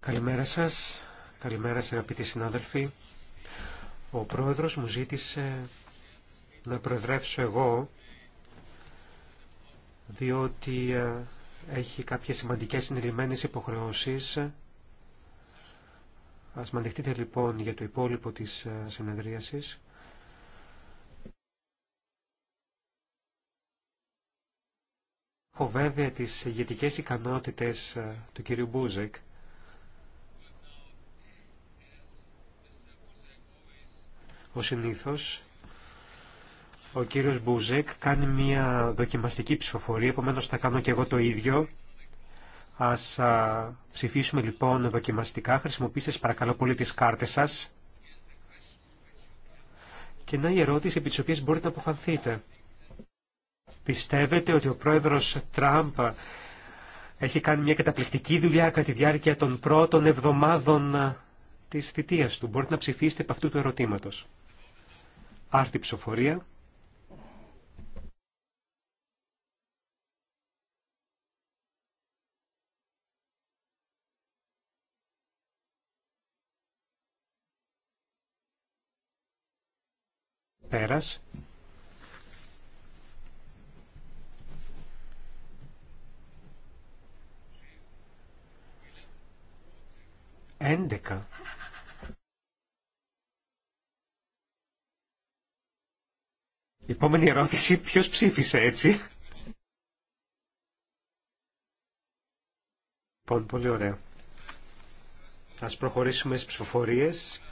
Καλημέρα σας. Καλημέρα σε αγαπητοί συνάδελφοι. Ο πρόεδρος μου ζήτησε να προεδρεύσω εγώ διότι ε, έχει κάποιες σημαντικές συνειδημένες υποχρεώσεις. Ας με λοιπόν για το υπόλοιπο της ε, συνεδρίασης. Έχω βέβαια τις ηγετικές ικανότητες ε, του κυρίου Μπούζεκ. Ο συνήθως, ο κύριος Μπούζεκ κάνει μια δοκιμαστική ψηφοφορία, επομένω θα κάνω και εγώ το ίδιο. Ας α, ψηφίσουμε λοιπόν δοκιμαστικά. Χρησιμοποιήστε παρακαλώ πολύ τις κάρτες σας. Και να η ερώτηση επί της οποίας μπορείτε να αποφανθείτε. Πιστεύετε ότι ο πρόεδρος Τραμπ έχει κάνει μια καταπληκτική δουλειά κατά τη διάρκεια των πρώτων εβδομάδων ε, της θητείας του. Μπορείτε να ψηφίσετε από αυτού του ερωτήματος. Άρτη ψηφοφορία. Πέρας. 11. Η επόμενη ερώτηση, ποιος ψήφισε έτσι. Λοιπόν, πολύ ωραία. Ας προχωρήσουμε στις ψηφοφορίες.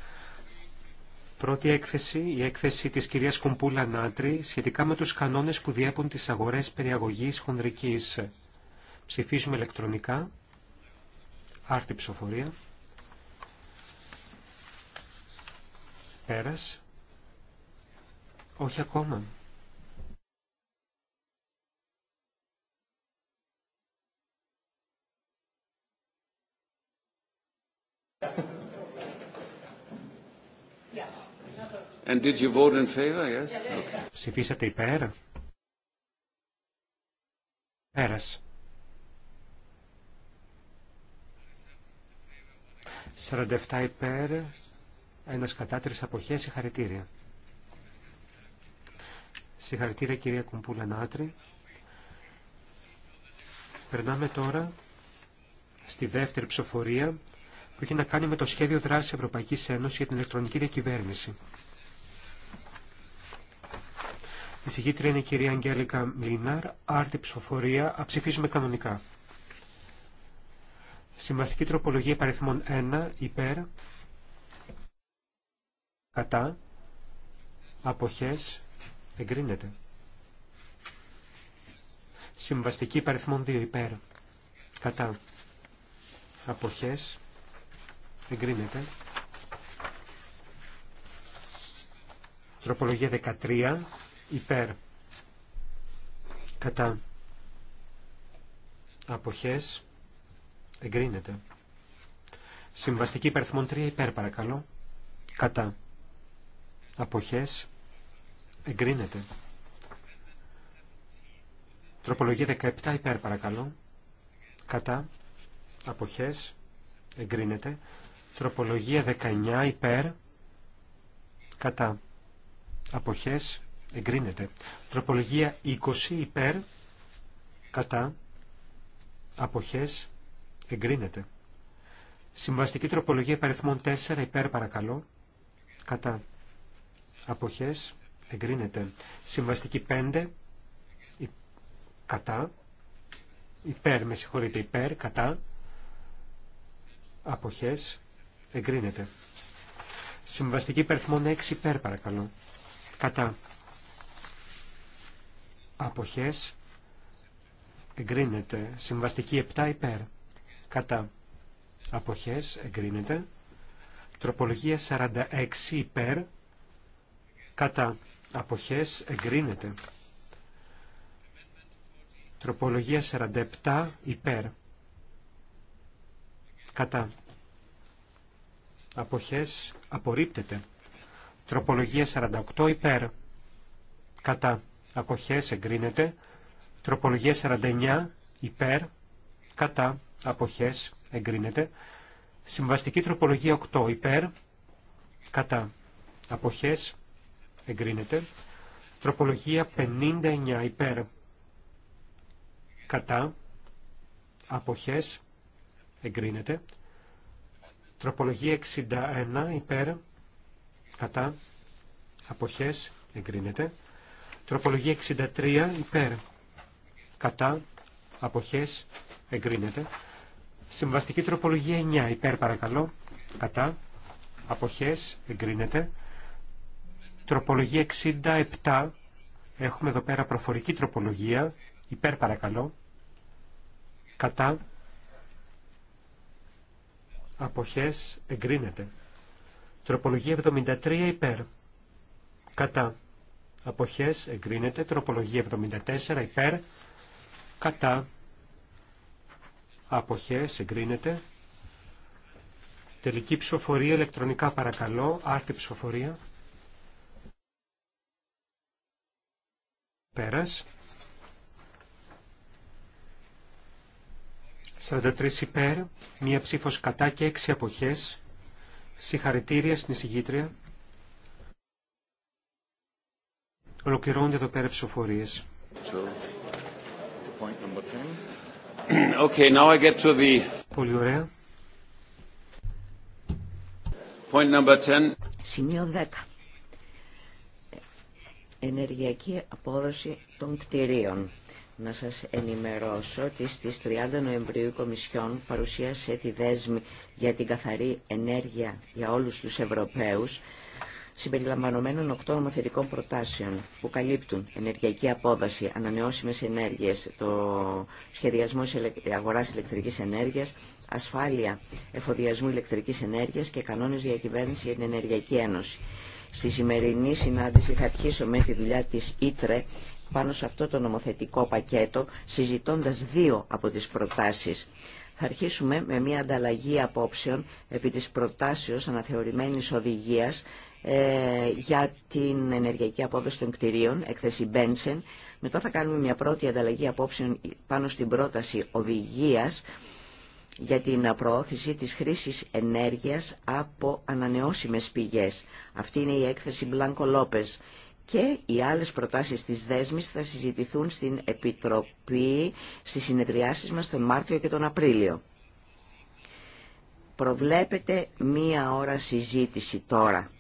Πρώτη έκθεση, η έκθεση της κυρίας Κομπούλα Νάτρη σχετικά με τους κανόνες που διέπουν τις αγορές περιαγωγής χονδρικής. Ψηφίζουμε ηλεκτρονικά. Άρτη ψηφοφορία. Πέρας. Όχι ακόμα. And did you vote in favor? Yes? Okay. Ψηφίσατε υπέρ. Πέρας. υπέρ, ένας κατά τρεις αποχές, συγχαρητήρια. Συγχαρητήρια κυρία Κουμπούλα Νάτρη. Περνάμε τώρα στη δεύτερη ψηφοφορία που έχει να κάνει με το σχέδιο δράσης Ευρωπαϊκής Ένωσης για την ηλεκτρονική διακυβέρνηση. Η συγγήτρια είναι η κυρία Αγγέλικα Μιλινάρ, άρτη ψηφοφορία, αψηφίζουμε κανονικά. Συμβαστική τροπολογία παριθμών 1, υπέρ, κατά, αποχές, εγκρίνεται. Συμβαστική παριθμών 2 υπέρ, κατά, αποχές, εγκρίνεται. Τροπολογία 13 υπέρ, κατά, αποχές, εγκρίνεται. Συμβαστική υπερθμών 3 υπέρ παρακαλώ. Κατά αποχές εγκρίνεται. Τροπολογία 17 υπέρ παρακαλώ. Κατά αποχές εγκρίνεται. Τροπολογία 19 υπέρ κατά αποχές εγκρίνεται. Τροπολογία 20 υπέρ κατά αποχές εγκρίνεται. Συμβαστική τροπολογία υπαριθμών 4 υπέρ παρακαλώ κατά αποχές εγκρίνεται. Συμβαστική 5 κατά, υπέρ, με συγχωρείτε, υπέρ, κατά, αποχές εγκρίνεται. Συμβαστική υπερθμόν 6 υπέρ παρακαλώ. Κατά. Αποχές. Εγκρίνεται. Συμβαστική 7 υπέρ. Κατά. Αποχές. Εγκρίνεται. Τροπολογία 46 υπέρ κατά αποχές εγκρίνεται. Τροπολογία 47 υπέρ κατά αποχές απορρίπτεται. Τροπολογία 48 υπέρ κατά αποχές εγκρίνεται. Τροπολογία 49 υπέρ κατά αποχές εγκρίνεται. Συμβαστική τροπολογία 8 υπέρ κατά αποχές εγκρίνεται. Τροπολογία 59 υπέρ κατά αποχές εγκρίνεται. Τροπολογία 61 υπέρ κατά αποχές εγκρίνεται. Τροπολογία 63 υπέρ κατά αποχές εγκρίνεται. Συμβαστική τροπολογία 9 υπέρ παρακαλώ κατά αποχές εγκρίνεται. Τροπολογία 67. Έχουμε εδώ πέρα προφορική τροπολογία. Υπέρ παρακαλώ. Κατά. Αποχές εγκρίνεται. Τροπολογία 73 υπέρ. Κατά. Αποχές εγκρίνεται. Τροπολογία 74 υπέρ. Κατά. Αποχές εγκρίνεται. Τελική ψηφοφορία ηλεκτρονικά παρακαλώ. Άρτη ψηφοφορία. Πέρας. 43 υπέρ, μία ψήφος κατά και έξι αποχές. Συγχαρητήρια στην εισηγήτρια. Ολοκληρώνονται εδώ πέρα ψηφοφορίες. Okay, now I get to the... Πολύ ωραία. Point number 10. Σημείο 10 ενεργειακή απόδοση των κτηρίων. Να σας ενημερώσω ότι στις 30 Νοεμβρίου η Κομισιόν παρουσίασε τη δέσμη για την καθαρή ενέργεια για όλους τους Ευρωπαίους συμπεριλαμβανομένων οκτώ νομοθετικών προτάσεων που καλύπτουν ενεργειακή απόδοση, ανανεώσιμες ενέργειες, το σχεδιασμό αγοράς ηλεκτρικής ενέργειας, ασφάλεια εφοδιασμού ηλεκτρικής ενέργειας και κανόνες διακυβέρνηση για την Ενεργειακή Ένωση. Στη σημερινή συνάντηση θα αρχίσουμε τη δουλειά της Ήτρε πάνω σε αυτό το νομοθετικό πακέτο, συζητώντας δύο από τις προτάσεις. Θα αρχίσουμε με μια ανταλλαγή απόψεων επί της προτάσεως αναθεωρημένης οδηγίας ε, για την ενεργειακή απόδοση των κτηρίων, έκθεση Μπένσεν. Μετά θα κάνουμε μια πρώτη ανταλλαγή απόψεων πάνω στην πρόταση οδηγίας για την προώθηση της χρήσης ενέργειας από ανανεώσιμες πηγές. Αυτή είναι η έκθεση Μπλάνκο Λόπες. Και οι άλλες προτάσεις της δέσμης θα συζητηθούν στην Επιτροπή στις συνεδριάσεις μας τον Μάρτιο και τον Απρίλιο. Προβλέπεται μία ώρα συζήτηση τώρα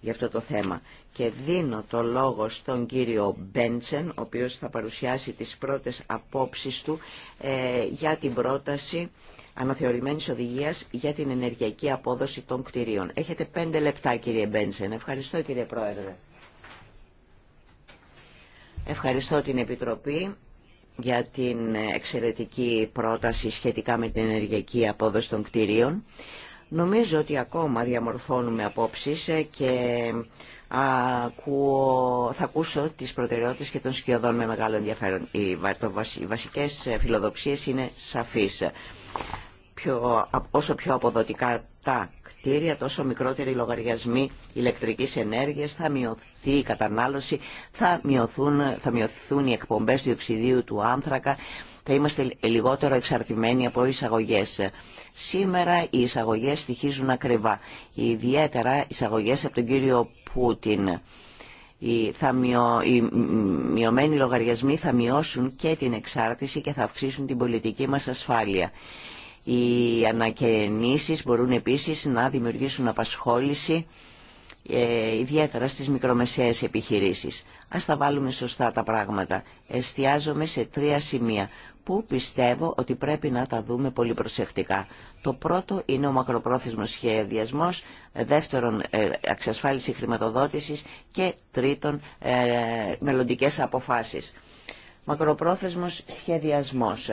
για αυτό το θέμα και δίνω το λόγο στον κύριο Μπέντσεν, ο οποίος θα παρουσιάσει τις πρώτες απόψεις του ε, για την πρόταση αναθεωρημένης οδηγίας για την ενεργειακή απόδοση των κτηρίων. Έχετε πέντε λεπτά κύριε Μπένσεν. Ευχαριστώ κύριε Πρόεδρε. Ευχαριστώ την Επιτροπή για την εξαιρετική πρόταση σχετικά με την ενεργειακή απόδοση των κτηρίων. Νομίζω ότι ακόμα διαμορφώνουμε απόψεις ε, και θα ακούσω τις προτεραιότητες και των σκιωδών με μεγάλο ενδιαφέρον. Οι βασικές φιλοδοξίες είναι σαφείς όσο πιο αποδοτικά τα κτίρια, τόσο μικρότεροι λογαριασμοί ηλεκτρικής ενέργειας, θα μειωθεί η κατανάλωση, θα, μειωθούν, θα μειωθούν οι εκπομπές διοξιδίου του άνθρακα, θα είμαστε λιγότερο εξαρτημένοι από εισαγωγές. Σήμερα οι εισαγωγές στοιχίζουν ακριβά, ιδιαίτερα εισαγωγές από τον κύριο Πούτιν. Οι, θα μειω, μειωμένοι λογαριασμοί θα μειώσουν και την εξάρτηση και θα αυξήσουν την πολιτική μας ασφάλεια. Οι ανακαινήσεις μπορούν επίσης να δημιουργήσουν απασχόληση ε, ιδιαίτερα στις μικρομεσαίες επιχειρήσεις. Ας τα βάλουμε σωστά τα πράγματα. Εστιάζομαι σε τρία σημεία που πιστεύω ότι πρέπει να τα δούμε πολύ προσεκτικά. Το πρώτο είναι ο μακροπρόθεσμος σχεδιασμός, δεύτερον ε, εξασφάλιση χρηματοδότησης και τρίτον ε, μελλοντικές αποφάσεις. Μακροπρόθεσμος σχεδιασμός.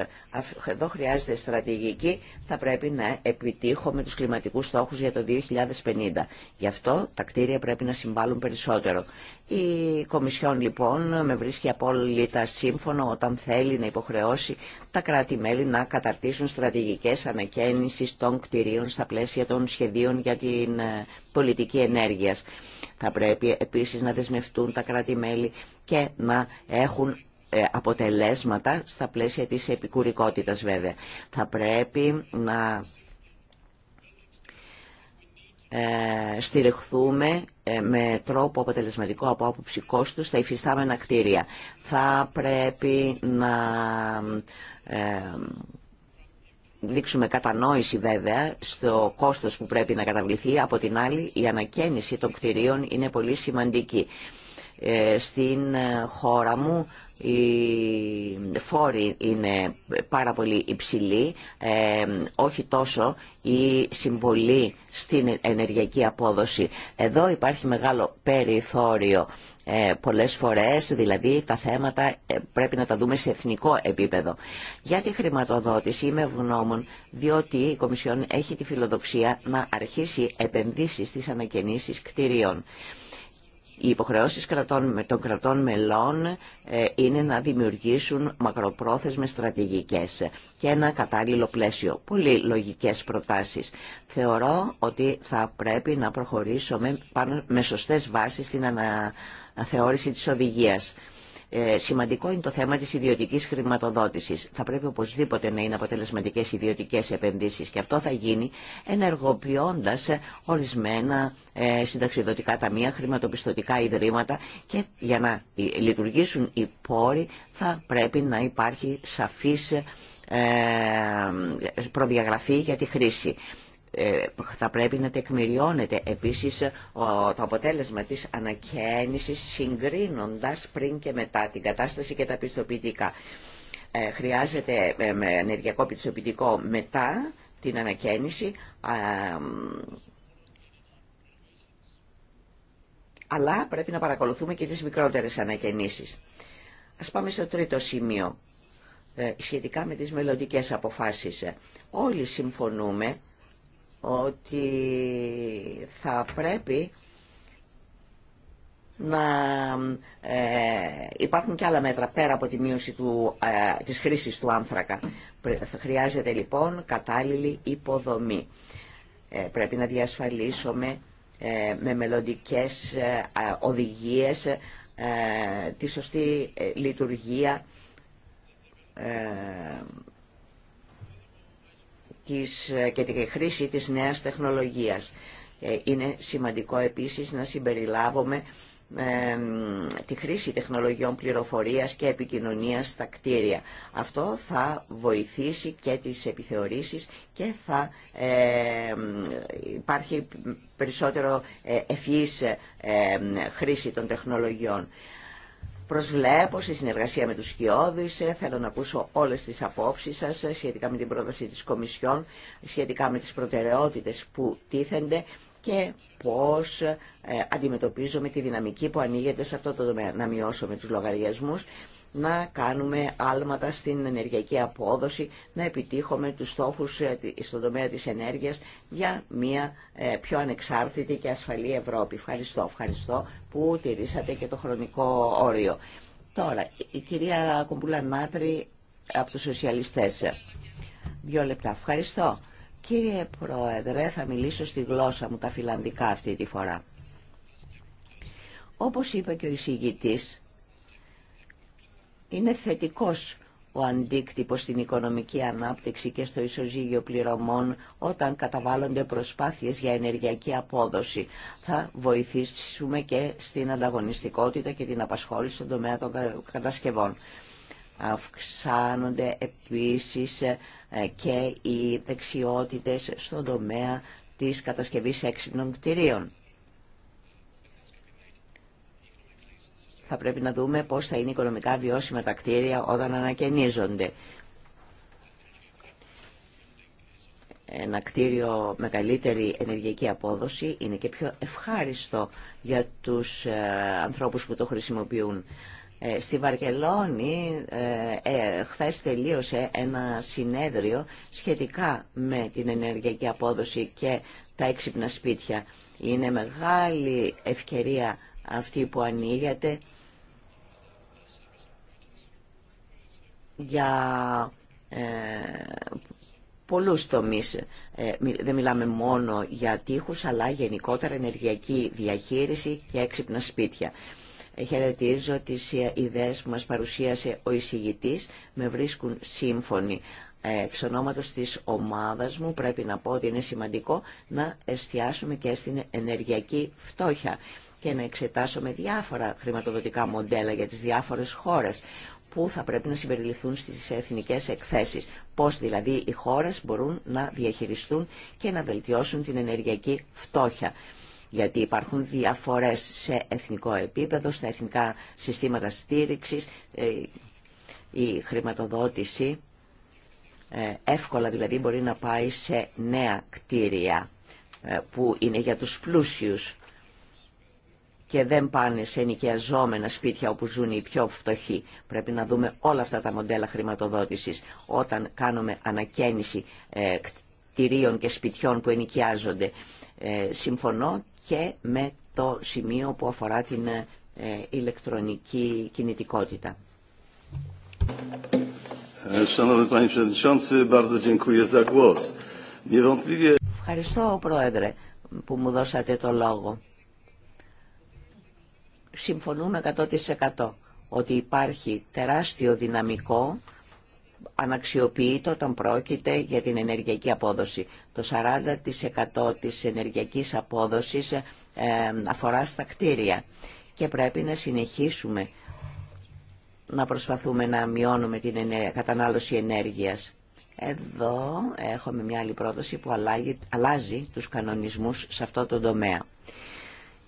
Εδώ χρειάζεται στρατηγική, θα πρέπει να επιτύχουμε τους κλιματικούς στόχους για το 2050. Γι' αυτό τα κτίρια πρέπει να συμβάλλουν περισσότερο. Η Κομισιόν λοιπόν με βρίσκει απόλυτα σύμφωνο όταν θέλει να υποχρεώσει τα κράτη-μέλη να καταρτήσουν στρατηγικές ανακαίνησης των κτηρίων στα πλαίσια των σχεδίων για την ε, πολιτική ενέργειας. Θα πρέπει επίσης να δεσμευτούν τα κράτη-μέλη και να έχουν ε, αποτελέσματα στα πλαίσια της επικουρικότητας βέβαια. Θα πρέπει να ε, στηριχθούμε ε, με τρόπο αποτελεσματικό από άποψη κόστου στα υφιστάμενα κτίρια. Θα πρέπει να δείξουμε κατανόηση βέβαια στο κόστος που πρέπει να καταβληθεί. Από την άλλη η ανακαίνιση των κτιρίων είναι πολύ σημαντική. Ε, στην ε, χώρα μου οι φόροι είναι πάρα πολύ υψηλοί, ε, όχι τόσο η συμβολή στην ενεργειακή απόδοση. Εδώ υπάρχει μεγάλο περιθώριο πολλές φορές, δηλαδή τα θέματα πρέπει να τα δούμε σε εθνικό επίπεδο. Για τη χρηματοδότηση είμαι ευγνώμων, διότι η Κομισιόν έχει τη φιλοδοξία να αρχίσει επενδύσεις στις ανακαινήσεις κτηρίων. Οι υποχρεώσεις των κρατών μελών ε, είναι να δημιουργήσουν μακροπρόθεσμες στρατηγικές και ένα κατάλληλο πλαίσιο. Πολύ λογικές προτάσεις. Θεωρώ ότι θα πρέπει να προχωρήσουμε με σωστές βάσεις στην αναθεώρηση της οδηγίας. Ε, σημαντικό είναι το θέμα της ιδιωτικής χρηματοδότησης. Θα πρέπει οπωσδήποτε να είναι αποτελεσματικές ιδιωτικές επενδύσεις και αυτό θα γίνει ενεργοποιώντας ορισμένα ε, συνταξιδοτικά ταμεία, χρηματοπιστωτικά ιδρύματα και για να ε, λειτουργήσουν οι πόροι θα πρέπει να υπάρχει σαφής προδιαγραφή για τη χρήση. Ε, θα πρέπει να τεκμηριώνεται επίσης ε, το αποτέλεσμα της ανακαίνησης συγκρίνοντας πριν και μετά την κατάσταση και τα πιστοποιητικά. Ε, χρειάζεται ενεργειακό πιστοποιητικό μετά την ανακαίνιση αλλά πρέπει να παρακολουθούμε και τις μικρότερες ανακαινήσεις. Ας πάμε στο τρίτο σημείο σχετικά με τις μελλοντικέ αποφάσεις. Όλοι συμφωνούμε ότι θα πρέπει να ε, υπάρχουν και άλλα μέτρα πέρα από τη μείωση του, ε, της χρήσης του άνθρακα. Χρειάζεται λοιπόν κατάλληλη υποδομή. Ε, πρέπει να διασφαλίσουμε ε, με μελλοντικές οδηγίες τη σωστή λειτουργία και τη χρήση της νέας τεχνολογίας. Ε, είναι σημαντικό επίσης να συμπεριλάβουμε τη χρήση τεχνολογιών πληροφορίας και επικοινωνίας στα κτίρια. Αυτό θα βοηθήσει και τις επιθεωρήσεις και θα υπάρχει περισσότερο ε, ευφυής χρήση των τεχνολογιών. Προσβλέπω στη συνεργασία με τους Σκιώδης, ε, θέλω να ακούσω όλες τις απόψεις σας ε, σχετικά με την πρόταση της Κομισιόν, σχετικά με τις προτεραιότητες που τίθενται και πώς ε, αντιμετωπίζουμε τη δυναμική που ανοίγεται σε αυτό το τομέα. Να μειώσουμε τους λογαριασμούς, να κάνουμε άλματα στην ενεργειακή απόδοση, να επιτύχουμε τους στόχους ε, στον τομέα της ενέργειας για μια ε, πιο ανεξάρτητη και ασφαλή Ευρώπη. Ευχαριστώ, ευχαριστώ που τηρήσατε και το χρονικό όριο. Τώρα, η κυρία Κομπούλα Νάτρη από τους Σοσιαλιστές. Δύο λεπτά. Ευχαριστώ. Κύριε Πρόεδρε, θα μιλήσω στη γλώσσα μου τα φιλανδικά αυτή τη φορά. Όπως είπε και ο εισηγητής, είναι θετικός ο αντίκτυπος στην οικονομική ανάπτυξη και στο ισοζύγιο πληρωμών όταν καταβάλλονται προσπάθειες για ενεργειακή απόδοση. Θα βοηθήσουμε και στην ανταγωνιστικότητα και την απασχόληση στον τομέα των κατασκευών. Αυξάνονται επίσης ε, και οι δεξιότητες στον τομέα της κατασκευής έξυπνων κτηρίων. Θα πρέπει να δούμε πώς θα είναι οικονομικά βιώσιμα τα κτίρια όταν ανακαινίζονται. Ένα κτίριο με καλύτερη ενεργειακή απόδοση είναι και πιο ευχάριστο για τους ε, ανθρώπους που το χρησιμοποιούν. Ε, στη Βαρκελόνη ε, ε, χθες τελείωσε ένα συνέδριο σχετικά με την ενεργειακή απόδοση και τα έξυπνα σπίτια. Είναι μεγάλη ευκαιρία αυτή που ανοίγεται για ε, πολλούς τομείς. Ε, δεν μιλάμε μόνο για τείχους, αλλά γενικότερα ενεργειακή διαχείριση και έξυπνα σπίτια. Ε, χαιρετίζω τις ε, ιδέες που μας παρουσίασε ο εισηγητής, με βρίσκουν σύμφωνοι. Εξ ονόματος της ομάδας μου πρέπει να πω ότι είναι σημαντικό να εστιάσουμε και στην ενεργειακή φτώχεια και να εξετάσουμε διάφορα χρηματοδοτικά μοντέλα για τις διάφορες χώρες που θα πρέπει να συμπεριληφθούν στις εθνικές εκθέσεις. Πώς δηλαδή οι χώρες μπορούν να διαχειριστούν και να βελτιώσουν την ενεργειακή φτώχεια. Γιατί υπάρχουν διαφορές σε εθνικό επίπεδο, στα εθνικά συστήματα στήριξης, ε, η χρηματοδότηση ε, εύκολα δηλαδή μπορεί να πάει σε νέα κτίρια ε, που είναι για τους πλούσιους και δεν πάνε σε ενοικιαζόμενα σπίτια όπου ζουν οι πιο φτωχοί. Πρέπει να δούμε όλα αυτά τα μοντέλα χρηματοδότησης όταν κάνουμε ανακαίνιση ε, κτηρίων και σπιτιών που ενοικιάζονται. Ε, συμφωνώ και με το σημείο που αφορά την ε, ηλεκτρονική κινητικότητα. Ευχαριστώ, Πρόεδρε, που μου δώσατε το λόγο συμφωνούμε 100% ότι υπάρχει τεράστιο δυναμικό αναξιοποιείται όταν πρόκειται για την ενεργειακή απόδοση. Το 40% της ενεργειακής απόδοσης ε, αφορά στα κτίρια και πρέπει να συνεχίσουμε να προσπαθούμε να μειώνουμε την κατανάλωση ενέργειας. Εδώ έχουμε μια άλλη πρόταση που αλλάζει τους κανονισμούς σε αυτό το τομέα.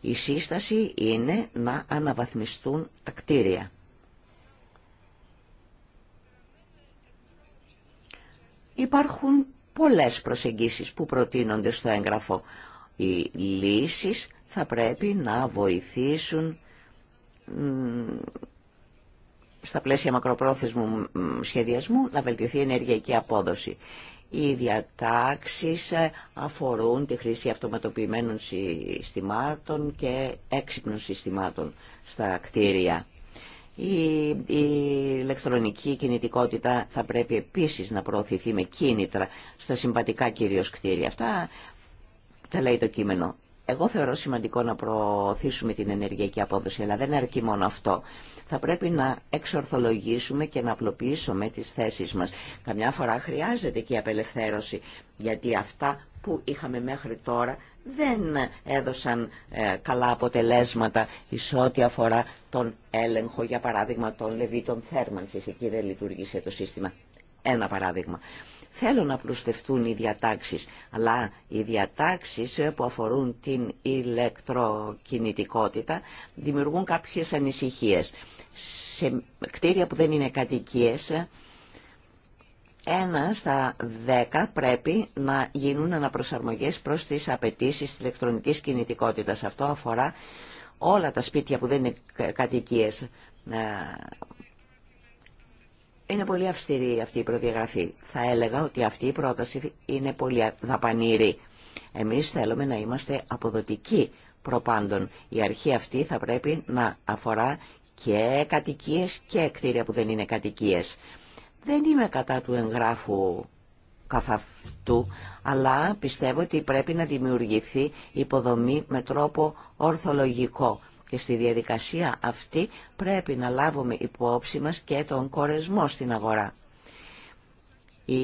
Η σύσταση είναι να αναβαθμιστούν τα κτίρια. Υπάρχουν πολλές προσεγγίσεις που προτείνονται στο έγγραφο. Οι λύσεις θα πρέπει να βοηθήσουν στα πλαίσια μακροπρόθεσμου σχεδιασμού να βελτιωθεί η ενεργειακή απόδοση. Οι διατάξεις ε, αφορούν τη χρήση αυτοματοποιημένων συστημάτων και έξυπνων συστημάτων στα κτίρια. Η, η ηλεκτρονική κινητικότητα θα πρέπει επίσης να προωθηθεί με κίνητρα στα συμπατικά κυρίως κτίρια. Αυτά τα λέει το κείμενο. Εγώ θεωρώ σημαντικό να προωθήσουμε την ενεργειακή απόδοση, αλλά δεν αρκεί μόνο αυτό. Θα πρέπει να εξορθολογήσουμε και να απλοποιήσουμε τις θέσεις μας. Καμιά φορά χρειάζεται και η απελευθέρωση, γιατί αυτά που είχαμε μέχρι τώρα δεν έδωσαν ε, καλά αποτελέσματα σε ό,τι αφορά τον έλεγχο, για παράδειγμα, των λεβίτων θέρμανσης. Εκεί δεν λειτουργήσε το σύστημα. Ένα παράδειγμα. Θέλω να πλουστευτούν οι διατάξεις, αλλά οι διατάξεις που αφορούν την ηλεκτροκινητικότητα δημιουργούν κάποιες ανησυχίες. Σε κτίρια που δεν είναι κατοικίες, ένα στα δέκα πρέπει να γίνουν αναπροσαρμογές προς τις απαιτήσει της ηλεκτρονικής κινητικότητας. Αυτό αφορά όλα τα σπίτια που δεν είναι κατοικίες ε, είναι πολύ αυστηρή αυτή η προδιαγραφή. Θα έλεγα ότι αυτή η πρόταση είναι πολύ δαπανήρη. Εμείς θέλουμε να είμαστε αποδοτικοί προπάντων. Η αρχή αυτή θα πρέπει να αφορά και κατοικίες και κτίρια που δεν είναι κατοικίες. Δεν είμαι κατά του εγγράφου καθ' αυτού, αλλά πιστεύω ότι πρέπει να δημιουργηθεί υποδομή με τρόπο ορθολογικό. Και στη διαδικασία αυτή πρέπει να λάβουμε υπόψη μας και τον κορεσμό στην αγορά. Η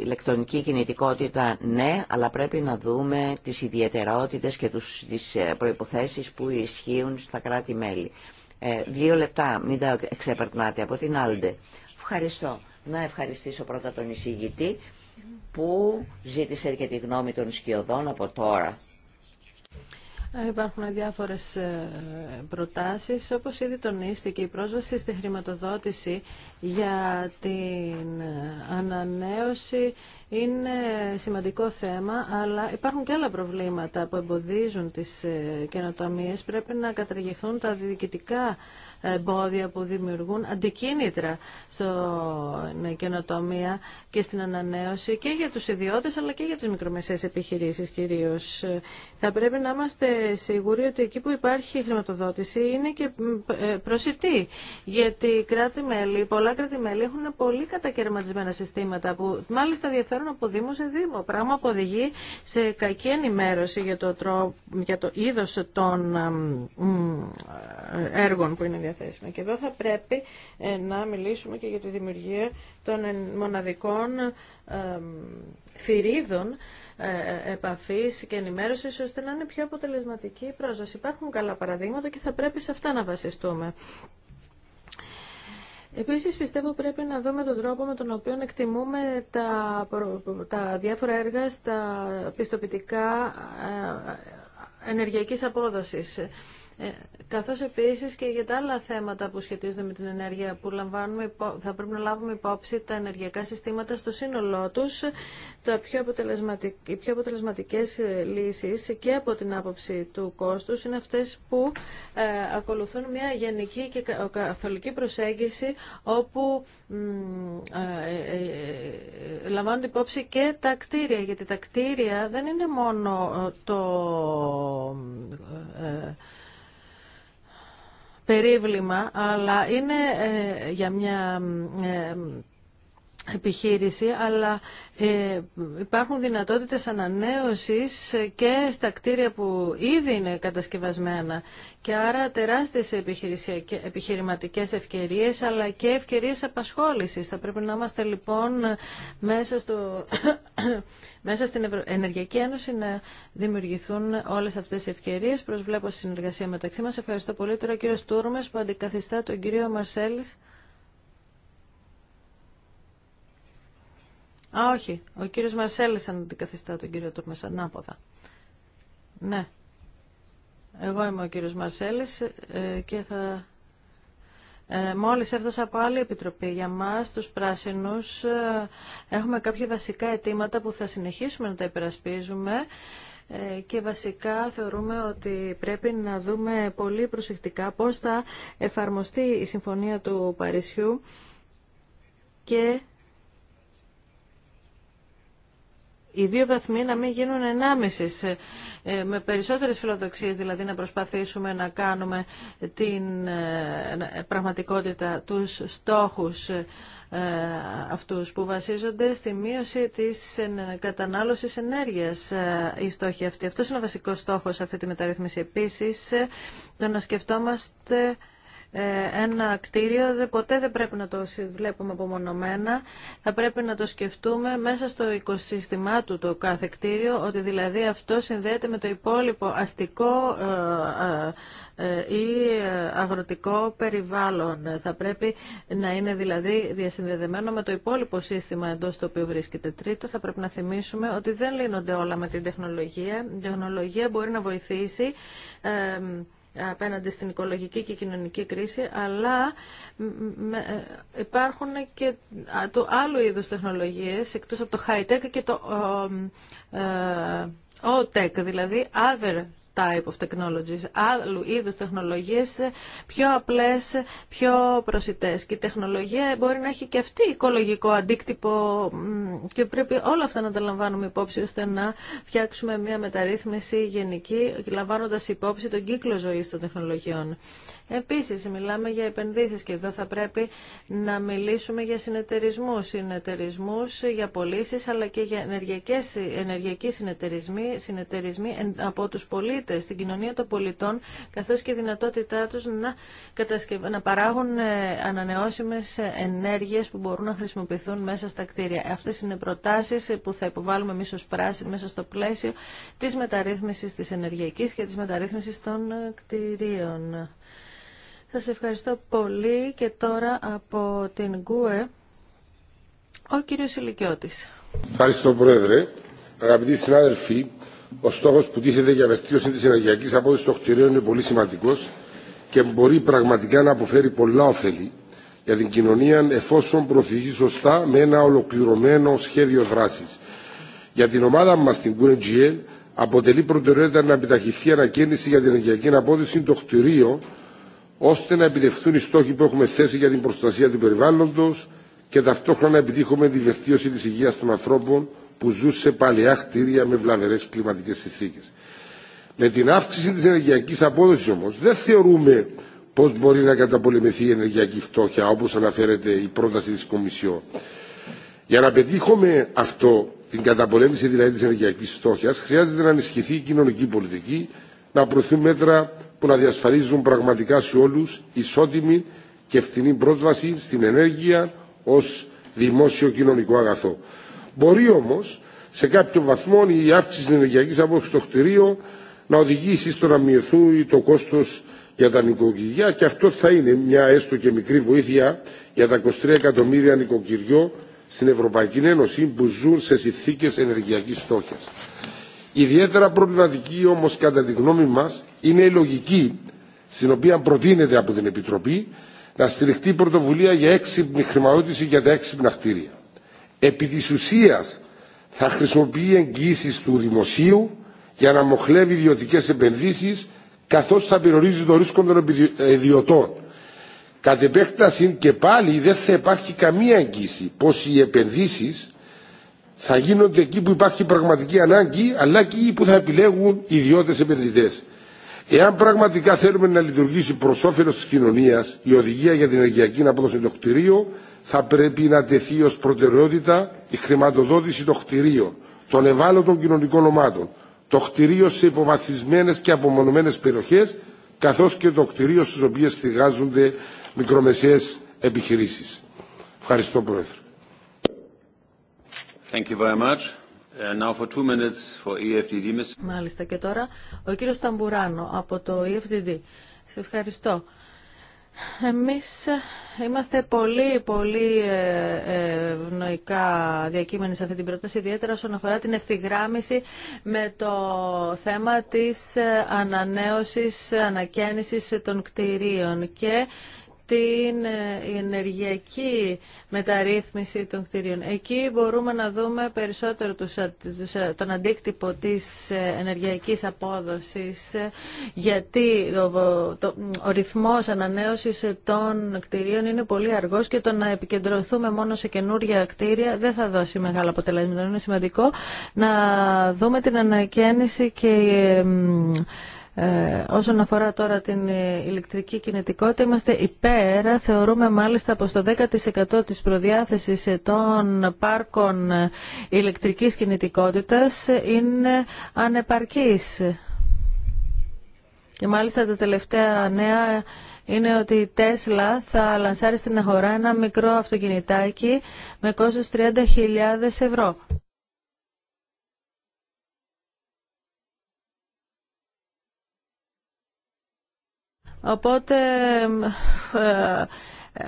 ηλεκτρονική κινητικότητα ναι, αλλά πρέπει να δούμε τις ιδιαιτερότητες και τους, τις ε, προϋποθέσεις που ισχύουν στα κράτη-μέλη. Ε, δύο λεπτά, μην τα εξεπερνάτε από την Άλντε. Ευχαριστώ. Να ευχαριστήσω πρώτα τον εισηγητή που ζήτησε και τη γνώμη των σκιωδών από τώρα. Ε, υπάρχουν διάφορες ε, προτάσεις, όπως ήδη τονίστηκε η πρόσβαση στη χρηματοδότηση για την ε, ανανέωση είναι σημαντικό θέμα, αλλά υπάρχουν και άλλα προβλήματα που εμποδίζουν τις καινοτομίες. Πρέπει να καταργηθούν τα διοικητικά εμπόδια που δημιουργούν αντικίνητρα στην ναι, καινοτομία και στην ανανέωση και για τους ιδιώτες αλλά και για τις μικρομεσαίες επιχειρήσεις κυρίως. Θα πρέπει να είμαστε σίγουροι ότι εκεί που υπάρχει χρηματοδότηση είναι και ε, προσιτή. Γιατί κράτη-μέλη, πολλά κράτη-μέλη έχουν πολύ κατακαιρματισμένα συστήματα που μάλιστα διαφέρουν από Δήμο σε Δήμο. Πράγμα που οδηγεί σε κακή ενημέρωση για το, για το είδος των ε, έργων που είναι και εδώ θα πρέπει ε, να μιλήσουμε και για τη δημιουργία των μοναδικών θηρίδων ε, ε, επαφής και ενημέρωσης ώστε να είναι πιο αποτελεσματική η πρόσβαση. Υπάρχουν καλά παραδείγματα και θα πρέπει σε αυτά να βασιστούμε. Επίσης πιστεύω πρέπει να δούμε τον τρόπο με τον οποίο εκτιμούμε τα, τα διάφορα έργα στα πιστοποιητικά ενεργειακής απόδοσης. Ε, καθώς επίσης και για τα άλλα θέματα που σχετίζονται με την ενέργεια που λαμβάνουμε, θα πρέπει να λάβουμε υπόψη τα ενεργειακά συστήματα στο σύνολό τους, τα πιο οι πιο αποτελεσματικές ε, λύσεις και από την άποψη του κόστους είναι αυτές που ε, ακολουθούν μια γενική και καθολική προσέγγιση όπου λαμβάνονται υπόψη και τα κτίρια, γιατί τα κτίρια δεν είναι μόνο το περίβλημα, αλλά είναι ε, για μια ε, επιχείρηση, αλλά ε, υπάρχουν δυνατότητες ανανέωσης και στα κτίρια που ήδη είναι κατασκευασμένα και άρα τεράστιες επιχειρηματικές ευκαιρίες αλλά και ευκαιρίες απασχόλησης. Θα πρέπει να είμαστε λοιπόν μέσα, στο, μέσα στην Ενεργειακή Ένωση να δημιουργηθούν όλες αυτές οι ευκαιρίες. Προσβλέπω συνεργασία μεταξύ μας. Ευχαριστώ πολύ. Τώρα ο κύριος που αντικαθιστά τον κύριο Μαρσέλης. Α, όχι. Ο κύριος Μαρσέλης αντικαθιστά τον κύριο Τούρμες ανάποδα. Ναι. Εγώ είμαι ο κύριος Μαρσέλης ε, και θα... Ε, μόλις έφτασα από άλλη επιτροπή για μας, τους πράσινους, ε, έχουμε κάποια βασικά αιτήματα που θα συνεχίσουμε να τα υπερασπίζουμε ε, και βασικά θεωρούμε ότι πρέπει να δούμε πολύ προσεκτικά πώς θα εφαρμοστεί η Συμφωνία του Παρισιού και οι δύο βαθμοί να μην γίνουν ενάμιση ε, ε, με περισσότερες φιλοδοξίες δηλαδή να προσπαθήσουμε να κάνουμε την ε, πραγματικότητα τους στόχους αυτούς που βασίζονται στη μείωση της κατανάλωσης ενέργειας οι στόχοι αυτοί. Αυτός είναι ο βασικός στόχος αυτή τη μεταρρύθμιση. Επίσης, το να σκεφτόμαστε ε, ένα κτίριο ποτέ δεν πρέπει να το βλέπουμε απομονωμένα. Θα πρέπει να το σκεφτούμε μέσα στο οικοσύστημά του το κάθε κτίριο, ότι δηλαδή αυτό συνδέεται με το υπόλοιπο αστικό ε, ε, ή αγροτικό περιβάλλον. Θα πρέπει να είναι δηλαδή διασυνδεδεμένο με το υπόλοιπο σύστημα εντός το οποίο βρίσκεται. Τρίτο, θα πρέπει να θυμίσουμε ότι δεν λύνονται όλα με την τεχνολογία. Η τεχνολογία μπορεί να βοηθήσει απέναντι στην οικολογική και κοινωνική κρίση, αλλά ε, υπάρχουν και του άλλου είδους τεχνολογίες, εκτός από το high-tech και το ε, o-tech, δηλαδή other type of technologies, άλλου είδους τεχνολογίες πιο απλές, πιο προσιτές. Και η τεχνολογία μπορεί να έχει και αυτή οικολογικό αντίκτυπο και πρέπει όλα αυτά να τα λαμβάνουμε υπόψη ώστε να φτιάξουμε μια μεταρρύθμιση γενική λαμβάνοντας υπόψη τον κύκλο ζωής των τεχνολογιών. Επίσης, μιλάμε για επενδύσεις και εδώ θα πρέπει να μιλήσουμε για συνεταιρισμούς, συνεταιρισμούς για πωλήσει, αλλά και για ενεργειακές, ενεργειακοί συνεταιρισμοί, συνεταιρισμοί από τους πολίτες στην κοινωνία των πολιτών, καθώς και η δυνατότητά του, να, κατασκευ... να παράγουν ε, ανανεώσιμες ε, ενέργειες που μπορούν να χρησιμοποιηθούν μέσα στα κτίρια. Αυτές είναι προτάσεις που θα υποβάλουμε εμεί ω πράσινοι μέσα στο πλαίσιο τη μεταρρύθμισης τη ενεργειακή και τη μεταρρύθμισης των ε, κτιρίων. Σας ευχαριστώ πολύ και τώρα από την ΚΟΕ ο κύριος Ηλικιώτης. Ευχαριστώ Πρόεδρε. Αγαπητοί συνάδελφοι, ο στόχο που τίθεται για βελτίωση τη ενεργειακή απόδοση των κτηρίων είναι πολύ σημαντικό και μπορεί πραγματικά να αποφέρει πολλά ωφέλη για την κοινωνία εφόσον προωθηθεί σωστά με ένα ολοκληρωμένο σχέδιο δράση. Για την ομάδα μα στην QNGL αποτελεί προτεραιότητα να επιταχυθεί η ανακαίνιση για την ενεργειακή απόδοση των κτηρίων ώστε να επιτευχθούν οι στόχοι που έχουμε θέσει για την προστασία του περιβάλλοντο και ταυτόχρονα επιτύχουμε τη βελτίωση τη υγεία των ανθρώπων που ζουν σε παλαιά χτίρια με βλαβερές κλιματικές συνθήκες. Με την αύξηση της ενεργειακής απόδοσης όμως δεν θεωρούμε πώς μπορεί να καταπολεμηθεί η ενεργειακή φτώχεια όπως αναφέρεται η πρόταση της Κομισιόν. Για να πετύχουμε αυτό, την καταπολέμηση δηλαδή της ενεργειακής φτώχειας, χρειάζεται να ενισχυθεί η κοινωνική πολιτική, να προωθούν μέτρα που να διασφαλίζουν πραγματικά σε όλους ισότιμη και φτηνή πρόσβαση στην ενέργεια ως δημόσιο κοινωνικό αγαθό. Μπορεί όμω, σε κάποιο βαθμό η αύξηση τη ενεργειακή απόδοση στο κτηρίο να οδηγήσει στο να μειωθεί το κόστο για τα νοικοκυριά και αυτό θα είναι μια έστω και μικρή βοήθεια για τα 23 εκατομμύρια νοικοκυριό στην Ευρωπαϊκή Ένωση που ζουν σε συνθήκε ενεργειακή φτώχεια. Ιδιαίτερα προβληματική όμω κατά τη γνώμη μα είναι η λογική στην οποία προτείνεται από την Επιτροπή να στηριχτεί πρωτοβουλία για έξυπνη χρηματοδότηση για τα έξυπνα κτίρια επί της ουσίας θα χρησιμοποιεί εγγύησει του δημοσίου για να μοχλεύει ιδιωτικές επενδύσεις καθώς θα περιορίζει το ρίσκο των ιδιωτών. Κατ' επέκταση και πάλι δεν θα υπάρχει καμία εγγύηση πως οι επενδύσεις θα γίνονται εκεί που υπάρχει πραγματική ανάγκη αλλά και εκεί που θα επιλέγουν οι ιδιώτες επενδυτές. Εάν πραγματικά θέλουμε να λειτουργήσει προ όφελο τη κοινωνία η οδηγία για την ενεργειακή απόδοση των κτηρίων, θα πρέπει να τεθεί ω προτεραιότητα η χρηματοδότηση των κτηρίων, των ευάλωτων κοινωνικών ομάδων, το κτηρίο σε υποβαθμισμένε και απομονωμένε περιοχέ, καθώ και το κτηρίο στι οποίε στηγάζονται μικρομεσαίε επιχειρήσει. Ευχαριστώ, Πρόεδρε. Μάλιστα και τώρα ο κύριος Ταμπουράνο από το EFDD. Σε ευχαριστώ. Εμείς είμαστε πολύ, πολύ ε, ε, ευνοϊκά διακείμενοι σε αυτή την πρόταση, ιδιαίτερα όσον αφορά την ευθυγράμμιση με το θέμα της ε, ανανέωσης, ανακαίνησης των κτηρίων και την ε, ενεργειακή μεταρρύθμιση των κτίριων. Εκεί μπορούμε να δούμε περισσότερο τον αντίκτυπο της ε, ενεργειακής απόδοσης ε, γιατί ο ρυθμός ανανέωσης των κτιρίων είναι πολύ αργός και το να επικεντρωθούμε μόνο σε καινούργια κτίρια δεν θα δώσει μεγάλο αποτελέσμα. Είναι σημαντικό να δούμε την ανακαίνιση και ε, όσον αφορά τώρα την ε, ηλεκτρική κινητικότητα, είμαστε υπέρ. Θεωρούμε μάλιστα πως το 10% της προδιάθεσης ε, των πάρκων ηλεκτρικής κινητικότητας είναι ανεπαρκής. Και μάλιστα τα τελευταία νέα είναι ότι η Τέσλα θα λανσάρει στην αγορά ένα μικρό αυτοκινητάκι με κόστος 30.000 ευρώ. Οπότε ε, ε,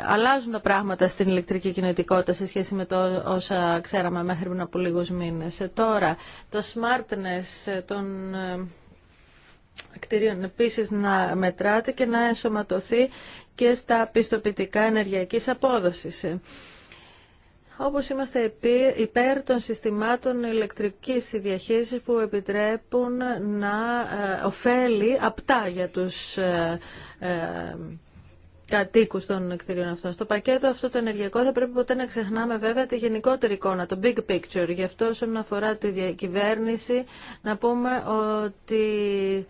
αλλάζουν τα πράγματα στην ηλεκτρική κινητικότητα σε σχέση με το όσα ξέραμε μέχρι πριν από λίγους μήνες. Ε, τώρα, το smartness των κτηρίων επίσης να μετράται και να ενσωματωθεί και στα πιστοποιητικά ενεργειακής απόδοσης όπως είμαστε υπέρ των συστημάτων ηλεκτρικής διαχείρισης που επιτρέπουν να ε, ωφέλει απτά για τους ε, ε, Κατοίκου των κτηρίων αυτών. Στο πακέτο αυτό το ενεργειακό θα πρέπει ποτέ να ξεχνάμε βέβαια τη γενικότερη εικόνα, το big picture. Γι' αυτό όσον αφορά τη διακυβέρνηση να πούμε ότι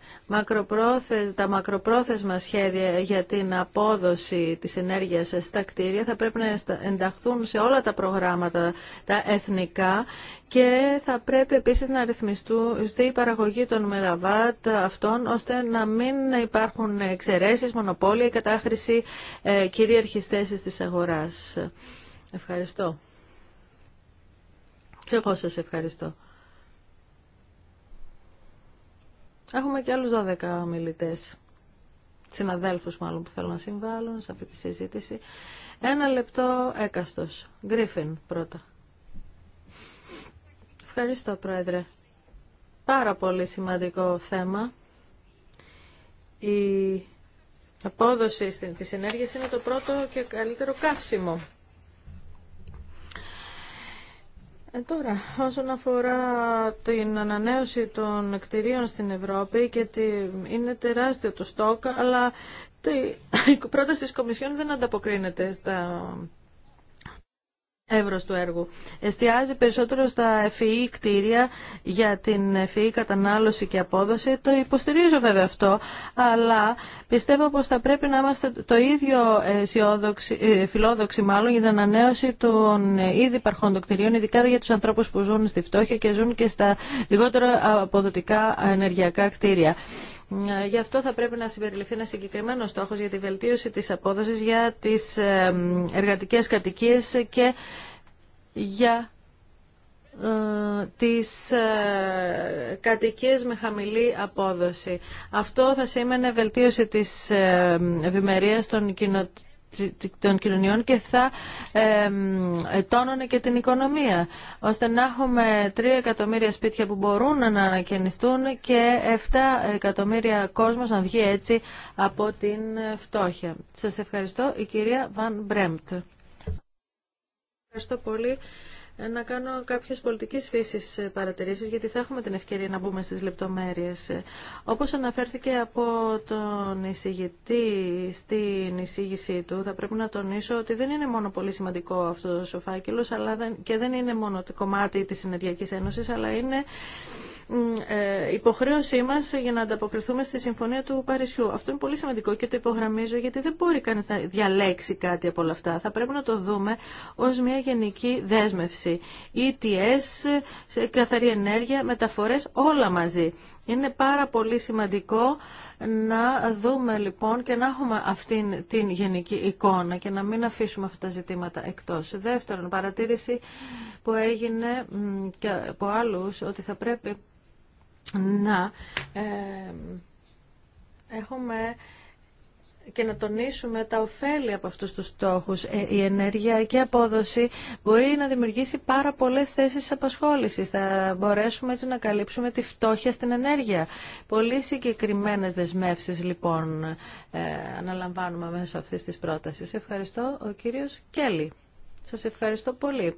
τα μακροπρόθεσμα σχέδια για την απόδοση της ενέργειας στα κτίρια θα πρέπει να ενταχθούν σε όλα τα προγράμματα τα εθνικά και θα πρέπει επίσης να ρυθμιστεί η παραγωγή των μεγαβάτ αυτών ώστε να μην υπάρχουν εξαιρέσεις, μονοπόλια ή κατάχρηση ε, κυρίαρχης θέσης της αγοράς. Ευχαριστώ. Και εγώ σας ευχαριστώ. Έχουμε και άλλους 12 ομιλητές, συναδέλφους μάλλον που θέλουν να συμβάλλουν σε αυτή τη συζήτηση. Ένα λεπτό έκαστος. Γκρίφιν πρώτα. Ευχαριστώ, Πρόεδρε. Πάρα πολύ σημαντικό θέμα. Η απόδοση της ενέργειας είναι το πρώτο και καλύτερο καύσιμο. Ε, τώρα, όσον αφορά την ανανέωση των κτηρίων στην Ευρώπη, και τη... είναι τεράστιο το στόκ, αλλά τη... η πρόταση της Κομισιόν δεν ανταποκρίνεται στα εύρος του έργου. Εστιάζει περισσότερο στα FEE e κτίρια για την FEE e κατανάλωση και απόδοση. Το υποστηρίζω βέβαια αυτό, αλλά πιστεύω πως θα πρέπει να είμαστε το ίδιο ε, φιλόδοξοι μάλλον για την ανανέωση των ήδη υπαρχών των κτιρίων, ειδικά για τους ανθρώπους που ζουν στη φτώχεια και ζουν και στα λιγότερα αποδοτικά ενεργειακά κτίρια. Ε, γι' αυτό θα πρέπει να συμπεριληφθεί ένα συγκεκριμένο στόχο για τη βελτίωση τη απόδοση για τι εργατικέ κατοικίε και για ε, τις ε, κατοικίες με χαμηλή απόδοση. Αυτό θα σήμαινε βελτίωση της ευημερία των κοινοτήτων των κοινωνιών και θα τόνωνε και την οικονομία, ώστε να έχουμε 3 εκατομμύρια σπίτια που μπορούν να ανακαινιστούν και 7 εκατομμύρια κόσμος να βγει έτσι από την φτώχεια. Σας ευχαριστώ. Η κυρία Βαν Μπρέμπτ. Ευχαριστώ πολύ. Ε, να κάνω κάποιες πολιτικές φύση ε, παρατηρήσει γιατί θα έχουμε την ευκαιρία να μπούμε στι λεπτομέρειε. Ε, όπως αναφέρθηκε από τον εισηγητή στην εισήγησή του, θα πρέπει να τονίσω ότι δεν είναι μόνο πολύ σημαντικό αυτό ο φάκελο, αλλά και δεν είναι μόνο το κομμάτι της Συνεργειακής Ένωση, αλλά είναι ε, υποχρέωσή μα για να ανταποκριθούμε στη Συμφωνία του Παρισιού. Αυτό είναι πολύ σημαντικό και το υπογραμμίζω γιατί δεν μπορεί κανεί να διαλέξει κάτι από όλα αυτά. Θα πρέπει να το δούμε ω μια γενική δέσμευση. ETS, καθαρή ενέργεια, μεταφορέ, όλα μαζί. Είναι πάρα πολύ σημαντικό να δούμε λοιπόν και να έχουμε αυτήν την γενική εικόνα και να μην αφήσουμε αυτά τα ζητήματα εκτός. Δεύτερον, παρατήρηση που έγινε και από άλλους ότι θα πρέπει να ε, έχουμε και να τονίσουμε τα ωφέλη από αυτούς τους στόχους. Ε, η ενέργεια και η απόδοση μπορεί να δημιουργήσει πάρα πολλές θέσεις απασχόλησης. Θα μπορέσουμε έτσι να καλύψουμε τη φτώχεια στην ενέργεια. Πολύ συγκεκριμένε δεσμεύσεις λοιπόν ε, αναλαμβάνουμε μέσω αυτής της πρότασης. Ευχαριστώ ο κύριος Κέλλη. Σας ευχαριστώ πολύ.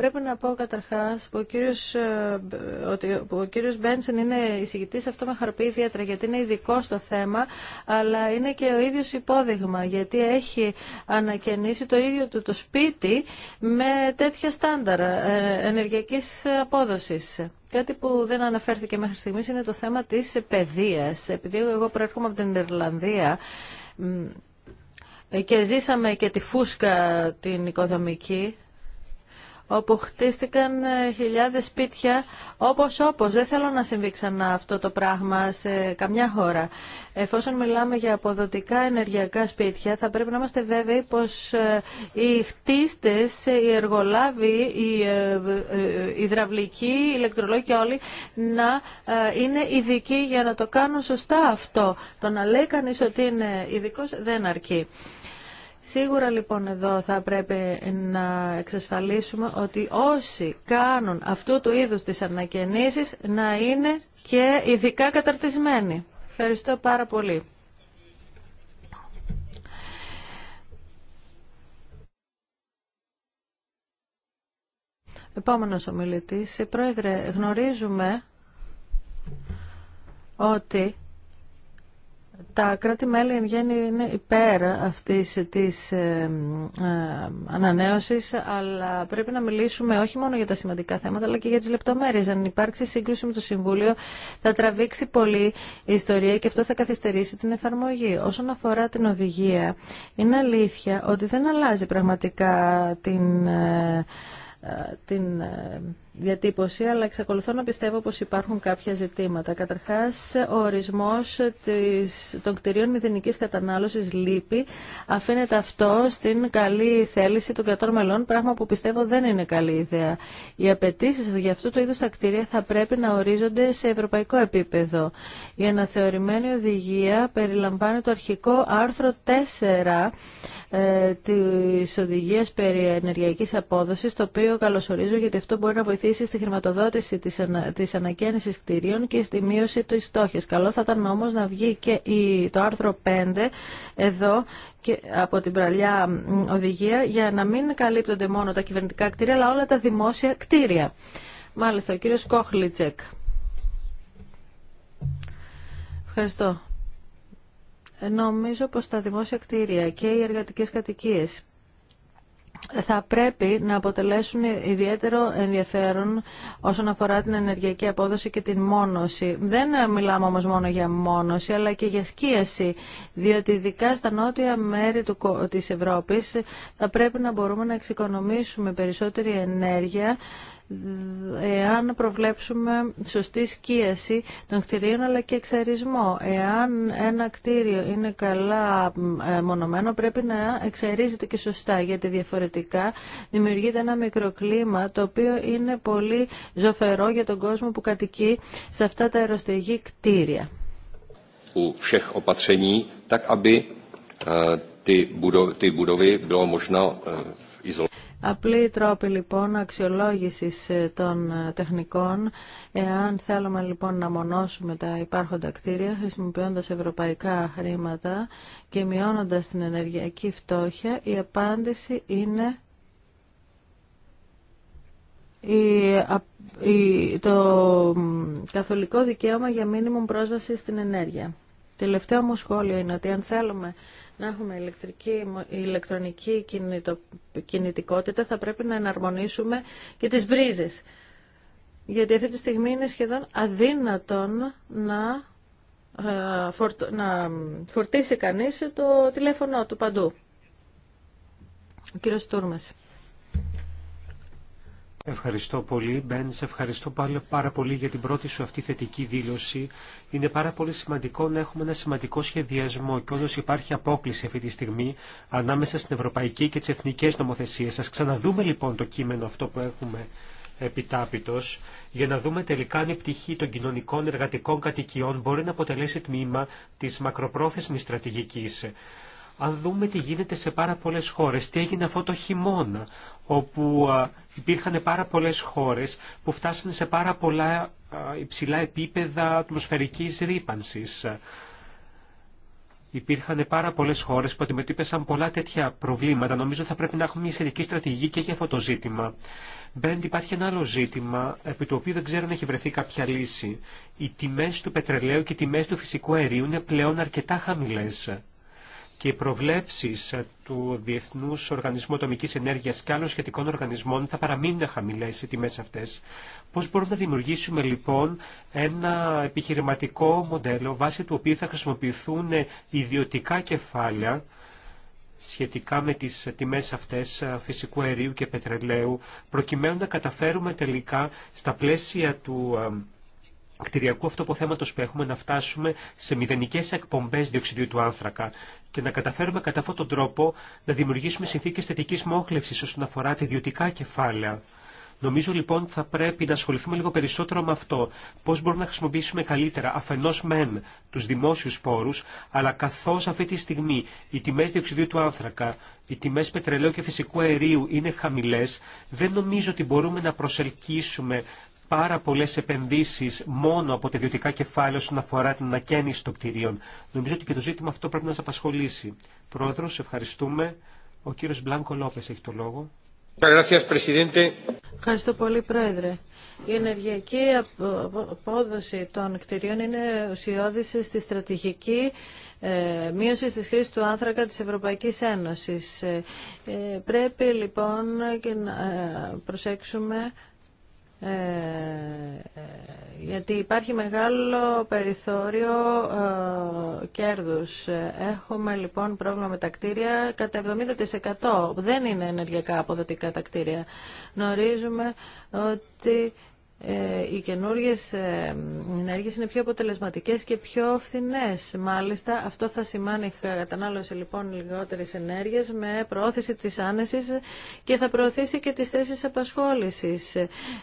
Πρέπει να πω καταρχάς κύριος, ε, ότι ο κύριος Μπένσεν είναι εισηγητής, αυτό με χαροποιεί ιδιαίτερα γιατί είναι ειδικό στο θέμα, αλλά είναι και ο ίδιος υπόδειγμα γιατί έχει ανακαινήσει το ίδιο του το σπίτι με τέτοια στάνταρα ε, ενεργειακής απόδοσης. Κάτι που δεν αναφέρθηκε μέχρι στιγμής είναι το θέμα της παιδείας. Επειδή εγώ προέρχομαι από την Ιρλανδία, ε, και ζήσαμε και τη φούσκα την οικοδομική όπου χτίστηκαν ε, χιλιάδες σπίτια όπως όπως. Δεν θέλω να συμβεί ξανά αυτό το πράγμα σε καμιά χώρα. Εφόσον μιλάμε για αποδοτικά ενεργειακά σπίτια θα πρέπει να είμαστε βέβαιοι πως ε, οι χτίστες, ε, οι εργολάβοι, οι υδραυλικοί, οι ηλεκτρολόγοι και όλοι να είναι ειδικοί για να το κάνουν σωστά αυτό. Το να λέει κανείς ότι είναι ειδικό δεν αρκεί. Σίγουρα λοιπόν εδώ θα πρέπει να εξασφαλίσουμε ότι όσοι κάνουν αυτού του είδους τις ανακαινήσεις να είναι και ειδικά καταρτισμένοι. Ευχαριστώ πάρα πολύ. Επόμενος ομιλητής. Ε, πρόεδρε, γνωρίζουμε ότι τα κράτη-μέλη εν γέννη είναι υπέρ αυτής της ε, ε, ανανέωσης, αλλά πρέπει να μιλήσουμε όχι μόνο για τα σημαντικά θέματα, αλλά και για τις λεπτομέρειες. Αν υπάρξει σύγκρουση με το Συμβούλιο, θα τραβήξει πολύ η ιστορία και αυτό θα καθυστερήσει την εφαρμογή. Όσον αφορά την οδηγία, είναι αλήθεια ότι δεν αλλάζει πραγματικά την... Ε, ε, την διατύπωση, αλλά εξακολουθώ να πιστεύω πως υπάρχουν κάποια ζητήματα. Καταρχάς, ο ορισμός της, των κτηρίων μηδενικής κατανάλωσης λείπει. Αφήνεται αυτό στην καλή θέληση των κρατών μελών, πράγμα που πιστεύω δεν είναι καλή ιδέα. Οι απαιτήσει για αυτού το είδους τα κτηρία θα πρέπει να ορίζονται σε ευρωπαϊκό επίπεδο. Η αναθεωρημένη οδηγία περιλαμβάνει το αρχικό άρθρο 4 ε, της οδηγίας περί ενεργειακής απόδοσης, το οποίο καλωσορίζω γιατί αυτό μπορεί να βοηθήσει επίση στη χρηματοδότηση τη ανακαίνιση της κτηρίων και στη μείωση του στόχη. Καλό θα ήταν όμω να βγει και η, το άρθρο 5 εδώ και από την πραλιά οδηγία για να μην καλύπτονται μόνο τα κυβερνητικά κτίρια αλλά όλα τα δημόσια κτίρια. Μάλιστα, ο κύριο Κόχλιτσεκ. Ευχαριστώ. Ε, νομίζω πως τα δημόσια κτίρια και οι εργατικές κατοικίες θα πρέπει να αποτελέσουν ιδιαίτερο ενδιαφέρον όσον αφορά την ενεργειακή απόδοση και την μόνωση. Δεν μιλάμε όμως μόνο για μόνωση, αλλά και για σκίαση, διότι ειδικά στα νότια μέρη του, της Ευρώπης θα πρέπει να μπορούμε να εξοικονομήσουμε περισσότερη ενέργεια εάν προβλέψουμε σωστή σκίαση των κτηρίων αλλά και εξαιρισμό. Εάν ένα κτίριο είναι καλά ε, μονομένο πρέπει να εξαιρίζεται και σωστά γιατί διαφορετικά δημιουργείται ένα μικροκλίμα το οποίο είναι πολύ ζωφερό για τον κόσμο που κατοικεί σε αυτά τα αεροστεγή κτίρια. Απλή τρόποι λοιπόν αξιολόγησης ε, των ε, τεχνικών, εάν θέλουμε λοιπόν να μονώσουμε τα υπάρχοντα κτίρια χρησιμοποιώντας ευρωπαϊκά χρήματα και μειώνοντας την ενεργειακή φτώχεια, η απάντηση είναι η, το καθολικό δικαίωμα για μήνυμο πρόσβαση στην ενέργεια. Τελευταίο μου σχόλιο είναι ότι αν θέλουμε να έχουμε ηλεκτρική, ηλεκτρονική κινητικότητα θα πρέπει να εναρμονίσουμε και τις βρίζες. Γιατί αυτή τη στιγμή είναι σχεδόν αδύνατον να, ε, να φορτίσει κανείς το τηλέφωνο του παντού. Ο κύριος Ευχαριστώ πολύ, Μπεν. Σε ευχαριστώ πάλι πάρα πολύ για την πρώτη σου αυτή θετική δήλωση. Είναι πάρα πολύ σημαντικό να έχουμε ένα σημαντικό σχεδιασμό και όντω υπάρχει απόκληση αυτή τη στιγμή ανάμεσα στην ευρωπαϊκή και τι εθνικέ νομοθεσίε. Α ξαναδούμε λοιπόν το κείμενο αυτό που έχουμε επιτάπητο, για να δούμε τελικά αν η πτυχή των κοινωνικών εργατικών κατοικιών μπορεί να αποτελέσει τμήμα τη μακροπρόθεσμη στρατηγική αν δούμε τι γίνεται σε πάρα πολλές χώρες, τι έγινε αυτό το χειμώνα, όπου υπήρχαν πάρα πολλές χώρες που φτάσανε σε πάρα πολλά υψηλά επίπεδα ατμοσφαιρικής ρήπανσης. Υπήρχαν πάρα πολλέ χώρε που αντιμετώπισαν πολλά τέτοια προβλήματα. Νομίζω θα πρέπει να έχουμε μια σχετική στρατηγική και για αυτό το ζήτημα. Μπέντ, υπάρχει ένα άλλο ζήτημα, επί το οποίο δεν ξέρω αν έχει βρεθεί κάποια λύση. Οι τιμέ του πετρελαίου και οι τιμέ του φυσικού αερίου είναι πλέον αρκετά χαμηλέ και οι προβλέψεις του Διεθνούς Οργανισμού Ατομικής Ενέργειας και άλλων σχετικών οργανισμών θα παραμείνουν χαμηλές οι τιμές αυτές. Πώς μπορούμε να δημιουργήσουμε λοιπόν ένα επιχειρηματικό μοντέλο βάσει του οποίου θα χρησιμοποιηθούν ιδιωτικά κεφάλαια σχετικά με τις τιμές αυτές φυσικού αερίου και πετρελαίου προκειμένου να καταφέρουμε τελικά στα πλαίσια του ε, κτηριακού το που έχουμε να φτάσουμε σε μηδενικές εκπομπές διοξιδίου του άνθρακα και να καταφέρουμε κατά αυτόν τον τρόπο να δημιουργήσουμε συνθήκες θετικής μόχλευσης όσον αφορά τα ιδιωτικά κεφάλαια. Νομίζω λοιπόν ότι θα πρέπει να ασχοληθούμε λίγο περισσότερο με αυτό. Πώ μπορούμε να χρησιμοποιήσουμε καλύτερα αφενό μεν του δημόσιου πόρου, αλλά καθώ αυτή τη στιγμή οι τιμέ διοξιδίου του άνθρακα, οι τιμέ πετρελαίου και φυσικού αερίου είναι χαμηλέ, δεν νομίζω ότι μπορούμε να προσελκύσουμε πάρα πολλέ επενδύσει μόνο από τα ιδιωτικά κεφάλαια όσον αφορά την ανακαίνιση των κτηρίων. Νομίζω ότι και το ζήτημα αυτό πρέπει να σα απασχολήσει. Πρόεδρο, ευχαριστούμε. Ο κύριο Μπλάνκο Λόπε έχει το λόγο. Ευχαριστώ πολύ, Πρόεδρε. Η ενεργειακή απόδοση των κτηρίων είναι ουσιώδηση στη στρατηγική ε, μείωση της χρήσης του άνθρακα της Ευρωπαϊκής Ένωσης. Ε, ε, πρέπει λοιπόν και να προσέξουμε ε, ε, γιατί υπάρχει μεγάλο περιθώριο ε, κέρδους. Έχουμε λοιπόν πρόβλημα με τα κτίρια κατά 70%. Δεν είναι ενεργειακά αποδοτικά τα κτίρια. Γνωρίζουμε ότι ε, οι καινούριε ενέργειε είναι πιο αποτελεσματικές και πιο φθηνέ. Μάλιστα, αυτό θα σημάνει κατανάλωση λοιπόν λιγότερης ενέργειε, με προώθηση της άνεσης και θα προωθήσει και τις θέσεις απασχόλησης.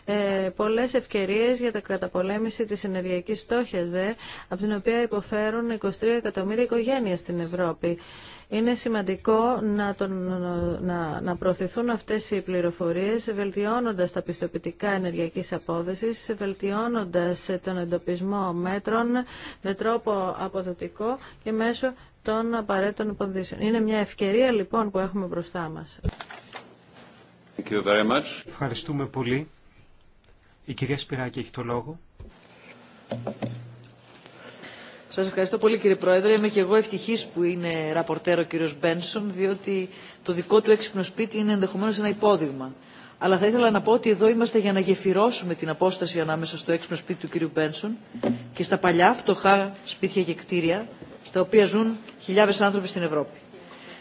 Ε, πολλές ευκαιρίες για τα καταπολέμηση της ενεργειακή στόχιας, δε, από την οποία υποφέρουν 23 εκατομμύρια οικογένειες στην Ευρώπη. Είναι σημαντικό να, τον, να, να προωθηθούν αυτές οι πληροφορίες, βελτιώνοντας τα πιστοποιητικά ενεργειακής απόδοσης, βελτιώνοντας τον εντοπισμό μέτρων με τρόπο αποδοτικό και μέσω των απαραίτητων υποδείσεων. Είναι μια ευκαιρία λοιπόν που έχουμε μπροστά μας. Ευχαριστούμε πολύ. Η κυρία Σπυράκη έχει το λόγο. Σα ευχαριστώ πολύ κύριε Πρόεδρε. Είμαι και εγώ ευτυχή που είναι ραπορτέρο ο κύριο Μπένσον, διότι το δικό του έξυπνο σπίτι είναι ενδεχομένω ένα υπόδειγμα. Αλλά θα ήθελα να πω ότι εδώ είμαστε για να γεφυρώσουμε την απόσταση ανάμεσα στο έξυπνο σπίτι του κύριου Μπένσον και στα παλιά φτωχά σπίτια και κτίρια, στα οποία ζουν χιλιάδε άνθρωποι στην Ευρώπη.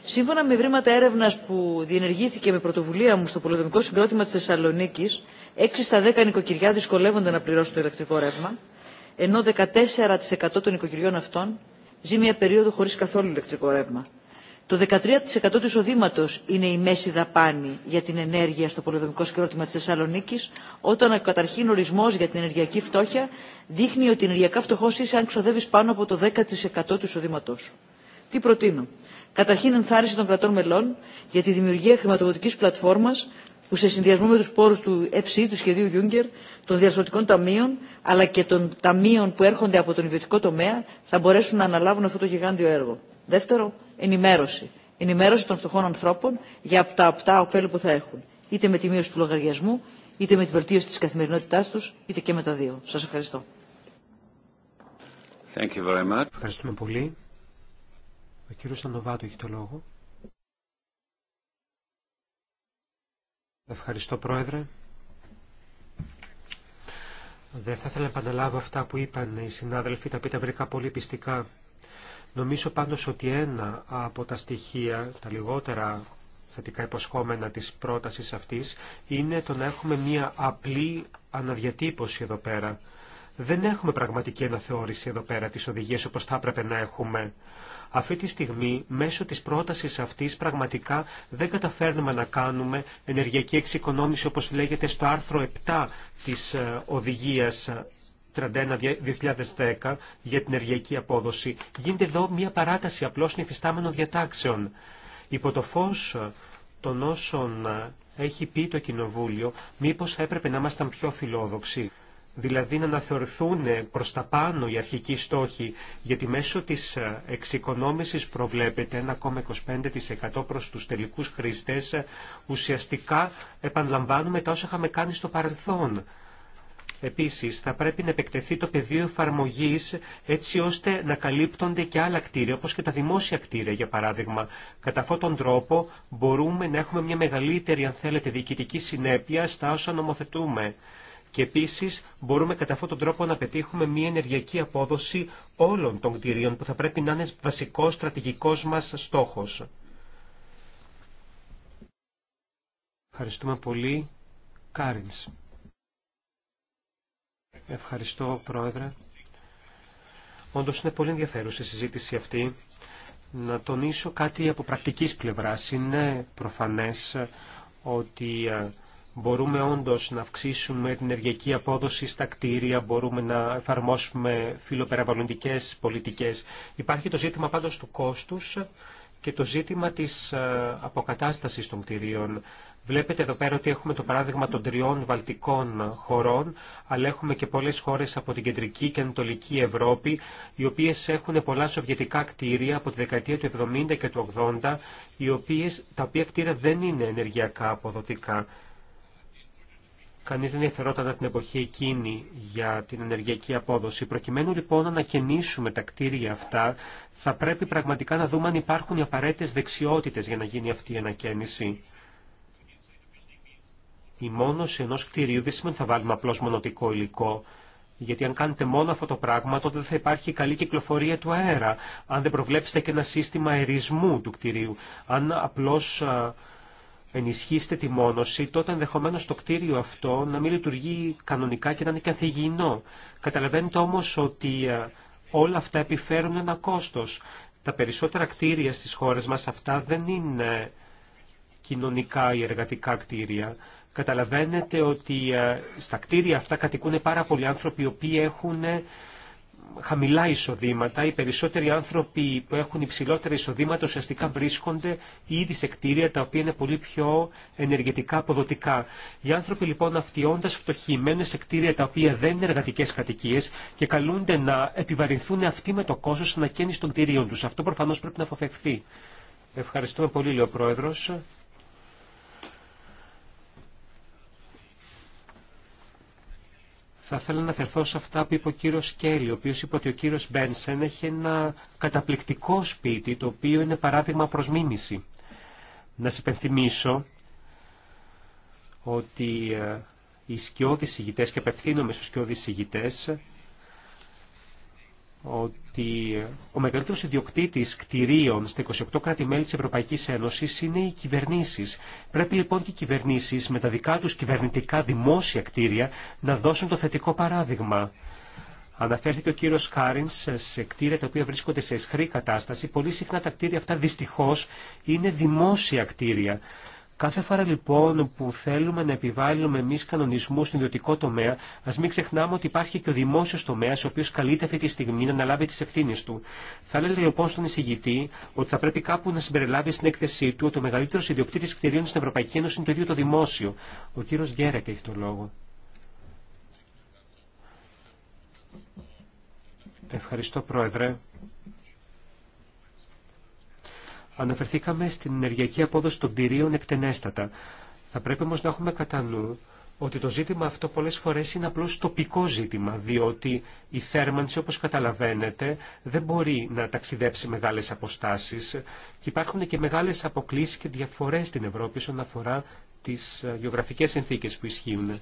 Σύμφωνα με βρήματα έρευνα που διενεργήθηκε με πρωτοβουλία μου στο πολυδομικό συγκρότημα τη Θεσσαλονίκη, 6 στα 10 νοικοκυριά δυσκολεύονται να πληρώσουν το ηλεκτρικό ρεύμα ενώ 14% των οικογενειών αυτών ζει μια περίοδο χωρίς καθόλου ηλεκτρικό ρεύμα. Το 13% του εισοδήματο είναι η μέση δαπάνη για την ενέργεια στο πολυδομικό σκρότημα τη Θεσσαλονίκη, όταν ο καταρχήν ορισμό για την ενεργειακή φτώχεια δείχνει ότι ενεργειακά φτωχό είσαι αν ξοδεύει πάνω από το 10% του εισοδήματό σου. Τι προτείνω. Καταρχήν ενθάρρυνση των κρατών μελών για τη δημιουργία χρηματοδοτική πλατφόρμα που σε συνδυασμό με τους πόρους του ΕΨΥ, του σχεδίου Juncker, των διαρθρωτικών ταμείων, αλλά και των ταμείων που έρχονται από τον ιδιωτικό τομέα, θα μπορέσουν να αναλάβουν αυτό το γιγάντιο έργο. Δεύτερο, ενημέρωση. Ενημέρωση των φτωχών ανθρώπων για τα απτά ωφέλη που θα έχουν. Είτε με τη μείωση του λογαριασμού, είτε με τη βελτίωση της καθημερινότητάς τους, είτε και με τα δύο. Σας ευχαριστώ. Thank you very much. Ευχαριστούμε πολύ. Ο κύριος έχει το λόγο. Ευχαριστώ Πρόεδρε. Δεν θα ήθελα να επαναλάβω αυτά που είπαν οι συνάδελφοι, τα οποία τα βρήκα πολύ πιστικά. Νομίζω πάντως ότι ένα από τα στοιχεία, τα λιγότερα θετικά υποσχόμενα της πρότασης αυτής, είναι το να έχουμε μία απλή αναδιατύπωση εδώ πέρα. Δεν έχουμε πραγματική αναθεώρηση εδώ πέρα τις οδηγίες όπως θα έπρεπε να έχουμε. Αυτή τη στιγμή, μέσω της πρότασης αυτής, πραγματικά δεν καταφέρνουμε να κάνουμε ενεργειακή εξοικονόμηση, όπως λέγεται στο άρθρο 7 της ε, οδηγίας 31-2010 ε, για την ενεργειακή απόδοση. Γίνεται εδώ μια παράταση απλώς νεφιστάμενων διατάξεων. Υπό το φως ε, των όσων έχει πει το Κοινοβούλιο, μήπως θα έπρεπε να ήμασταν πιο φιλόδοξοι δηλαδή να αναθεωρηθούν προς τα πάνω οι αρχικοί στόχοι, γιατί μέσω της ε, εξοικονόμησης προβλέπεται 1,25% προς τους τελικούς χρήστες, ουσιαστικά επαναλαμβάνουμε τα όσα είχαμε κάνει στο παρελθόν. Επίσης, θα πρέπει να επεκτεθεί το πεδίο εφαρμογή έτσι ώστε να καλύπτονται και άλλα κτίρια, όπως και τα δημόσια κτίρια, για παράδειγμα. Κατά αυτόν τον τρόπο μπορούμε να έχουμε μια μεγαλύτερη, αν θέλετε, διοικητική συνέπεια στα όσα νομοθετούμε. Και επίσης μπορούμε κατά αυτόν τον τρόπο να πετύχουμε μια ενεργειακή απόδοση όλων των κτηρίων που θα πρέπει να είναι βασικός στρατηγικός μας στόχος. Ευχαριστούμε πολύ. Κάριντς. Ευχαριστώ, Πρόεδρε. Όντω είναι πολύ ενδιαφέρουσα η συζήτηση αυτή. Να τονίσω κάτι από πρακτικής πλευράς. Είναι προφανές ότι ε, Μπορούμε όντω να αυξήσουμε την ενεργειακή απόδοση στα κτίρια, μπορούμε να εφαρμόσουμε φιλοπεραβαλλοντικέ πολιτικές. Υπάρχει το ζήτημα πάντως του κόστους και το ζήτημα της ε, αποκατάστασης των κτηρίων. Βλέπετε εδώ πέρα ότι έχουμε το παράδειγμα των τριών βαλτικών χωρών, αλλά έχουμε και πολλές χώρες από την κεντρική και ανατολική Ευρώπη, οι οποίες έχουν πολλά σοβιετικά κτίρια από τη δεκαετία του 70 και του 80, οι οποίες, τα οποία κτίρια δεν είναι ενεργειακά αποδοτικά. Κανείς δεν ενδιαφερόταν από την εποχή εκείνη για την ενεργειακή απόδοση. Προκειμένου λοιπόν να ανακαινήσουμε τα κτίρια αυτά, θα πρέπει πραγματικά να δούμε αν υπάρχουν οι απαραίτητες δεξιότητες για να γίνει αυτή η ανακαίνιση. Η μόνωση ενός κτίριου δεν σημαίνει ότι θα βάλουμε απλώς μονοτικό υλικό. Γιατί αν κάνετε μόνο αυτό το πράγμα, τότε δεν θα υπάρχει καλή κυκλοφορία του αέρα. Αν δεν προβλέψετε και ένα σύστημα αερισμού του κτιρίου Αν απλώς ενισχύσετε τη μόνωση, τότε ενδεχομένω το κτίριο αυτό να μην λειτουργεί κανονικά και να είναι ανθυγιεινό. Καταλαβαίνετε όμως ότι ε, όλα αυτά επιφέρουν ένα κόστος. Τα περισσότερα κτίρια στις χώρες μας αυτά δεν είναι κοινωνικά ή εργατικά κτίρια. Καταλαβαίνετε ότι ε, στα κτίρια αυτά κατοικούν πάρα πολλοί άνθρωποι οι οποίοι έχουν ε, χαμηλά εισοδήματα, οι περισσότεροι άνθρωποι που έχουν υψηλότερα εισοδήματα ουσιαστικά βρίσκονται ήδη σε κτίρια τα οποία είναι πολύ πιο ενεργετικά αποδοτικά. Οι άνθρωποι λοιπόν αυτοί όντας φτωχοί μένουν σε κτίρια τα οποία δεν είναι εργατικές κατοικίες και καλούνται να επιβαρυνθούν αυτοί με το κόστος ανακαίνιση των κτιρίων τους. Αυτό προφανώς πρέπει να αποφευχθεί. Ευχαριστούμε πολύ, λέει Πρόεδρος. Θα ήθελα να αφαιρθώ σε αυτά που είπε ο κύριο Κέλλη, ο οποίο είπε ότι ο κύριο Μπένσεν έχει ένα καταπληκτικό σπίτι, το οποίο είναι παράδειγμα προ μίμηση. Να σα υπενθυμίσω ότι ε, οι σκιώδεις ηγητέ, και απευθύνομαι στους σκιώδεις ηγητέ, ότι ο μεγαλύτερος ιδιοκτήτης κτηρίων στα 28 κράτη-μέλη της Ευρωπαϊκής Ένωσης είναι οι κυβερνήσεις. Πρέπει λοιπόν και οι κυβερνήσεις με τα δικά τους κυβερνητικά δημόσια κτίρια να δώσουν το θετικό παράδειγμα. Αναφέρθηκε ο κύριος Χάριν σε κτίρια τα οποία βρίσκονται σε αισχρή κατάσταση. Πολύ συχνά τα κτίρια αυτά Δυστυχώς είναι δημόσια κτίρια. Κάθε φορά λοιπόν που θέλουμε να επιβάλλουμε εμεί κανονισμού στον ιδιωτικό τομέα, α μην ξεχνάμε ότι υπάρχει και ο δημόσιο τομέα, ο οποίο καλείται αυτή τη στιγμή να αναλάβει τι ευθύνε του. Θα λέει λοιπόν στον εισηγητή ότι θα πρέπει κάπου να συμπεριλάβει στην έκθεσή του ότι ο μεγαλύτερο ιδιοκτήτη κτηρίων στην Ευρωπαϊκή Ένωση είναι το ίδιο το δημόσιο. Ο κύριο Γκέρεκ έχει το λόγο. Ευχαριστώ, Πρόεδρε. Αναφερθήκαμε στην ενεργειακή απόδοση των κτηρίων εκτενέστατα. Θα πρέπει όμως να έχουμε κατά νου ότι το ζήτημα αυτό πολλές φορές είναι απλώς τοπικό ζήτημα, διότι η θέρμανση, όπως καταλαβαίνετε, δεν μπορεί να ταξιδέψει μεγάλες αποστάσεις και υπάρχουν και μεγάλες αποκλήσεις και διαφορές στην Ευρώπη όσον αφορά τις ε, γεωγραφικές συνθήκες που ισχύουν.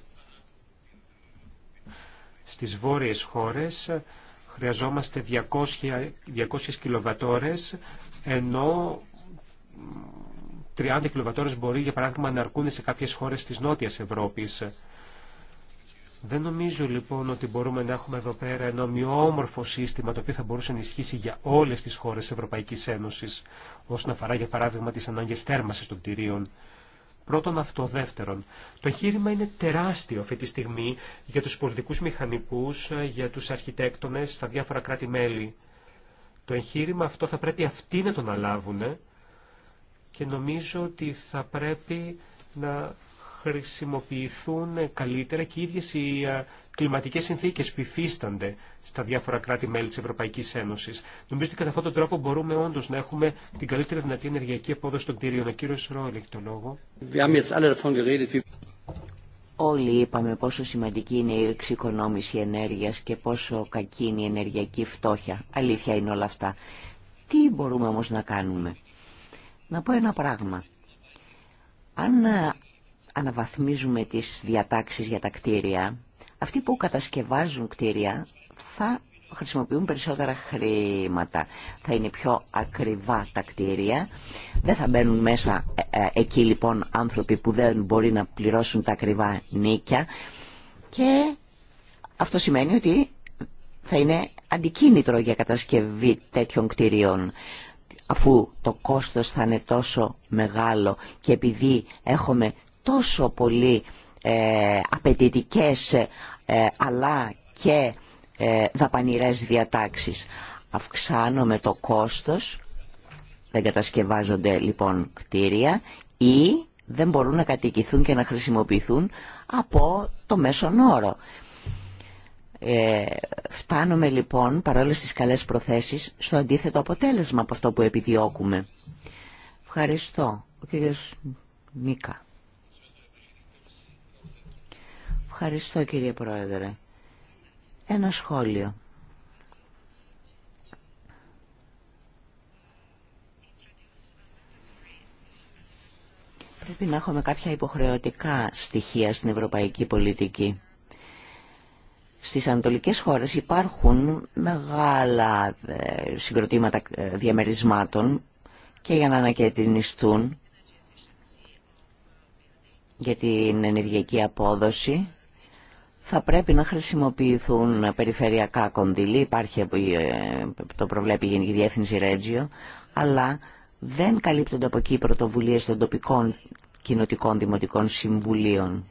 Στις βόρειες χώρες ε, χρειαζόμαστε 200, 200 κιλοβατόρες ενώ 30 κιλοβατόρε μπορεί για παράδειγμα να αρκούν σε κάποιες χώρες της Νότιας Ευρώπης. Δεν νομίζω λοιπόν ότι μπορούμε να έχουμε εδώ πέρα ένα ομοιόμορφο σύστημα το οποίο θα μπορούσε να ισχύσει για όλες τις χώρες Ευρωπαϊκής Ένωσης όσον αφορά για παράδειγμα τις ανάγκες θέρμασης των κτηρίων. Πρώτον αυτό, δεύτερον. Το εγχείρημα είναι τεράστιο αυτή τη στιγμή για τους πολιτικούς μηχανικούς, για τους αρχιτέκτονες στα διάφορα κράτη-μέλη το εγχείρημα αυτό θα πρέπει αυτοί να το αναλάβουν και νομίζω ότι θα πρέπει να χρησιμοποιηθούν καλύτερα και οι ίδιες οι κλιματικές συνθήκες που υφίστανται στα διάφορα κράτη-μέλη της Ευρωπαϊκής Ένωσης. Νομίζω ότι κατά αυτόν τον τρόπο μπορούμε όντως να έχουμε την καλύτερη δυνατή ενεργειακή απόδοση των κτηρίων. Ο κύριος Ρόλ έχει το λόγο. Όλοι είπαμε πόσο σημαντική είναι η εξοικονόμηση ενέργειας και πόσο κακή είναι η ενεργειακή φτώχεια. Αλήθεια είναι όλα αυτά. Τι μπορούμε όμως να κάνουμε. Να πω ένα πράγμα. Αν ε, αναβαθμίζουμε τις διατάξεις για τα κτίρια, αυτοί που κατασκευάζουν κτίρια θα χρησιμοποιούν περισσότερα χρήματα. Θα είναι πιο ακριβά τα κτίρια. Δεν θα μπαίνουν μέσα ε, ε, εκεί λοιπόν άνθρωποι που δεν μπορεί να πληρώσουν τα ακριβά νίκια. Και αυτό σημαίνει ότι θα είναι αντικίνητρο για κατασκευή τέτοιων κτιρίων αφού το κόστος θα είναι τόσο μεγάλο και επειδή έχουμε τόσο πολύ ε, απαιτητικές ε, αλλά και ε, δαπανηρές διατάξεις. Αυξάνομαι το κόστος, δεν κατασκευάζονται λοιπόν κτίρια ή δεν μπορούν να κατοικηθούν και να χρησιμοποιηθούν από το μέσον όρο. Ε, φτάνουμε λοιπόν παρόλες τις καλές προθέσεις στο αντίθετο αποτέλεσμα από αυτό που επιδιώκουμε. Ευχαριστώ. Ο κύριος Νίκα. Ευχαριστώ κύριε Πρόεδρε ένα σχόλιο. Πρέπει να έχουμε κάποια υποχρεωτικά στοιχεία στην ευρωπαϊκή πολιτική. Στις ανατολικές χώρες υπάρχουν μεγάλα ε, συγκροτήματα ε, διαμερισμάτων και για να ανακαιτινιστούν για την ενεργειακή απόδοση θα πρέπει να χρησιμοποιηθούν περιφερειακά κονδύλια. Υπάρχει, ε, το προβλέπει η Γενική Διεύθυνση Ρέτζιο, αλλά δεν καλύπτονται από εκεί οι πρωτοβουλίε των τοπικών κοινοτικών δημοτικών συμβουλίων.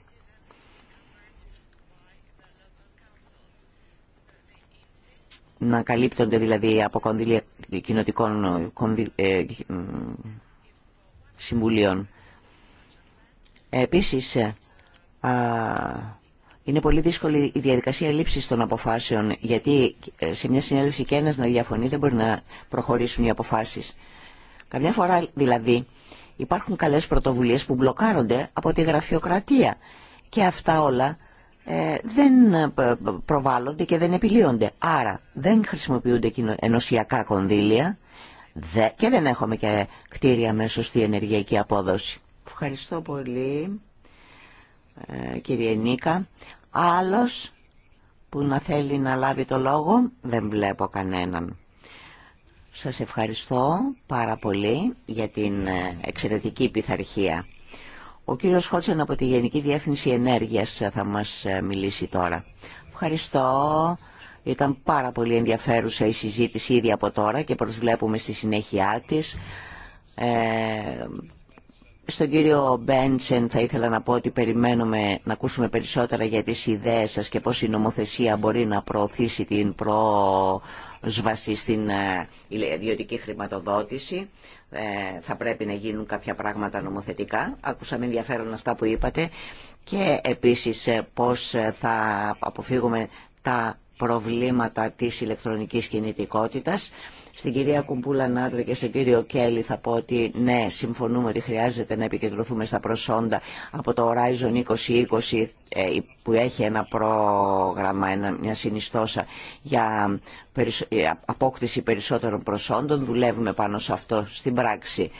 Να καλύπτονται δηλαδή από κονδύλια κοινοτικών ε, ε, συμβουλίων. Επίσης, είναι πολύ δύσκολη η διαδικασία λήψη των αποφάσεων, γιατί ε, σε μια συνέλευση και ένα να διαφωνεί δεν μπορεί να προχωρήσουν οι αποφάσει. Καμιά φορά δηλαδή υπάρχουν καλέ πρωτοβουλίε που μπλοκάρονται από τη γραφειοκρατία. Και αυτά όλα ε, δεν ε, προβάλλονται και δεν επιλύονται. Άρα δεν χρησιμοποιούνται ενωσιακά κονδύλια και δεν έχουμε και κτίρια με σωστή ενεργειακή απόδοση. Ευχαριστώ πολύ. Ε, κύριε Νίκα. Άλλος που να θέλει να λάβει το λόγο, δεν βλέπω κανέναν. Σας ευχαριστώ πάρα πολύ για την ε, εξαιρετική πειθαρχία. Ο κύριος Χότσεν από τη Γενική Διεύθυνση Ενέργειας θα μας ε, μιλήσει τώρα. Ευχαριστώ. Ήταν πάρα πολύ ενδιαφέρουσα η συζήτηση ήδη από τώρα και προσβλέπουμε στη συνέχειά της. Ε, στον κύριο Μπέντσεν θα ήθελα να πω ότι περιμένουμε να ακούσουμε περισσότερα για τις ιδέες σας και πώς η νομοθεσία μπορεί να προωθήσει την πρόσβαση στην ε, ιδιωτική χρηματοδότηση. Ε, θα πρέπει να γίνουν κάποια πράγματα νομοθετικά. Ακούσαμε με ενδιαφέρον αυτά που είπατε. Και επίσης ε, πώς θα αποφύγουμε τα προβλήματα της ηλεκτρονικής κινητικότητας. Στην κυρία Κουμπούλα Νάντρο και στον κύριο Κέλλη θα πω ότι ναι, συμφωνούμε ότι χρειάζεται να επικεντρωθούμε στα προσόντα από το Horizon 2020 ε, που έχει ένα πρόγραμμα, μια συνιστόσα για ε, απόκτηση περισσότερων προσόντων. Δουλεύουμε πάνω σε αυτό στην πράξη.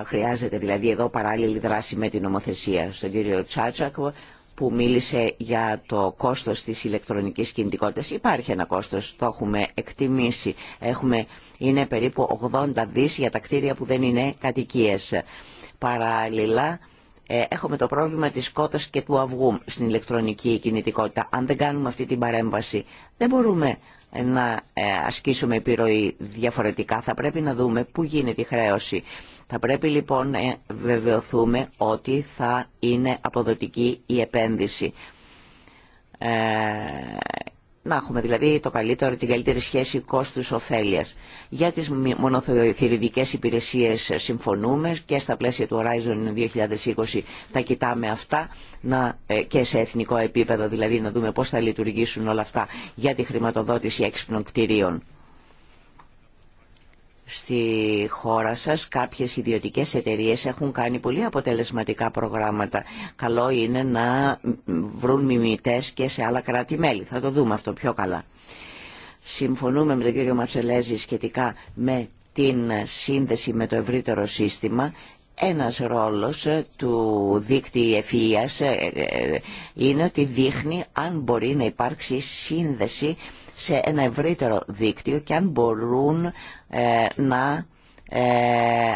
Ε, χρειάζεται δηλαδή εδώ παράλληλη δράση με την νομοθεσία. Στον κύριο Τσάτσακο που μίλησε για το κόστος της ηλεκτρονικής κινητικότητας. Υπάρχει ένα κόστος, το έχουμε εκτιμήσει. Έχουμε, είναι περίπου 80 δις για τα κτίρια που δεν είναι κατοικίες. Παραλληλά ε, έχουμε το πρόβλημα της κότας και του αυγού στην ηλεκτρονική κινητικότητα. Αν δεν κάνουμε αυτή την παρέμβαση δεν μπορούμε να ε, ασκήσουμε επιρροή διαφορετικά. Θα πρέπει να δούμε πού γίνεται η χρέωση θα πρέπει λοιπόν να βεβαιωθούμε ότι θα είναι αποδοτική η επένδυση. Ε, να έχουμε δηλαδή το καλύτερο, την καλύτερη σχέση κόστους ωφέλειας. Για τις μονοθυριδικές υπηρεσίες συμφωνούμε και στα πλαίσια του Horizon 2020 θα κοιτάμε αυτά να, ε, και σε εθνικό επίπεδο δηλαδή να δούμε πώς θα λειτουργήσουν όλα αυτά για τη χρηματοδότηση έξυπνων κτηρίων στη χώρα σας κάποιες ιδιωτικές εταιρείες έχουν κάνει πολύ αποτελεσματικά προγράμματα. Καλό είναι να βρουν μιμητές και σε άλλα κράτη-μέλη. Θα το δούμε αυτό πιο καλά. Συμφωνούμε με τον κύριο Ματσελέζη σχετικά με την σύνδεση με το ευρύτερο σύστημα. Ένας ρόλος του δίκτυου ευφυΐας ε, ε, ε, είναι ότι δείχνει αν μπορεί να υπάρξει σύνδεση σε ένα ευρύτερο δίκτυο και αν μπορούν ε, να ε,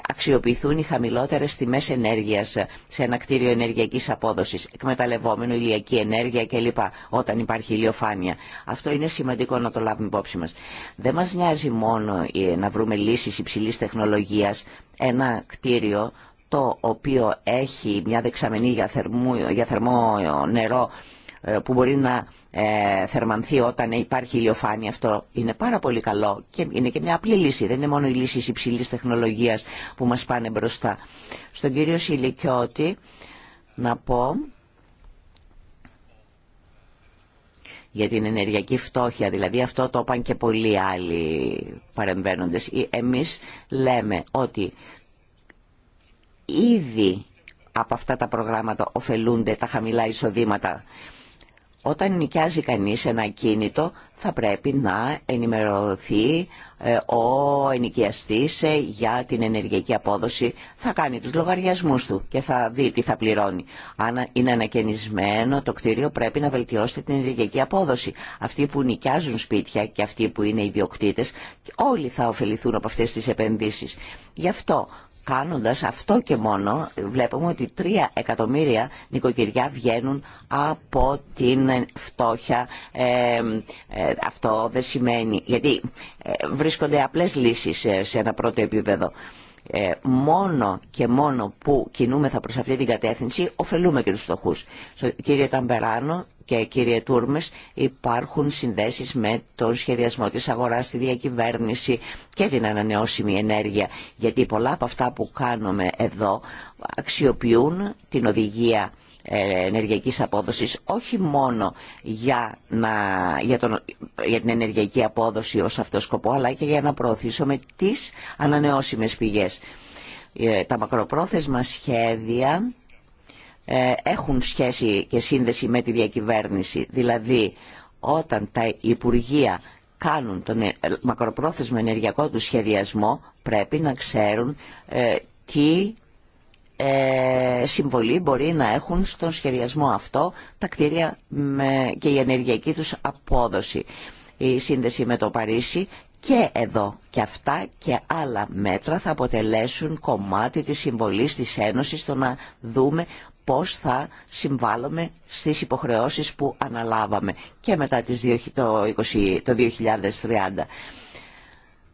αξιοποιηθούν οι χαμηλότερες τιμές ενέργειας σε ένα κτίριο ενεργειακής απόδοσης, εκμεταλλευόμενο ηλιακή ενέργεια κλπ. όταν υπάρχει ηλιοφάνεια. Αυτό είναι σημαντικό να το λάβουμε υπόψη μας. Δεν μας νοιάζει μόνο ε, να βρούμε λύσεις υψηλής τεχνολογίας, ένα κτίριο το οποίο έχει μια δεξαμενή για θερμό νερό ε, που μπορεί να ε, θερμανθεί όταν υπάρχει ηλιοφάνεια. Αυτό είναι πάρα πολύ καλό και είναι και μια απλή λύση. Δεν είναι μόνο οι λύσεις υψηλής τεχνολογίας που μας πάνε μπροστά. Στον κύριο Σιλικιώτη να πω για την ενεργειακή φτώχεια, δηλαδή αυτό το είπαν και πολλοί άλλοι παρεμβαίνοντες. Ε, εμείς λέμε ότι ήδη από αυτά τα προγράμματα ωφελούνται τα χαμηλά εισοδήματα όταν νοικιάζει κανείς ένα κίνητο θα πρέπει να ενημερωθεί ε, ο ενοικιαστής ε, για την ενεργειακή απόδοση. Θα κάνει τους λογαριασμούς του και θα δει τι θα πληρώνει. Αν είναι ανακαινισμένο το κτίριο πρέπει να βελτιώσει την ενεργειακή απόδοση. Αυτοί που νοικιάζουν σπίτια και αυτοί που είναι ιδιοκτήτες όλοι θα ωφεληθούν από αυτές τις επενδύσεις. Γι' αυτό Κάνοντας αυτό και μόνο βλέπουμε ότι 3 εκατομμύρια νοικοκυριά βγαίνουν από την φτώχεια. Ε, ε, αυτό δεν σημαίνει, γιατί ε, βρίσκονται απλές λύσεις σε, ένα πρώτο επίπεδο. μόνο και μόνο που κινούμεθα προς αυτή την κατεύθυνση ωφελούμε και τους φτωχούς. Κύριε Ταμπεράνο, και κύριε Τούρμες υπάρχουν συνδέσεις με τον σχεδιασμό της αγοράς, τη διακυβέρνηση και την ανανεώσιμη ενέργεια γιατί πολλά από αυτά που κάνουμε εδώ αξιοποιούν την οδηγία ε, ενεργειακής απόδοσης όχι μόνο για, να, για, την ενεργειακή απόδοση ως αυτό σκοπό αλλά και για να προωθήσουμε τις ανανεώσιμες πηγές. Ε, τα μακροπρόθεσμα σχέδια ε, έχουν σχέση και σύνδεση με τη διακυβέρνηση. Δηλαδή, όταν τα Υπουργεία κάνουν τον ε, μακροπρόθεσμο ενεργειακό του σχεδιασμό, πρέπει να ξέρουν ε, τι συμβολή μπορεί να έχουν στον σχεδιασμό αυτό τα κτίρια και η ενεργειακή τους απόδοση. Η σύνδεση με το Παρίσι και εδώ και αυτά και άλλα μέτρα θα αποτελέσουν κομμάτι της συμβολής της Ένωσης στο να δούμε πώς θα συμβάλλουμε στις υποχρεώσεις που αναλάβαμε και μετά τις το, 2030.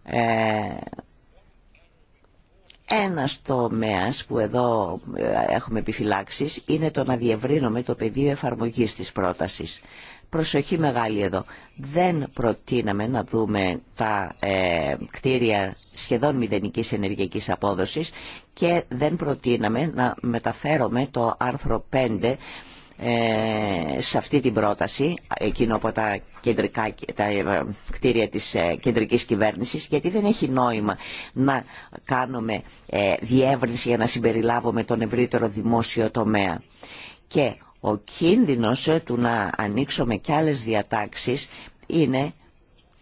Ε, ένας τομέας που εδώ ε, έχουμε επιφυλάξει είναι το να διευρύνουμε το πεδίο εφαρμογής της πρότασης προσοχή μεγάλη εδώ. Δεν προτείναμε να δούμε τα ε, κτίρια σχεδόν μηδενικής ενεργειακής απόδοσης και δεν προτείναμε να μεταφέρουμε το άρθρο 5 ε, σε αυτή την πρόταση, εκείνο από τα, κεντρικά, τα ε, κτίρια της κεντρικής κυβέρνησης, γιατί δεν έχει νόημα να κάνουμε διεύρυνση για να συμπεριλάβουμε τον ευρύτερο δημόσιο τομέα. Και ο κίνδυνος ε, του να ανοίξουμε κι άλλες διατάξεις είναι,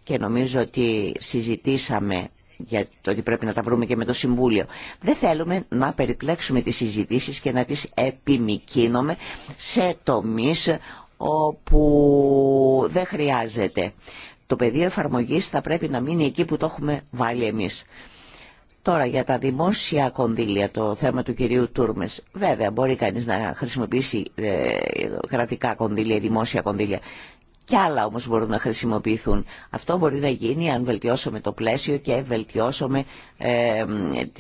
και νομίζω ότι συζητήσαμε για το ότι πρέπει να τα βρούμε και με το Συμβούλιο. Δεν θέλουμε να περιπλέξουμε τις συζητήσεις και να τις επιμικίνουμε σε τομείς όπου δεν χρειάζεται. Το πεδίο εφαρμογής θα πρέπει να μείνει εκεί που το έχουμε βάλει εμείς. Τώρα για τα δημόσια κονδύλια το θέμα του κυρίου Τούρμες. Βέβαια μπορεί κανείς να χρησιμοποιήσει ε, κρατικά κονδύλια, δημόσια κονδύλια. Κι άλλα όμως μπορούν να χρησιμοποιηθούν. Αυτό μπορεί να γίνει αν βελτιώσουμε το πλαίσιο και βελτιώσουμε ε,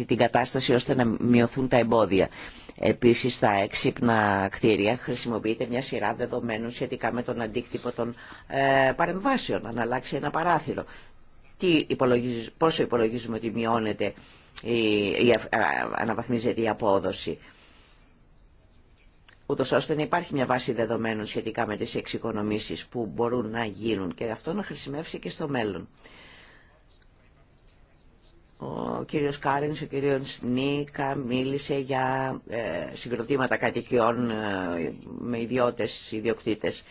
την κατάσταση ώστε να μειωθούν τα εμπόδια. Επίσης στα έξυπνα κτίρια χρησιμοποιείται μια σειρά δεδομένων σχετικά με τον αντίκτυπο των ε, παρεμβάσεων, αν αλλάξει ένα παράθυρο τι πόσο υπολογίζουμε ότι μειώνεται η, η, αναβαθμίζεται η απόδοση ούτως ώστε να υπάρχει μια βάση δεδομένων σχετικά με τις εξοικονομήσεις που μπορούν να γίνουν και αυτό να χρησιμεύσει και στο μέλλον. Ο κύριος Κάριν, ο κύριος Νίκα μίλησε για ε, συγκροτήματα κατοικιών ε, με ιδιώτες ιδιοκτήτες.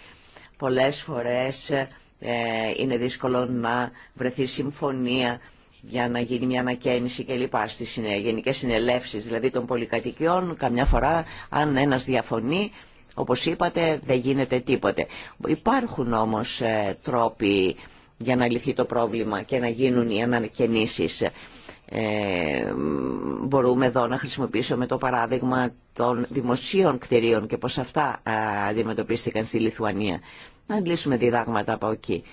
Πολλές φορές ε, ε, είναι δύσκολο να βρεθεί συμφωνία για να γίνει μια ανακαίνιση και λοιπά στις γενικές συνελεύσεις δηλαδή των πολυκατοικιών καμιά φορά αν ένας διαφωνεί όπως είπατε δεν γίνεται τίποτε υπάρχουν όμως ε, τρόποι για να λυθεί το πρόβλημα και να γίνουν οι ανακαινήσεις ε, μπορούμε εδώ να χρησιμοποιήσουμε το παράδειγμα των δημοσίων κτηρίων και πως αυτά ε, αντιμετωπίστηκαν στη Λιθουανία να λύσουμε διδάγματα από εκεί.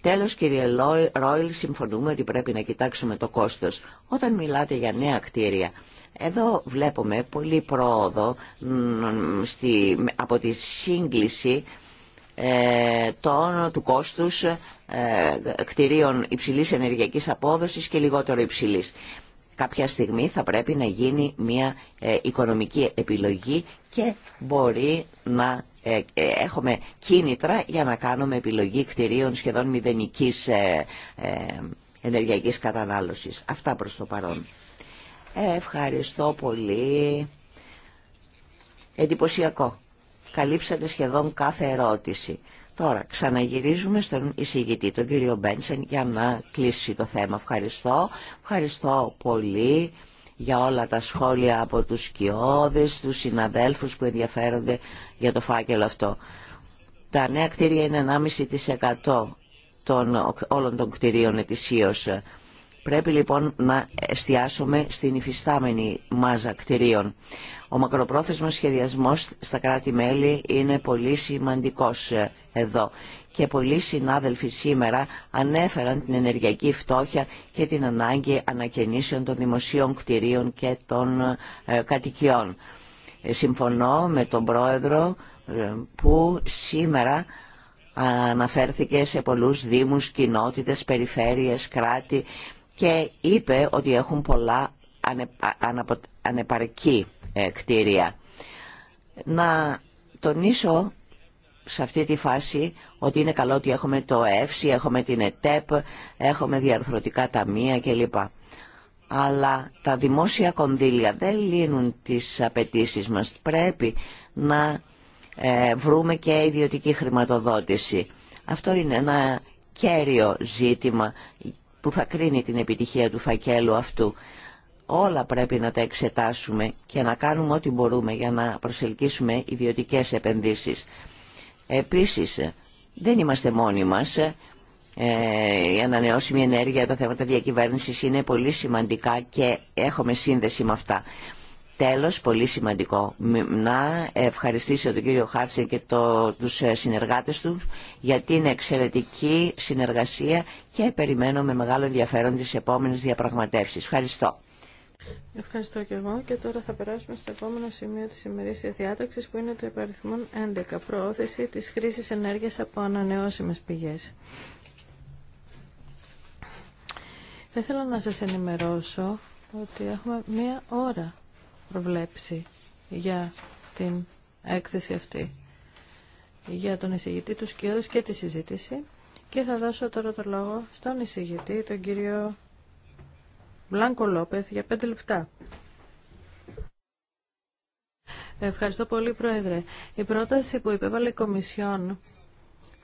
Τέλος, κύριε Ρόιλ, συμφωνούμε ότι πρέπει να κοιτάξουμε το κόστος. Όταν μιλάτε για νέα κτίρια, εδώ βλέπουμε πολύ πρόοδο στη, από τη σύγκληση ε, των, του κόστους ε, κτιρίων υψηλής ενεργειακής απόδοσης και λιγότερο υψηλής. Κάποια στιγμή θα πρέπει να γίνει μια ε, οικονομική επιλογή και μπορεί να ε, ε, έχουμε κίνητρα για να κάνουμε επιλογή κτηρίων σχεδόν μηδενικής ε, ενεργειακής κατανάλωσης. Αυτά προς το παρόν. Ευχαριστώ πολύ. Εντυπωσιακό. Καλύψατε σχεδόν κάθε ερώτηση. Τώρα ξαναγυρίζουμε στον εισηγητή, τον κύριο Μπένσεν, για να κλείσει το θέμα. Ευχαριστώ. Ευχαριστώ πολύ για όλα τα σχόλια από τους σκιώδες, τους συναδέλφους που ενδιαφέρονται για το φάκελο αυτό. Τα νέα κτίρια είναι 1,5% των, όλων των κτιρίων ετησίως. Πρέπει λοιπόν να εστιάσουμε στην υφιστάμενη μάζα κτιρίων. Ο μακροπρόθεσμος σχεδιασμός στα κράτη-μέλη είναι πολύ σημαντικός ε, εδώ και πολλοί συνάδελφοι σήμερα ανέφεραν την ενεργειακή φτώχεια και την ανάγκη ανακαινήσεων των δημοσίων κτιρίων και των ε, κατοικιών. Συμφωνώ με τον πρόεδρο ε, που σήμερα αναφέρθηκε σε πολλούς δήμους, κοινότητες, περιφέρειες, κράτη και είπε ότι έχουν πολλά ανεπαρκή ε, κτίρια. Να τονίσω σε αυτή τη φάση ότι είναι καλό ότι έχουμε το ΕΦΣΙ, έχουμε την ΕΤΕΠ, έχουμε διαρθρωτικά ταμεία κλπ αλλά τα δημόσια κονδύλια δεν λύνουν τις απαιτήσεις μας. Πρέπει να ε, βρούμε και ιδιωτική χρηματοδότηση. Αυτό είναι ένα κέριο ζήτημα που θα κρίνει την επιτυχία του φακέλου αυτού. Όλα πρέπει να τα εξετάσουμε και να κάνουμε ό,τι μπορούμε για να προσελκύσουμε ιδιωτικές επενδύσεις. Επίσης, δεν είμαστε μόνοι μας. Ε, η ανανεώσιμη ενέργεια, τα θέματα διακυβέρνησης είναι πολύ σημαντικά και έχουμε σύνδεση με αυτά. Τέλος, πολύ σημαντικό, να ευχαριστήσω τον κύριο Χάρτσε και το, τους ε, συνεργάτες του για την εξαιρετική συνεργασία και περιμένω με μεγάλο ενδιαφέρον τις επόμενες διαπραγματεύσεις. Ευχαριστώ. Ευχαριστώ και εγώ και τώρα θα περάσουμε στο επόμενο σημείο της ημερήσιας διάταξης που είναι το υπαριθμό 11, προώθηση της χρήσης ενέργειας από ανανεώσιμες πηγές. Θα ήθελα να σας ενημερώσω ότι έχουμε μία ώρα προβλέψει για την έκθεση αυτή για τον εισηγητή του Σκιώδης και τη συζήτηση και θα δώσω τώρα το λόγο στον εισηγητή, τον κύριο Μπλάνκο Λόπεθ, για πέντε λεπτά. Ευχαριστώ πολύ, Πρόεδρε. Η πρόταση που υπέβαλε η Κομισιόν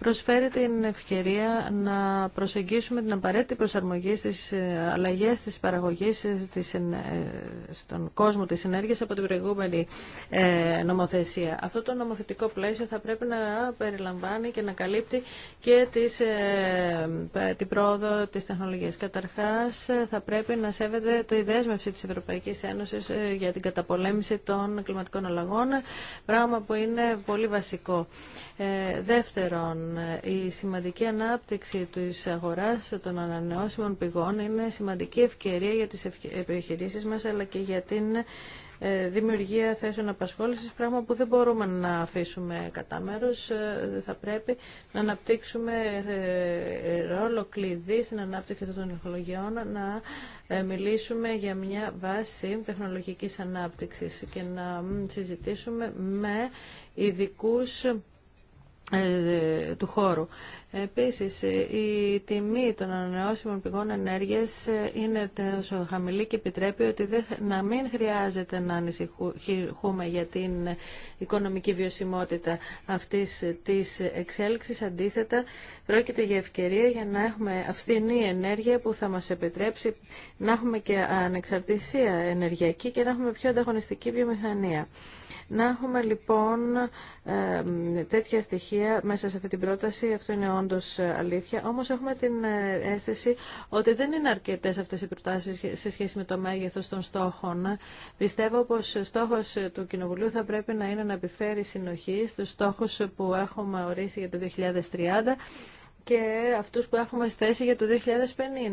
προσφέρει την ευκαιρία να προσεγγίσουμε την απαραίτητη προσαρμογή στις ε, αλλαγές της παραγωγής ε, ε, στον κόσμο της ενέργειας από την προηγούμενη νομοθεσία. Αυτό το νομοθετικό πλαίσιο θα πρέπει να περιλαμβάνει και να καλύπτει και τις, την πρόοδο της τεχνολογίας. Καταρχάς, θα πρέπει να σέβεται το δέσμευση της Ευρωπαϊκής Ένωσης για την καταπολέμηση των κλιματικών αλλαγών, πράγμα που είναι πολύ βασικό. δεύτερον, η σημαντική ανάπτυξη της αγοράς των ανανεώσιμων πηγών είναι σημαντική ευκαιρία για τις επιχειρήσεις μας αλλά και για την ε, δημιουργία θέσεων απασχόλησης, πράγμα που δεν μπορούμε να αφήσουμε κατά μέρος. Ε, θα πρέπει να αναπτύξουμε ε, ρόλο κλειδί στην ανάπτυξη των τεχνολογιών, να μιλήσουμε για μια βάση τεχνολογικής ανάπτυξης και να συζητήσουμε με ειδικούς ε, του χώρου. Επίσης, η τιμή των ανανεώσιμων πηγών ενέργειας ε, είναι τόσο χαμηλή και επιτρέπει ότι να μην χρειάζεται να ανησυχούμε για την οικονομική βιωσιμότητα αυτής της εξέλιξης. Αντίθετα, πρόκειται για ευκαιρία για να έχουμε αυθινή ενέργεια που θα μας επιτρέψει να έχουμε και ανεξαρτησία ενεργειακή και να έχουμε πιο ανταγωνιστική βιομηχανία. Να έχουμε λοιπόν ε, τέτοια στοιχεία μέσα σε αυτή την πρόταση. Αυτό είναι όντως ε, αλήθεια, όμως έχουμε την ε, αίσθηση ότι δεν είναι αρκετέ αυτέ οι προτάσει σε σχέση με το μέγεθο των στόχων. Πιστεύω ο στόχο ε, του Κοινοβουλίου θα πρέπει να είναι να επιφέρει συνοχή στους στόχους που έχουμε ορίσει για το 2030 και αυτούς που έχουμε στέσει για το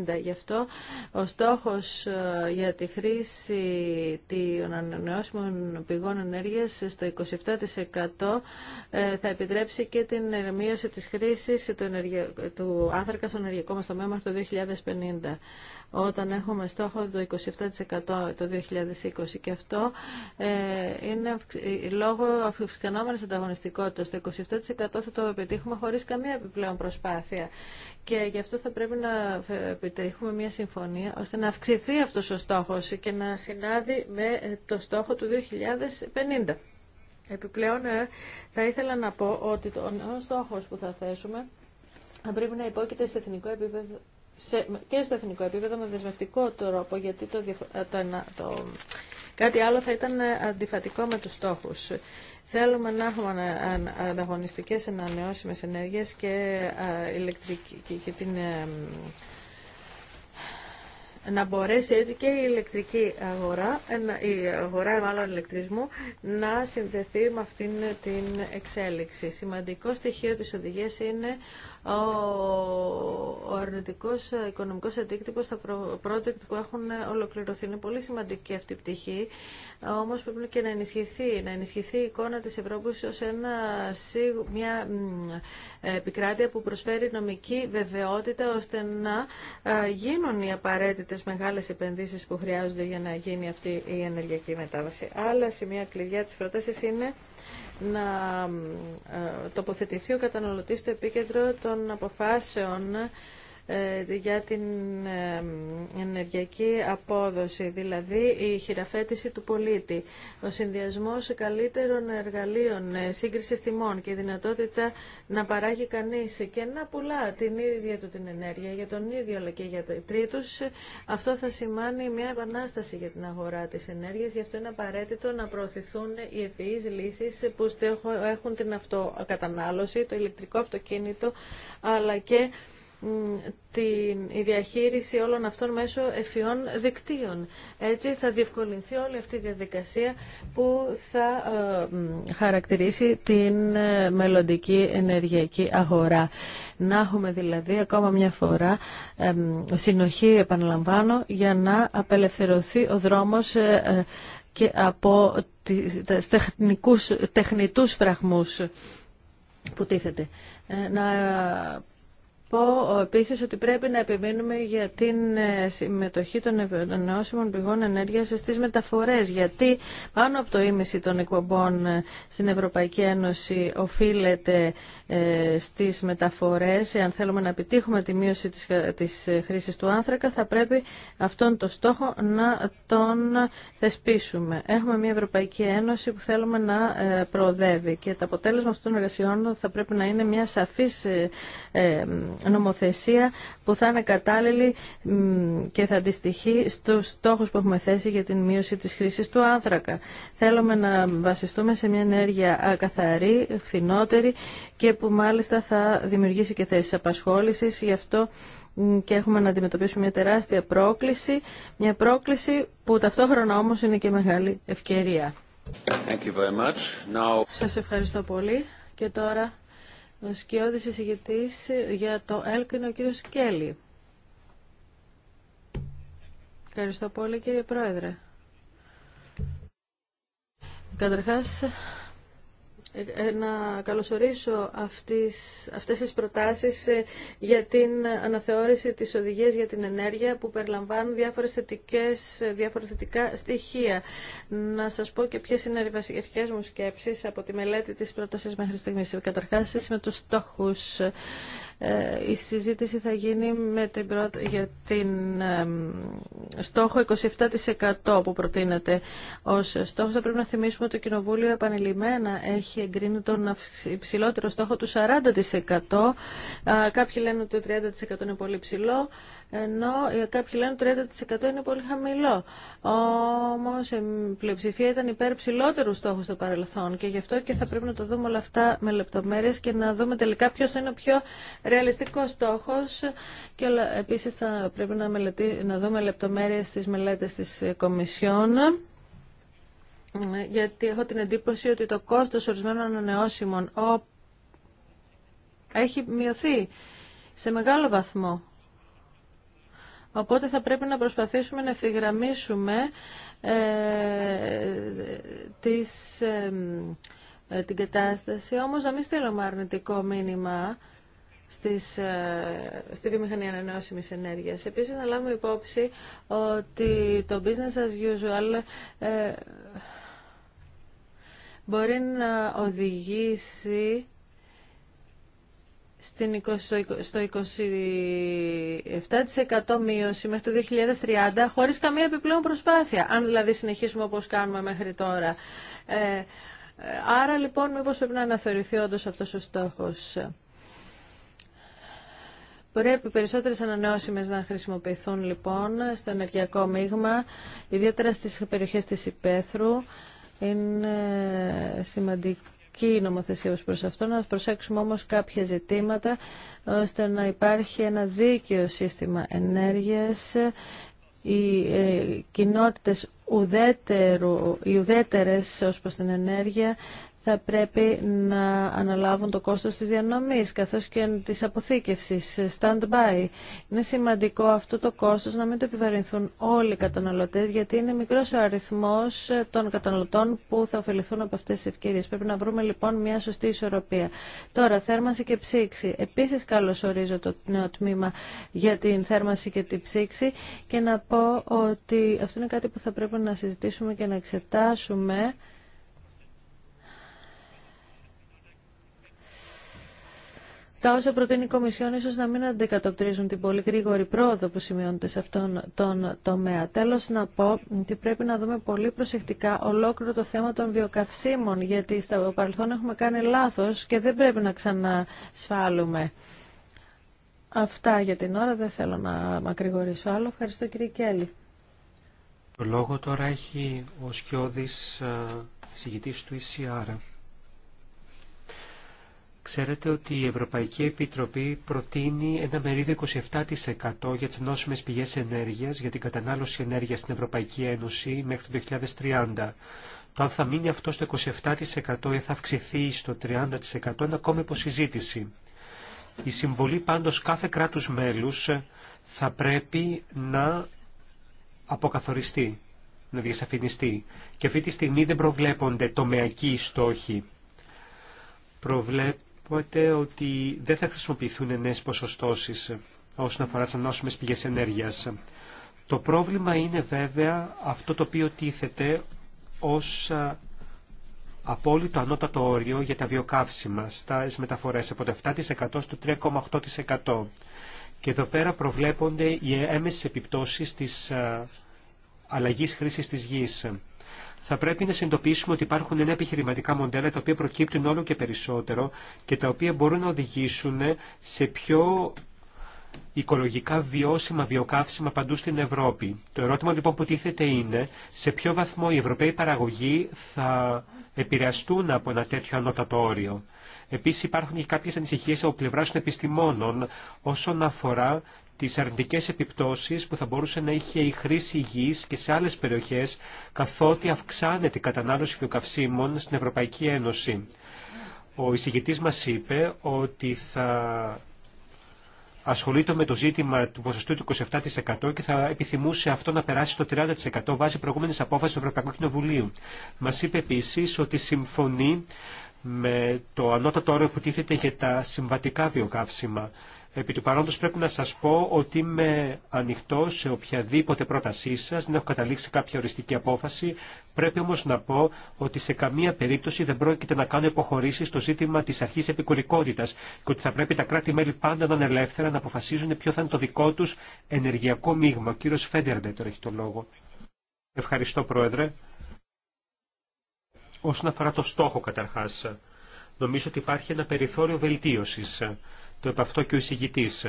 2050. Γι' αυτό ο στόχος ε, για τη χρήση των ανανεώσιμων πηγών ενέργειας στο 27% ε, θα επιτρέψει και την μείωση της χρήσης του, άνθρακα στον ενεργειακό μας τομέα μέχρι το 2050 όταν έχουμε στόχο το 27% το 2020 και αυτό ε, είναι ε, λόγω αυξανόμενης ανταγωνιστικότητας. Το 27% θα το επιτύχουμε χωρίς καμία επιπλέον προσπάθεια. Και γι' αυτό θα πρέπει να επιτύχουμε μια συμφωνία ώστε να αυξηθεί αυτός ο στόχος και να συνάδει με ε, το στόχο του 2050. Επιπλέον θα ήθελα να πω ότι ο στόχος που θα θέσουμε θα πρέπει να υπόκειται σε εθνικό επίπεδο και στο εθνικό επίπεδο με δεσμευτικό τρόπο, γιατί το, ε, κάτι άλλο θα ήταν ε, αντιφατικό με τους στόχους. Θέλουμε να έχουμε ανταγωνιστικές ανανεώσιμες ενέργειες και, ε, ηλεκτρική, και, την, να μπορέσει έτσι και η ηλεκτρική αγορά, η αγορά μάλλον ηλεκτρισμού, να συνδεθεί με αυτήν την εξέλιξη. Σημαντικό στοιχείο της οδηγίας είναι ο αρνητικός ε, οικονομικός αντίκτυπος στα project που έχουν ε, ολοκληρωθεί. Είναι πολύ σημαντική αυτή η πτυχή, όμως πρέπει και να ενισχυθεί, να ενισχυθεί η εικόνα της Ευρώπης ως ένα, μια ε, επικράτεια που προσφέρει νομική βεβαιότητα ώστε να γίνουν οι απαραίτητες μεγάλες επενδύσεις που χρειάζονται για να γίνει αυτή η ενεργειακή μετάβαση. Άλλα σημεία κλειδιά της πρότασης είναι να ε, τοποθετηθεί ο καταναλωτής στο επίκεντρο των αποφάσεων ε, για την ε, ενεργειακή απόδοση, δηλαδή η χειραφέτηση του πολίτη, ο συνδυασμός καλύτερων εργαλείων, ε, σύγκριση τιμών και η δυνατότητα να παράγει κανείς και να πουλά την ίδια του την ενέργεια για τον ίδιο αλλά και για τρίτους, αυτό θα σημάνει μια επανάσταση για την αγορά της ενέργειας, γι' αυτό είναι απαραίτητο να προωθηθούν οι ευφυείς λύσεις που έχουν την αυτοκατανάλωση, το ηλεκτρικό αυτοκίνητο, αλλά και την, η διαχείριση όλων αυτών μέσω εφιών δικτύων. Έτσι θα διευκολυνθεί όλη αυτή η διαδικασία που θα ε, χαρακτηρίσει την ε, μελλοντική ενεργειακή αγορά. Να έχουμε δηλαδή ακόμα μια φορά ε, συνοχή, επαναλαμβάνω, για να απελευθερωθεί ο δρόμος ε, και από τεχνικούς, τεχνητούς φραγμούς που τίθεται. Να πω επίσης ότι πρέπει να επιμείνουμε για την ε, συμμετοχή των ανανεώσιμων πηγών ενέργεια στι μεταφορές, γιατί πάνω από το ίμιση των εκπομπών ε, στην Ευρωπαϊκή Ένωση οφείλεται ε, στις μεταφορές. Εάν θέλουμε να επιτύχουμε τη μείωση της, χρήση του άνθρακα, θα πρέπει αυτόν τον στόχο να τον θεσπίσουμε. Έχουμε μια Ευρωπαϊκή Ένωση που θέλουμε να προοδεύει και το αποτέλεσμα αυτών των εργασιών θα πρέπει να είναι μια σαφή νομοθεσία που θα είναι κατάλληλη και θα αντιστοιχεί στους στόχους που έχουμε θέσει για την μείωση της χρήσης του άνθρακα. Θέλουμε να βασιστούμε σε μια ενέργεια καθαρή, φθηνότερη και που μάλιστα θα δημιουργήσει και θέσεις απασχόλησης. Γι' αυτό και έχουμε να αντιμετωπίσουμε μια τεράστια πρόκληση, μια πρόκληση που ταυτόχρονα όμως είναι και μεγάλη ευκαιρία. Thank Σας ευχαριστώ πολύ και τώρα ο σκιώδης εισηγητής για το ΕΛΚ είναι ο κύριος Κέλλη. Ευχαριστώ πολύ κύριε Πρόεδρε. Καταρχάς ε, ε, να καλωσορίσω αυτής, αυτές τις προτάσεις ε, για την αναθεώρηση της οδηγίας για την ενέργεια που περιλαμβάνουν διάφορες θετικές, διάφορες θετικά στοιχεία. Να σας πω και ποιες είναι οι βασικές μου σκέψεις από τη μελέτη της πρότασης μέχρι στιγμής. Καταρχάς, με τους στόχους ε, η συζήτηση θα γίνει με την για την στόχο 27% που προτείνεται ως στόχος. Θα πρέπει να θυμίσουμε ότι το Κοινοβούλιο επανειλημμένα έχει εγκρίνει τον υψηλότερο στόχο του 40%. Κάποιοι λένε ότι το 30% είναι πολύ ψηλό ενώ ε, κάποιοι λένε 30% είναι πολύ χαμηλό. Όμως η πλειοψηφία ήταν υπέρ ψηλότερου στόχου στο παρελθόν και γι' αυτό και θα πρέπει να το δούμε όλα αυτά με λεπτομέρειες και να δούμε τελικά ποιος είναι ο πιο ρεαλιστικός στόχο και επίσης θα πρέπει να, μελετή, να δούμε λεπτομέρειες στι μελέτες της ε, Κομισιόν γιατί έχω την εντύπωση ότι το κόστος ορισμένων ανανεώσιμων έχει μειωθεί σε μεγάλο βαθμό Οπότε θα πρέπει να προσπαθήσουμε να ευθυγραμμίσουμε ε, ε την κατάσταση, όμως να μην στείλουμε αρνητικό μήνυμα στις, ε, στη βιομηχανία ανανεώσιμη ενέργεια. Επίσης, να λάβουμε υπόψη ότι το business as usual ε, μπορεί να οδηγήσει στην, στο 27% μείωση μέχρι το 2030 χωρίς καμία επιπλέον προσπάθεια, αν δηλαδή συνεχίσουμε όπως κάνουμε μέχρι τώρα. Ε, ε άρα λοιπόν μήπως πρέπει να αναθεωρηθεί όντως αυτός ο στόχος. Πρέπει περισσότερε ανανεώσιμε να χρησιμοποιηθούν λοιπόν στο ενεργειακό μείγμα, ιδιαίτερα στι περιοχέ τη Υπαίθρου. Είναι σημαντικό η νομοθεσία ως προς αυτό, να προσέξουμε όμως κάποια ζητήματα ώστε να υπάρχει ένα δίκαιο σύστημα ενέργειας οι ε, κοινότητες ουδέτερου, οι ουδέτερες ως προς την ενέργεια θα πρέπει να αναλάβουν το κόστος της διανομής καθώς και της αποθήκευσης, stand-by. Είναι σημαντικό αυτό το κόστος να μην το επιβαρυνθούν όλοι οι καταναλωτές γιατί είναι μικρός ο αριθμός των καταναλωτών που θα ωφεληθούν από αυτές τις ευκαιρίες. Πρέπει να βρούμε λοιπόν μια σωστή ισορροπία. Τώρα, θέρμανση και ψήξη. Επίσης καλώς ορίζω το νέο τμήμα για την θέρμανση και την ψήξη και να πω ότι αυτό είναι κάτι που θα πρέπει να συζητήσουμε και να εξετάσουμε Τα όσα προτείνει η Κομισιόν ίσως να μην αντικατοπτρίζουν την πολύ γρήγορη πρόοδο που σημειώνεται σε αυτόν τον τομέα. Τέλος να πω ότι πρέπει να δούμε πολύ προσεκτικά ολόκληρο το θέμα των βιοκαυσίμων, γιατί στο παρελθόν έχουμε κάνει λάθος και δεν πρέπει να ξανασφάλουμε. Αυτά για την ώρα, δεν θέλω να μακρηγορήσω άλλο. Ευχαριστώ κύριε Κέλλη. Το λόγο τώρα έχει ο Σκιώδης ε, συγητής του ECR. Ξέρετε ότι η Ευρωπαϊκή Επιτροπή προτείνει ένα μερίδιο 27% για τις νόσιμες πηγές ενέργειας για την κατανάλωση ενέργειας στην Ευρωπαϊκή Ένωση μέχρι το 2030. Το αν θα μείνει αυτό στο 27% ή θα αυξηθεί στο 30% είναι ακόμη υποσυζήτηση. Η συμβολή πάντως κάθε κράτους μέλους θα πρέπει να αποκαθοριστεί, να διασαφινιστεί. Και αυτή τη στιγμή δεν προβλέπονται τομεακοί στόχοι προβλέπ, Οπότε ότι δεν θα χρησιμοποιηθούν νέε ποσοστώσεις όσον αφορά τι ανώσιμε πηγές ενέργειας. Το πρόβλημα είναι βέβαια αυτό το οποίο τίθεται ως απόλυτο ανώτατο όριο για τα βιοκαύσιμα στα μεταφορές από το 7% στο 3,8%. Και εδώ πέρα προβλέπονται οι έμεσες επιπτώσεις της αλλαγής χρήσης της γης θα πρέπει να συνειδητοποιήσουμε ότι υπάρχουν νέα επιχειρηματικά μοντέλα τα οποία προκύπτουν όλο και περισσότερο και τα οποία μπορούν να οδηγήσουν σε πιο οικολογικά βιώσιμα βιοκαύσιμα παντού στην Ευρώπη. Το ερώτημα λοιπόν που τίθεται είναι σε ποιο βαθμό οι Ευρωπαίοι παραγωγοί θα επηρεαστούν από ένα τέτοιο ανώτατο όριο. Επίσης υπάρχουν και κάποιες ανησυχίες από πλευρά των επιστημόνων όσον αφορά τις αρνητικές επιπτώσεις που θα μπορούσε να είχε η χρήση γης και σε άλλες περιοχές, καθότι αυξάνεται η κατανάλωση βιοκαυσίμων στην Ευρωπαϊκή Ένωση. Ο εισηγητής μας είπε ότι θα ασχολείται με το ζήτημα του ποσοστού του 27% και θα επιθυμούσε αυτό να περάσει στο 30% βάσει προηγούμενη απόφαση του Ευρωπαϊκού Κοινοβουλίου. Μα είπε επίση ότι συμφωνεί με το ανώτατο όριο που τίθεται για τα συμβατικά βιοκαύσιμα. Επί του παρόντος πρέπει να σας πω ότι είμαι ανοιχτός σε οποιαδήποτε πρότασή σας, δεν έχω καταλήξει κάποια οριστική απόφαση. Πρέπει όμως να πω ότι σε καμία περίπτωση δεν πρόκειται να κάνω υποχωρήσει στο ζήτημα της αρχής επικουρικότητας και ότι θα πρέπει τα κράτη-μέλη πάντα να είναι ελεύθερα να αποφασίζουν ποιο θα είναι το δικό τους ενεργειακό μείγμα. Ο κύριος Φέντερντε τώρα έχει το λόγο. Ευχαριστώ Πρόεδρε. Όσον αφορά το στόχο καταρχάς, νομίζω ότι υπάρχει ένα περιθώριο βελτίωσης. Το επ' αυτό και ο εισηγητής.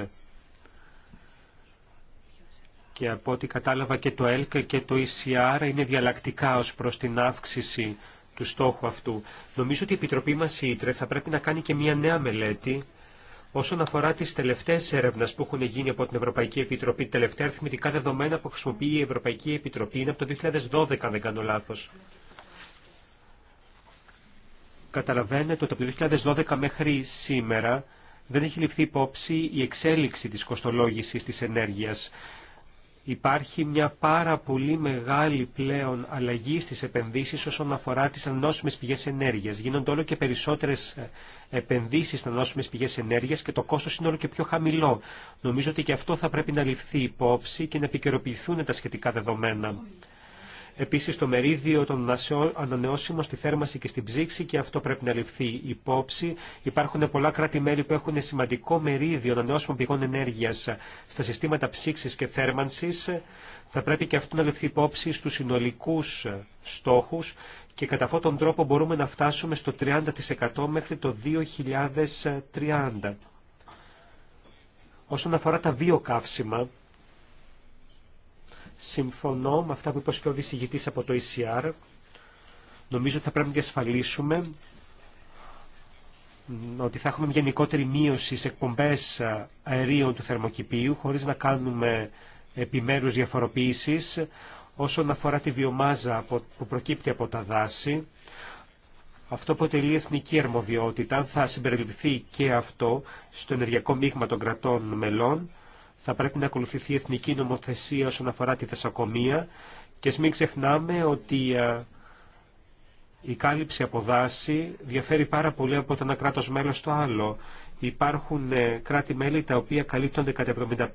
Και από ό,τι κατάλαβα και το ΕΛΚ και το ECR είναι διαλλακτικά ως προς την αύξηση του στόχου αυτού. Νομίζω ότι η Επιτροπή μας η ΙΤΡΕ θα πρέπει να κάνει και μια νέα μελέτη όσον αφορά τις τελευταίες έρευνες που έχουν γίνει από την Ευρωπαϊκή Επιτροπή. Τελευταία αριθμητικά δεδομένα που χρησιμοποιεί η Ευρωπαϊκή Επιτροπή είναι από το 2012, αν δεν κάνω λάθος. Καταλαβαίνετε ότι από το 2012 μέχρι σήμερα δεν έχει ληφθεί υπόψη η εξέλιξη της κοστολόγησης της ενέργειας. Υπάρχει μια πάρα πολύ μεγάλη πλέον αλλαγή στις επενδύσεις όσον αφορά τις ανώσιμες πηγές ενέργειας. Γίνονται όλο και περισσότερες επενδύσεις στις ανώσιμες πηγές ενέργειας και το κόστος είναι όλο και πιο χαμηλό. Νομίζω ότι και αυτό θα πρέπει να ληφθεί υπόψη και να επικαιροποιηθούν τα σχετικά δεδομένα. Επίσης το μερίδιο των ανανεώσιμων στη θέρμαση και στην ψήξη και αυτό πρέπει να ληφθεί υπόψη. Υπάρχουν πολλά κράτη-μέλη που έχουν σημαντικό μερίδιο ανανεώσιμων πηγών ενέργειας στα συστήματα ψήξης και θέρμανσης. Θα πρέπει και αυτό να ληφθεί υπόψη στους συνολικούς στόχους και κατά αυτόν τον τρόπο μπορούμε να φτάσουμε στο 30% μέχρι το 2030. Όσον αφορά τα βιοκαύσιμα, Συμφωνώ με αυτά που είπε ο από το ECR. Νομίζω ότι θα πρέπει να διασφαλίσουμε ότι θα έχουμε μια γενικότερη μείωση σε εκπομπές αερίων του θερμοκηπίου χωρίς να κάνουμε επιμέρους διαφοροποιήσεις όσον αφορά τη βιομάζα που προκύπτει από τα δάση. Αυτό αποτελεί εθνική αρμοδιότητα. θα συμπεριληφθεί και αυτό στο ενεργειακό μείγμα των κρατών μελών, θα πρέπει να ακολουθηθεί η εθνική νομοθεσία όσον αφορά τη δασοκομεία και μην ξεχνάμε ότι ε, η κάλυψη από δάση διαφέρει πάρα πολύ από το ένα κράτος μέλος στο άλλο. Υπάρχουν ε, κράτη-μέλη τα οποία καλύπτονται κατά 75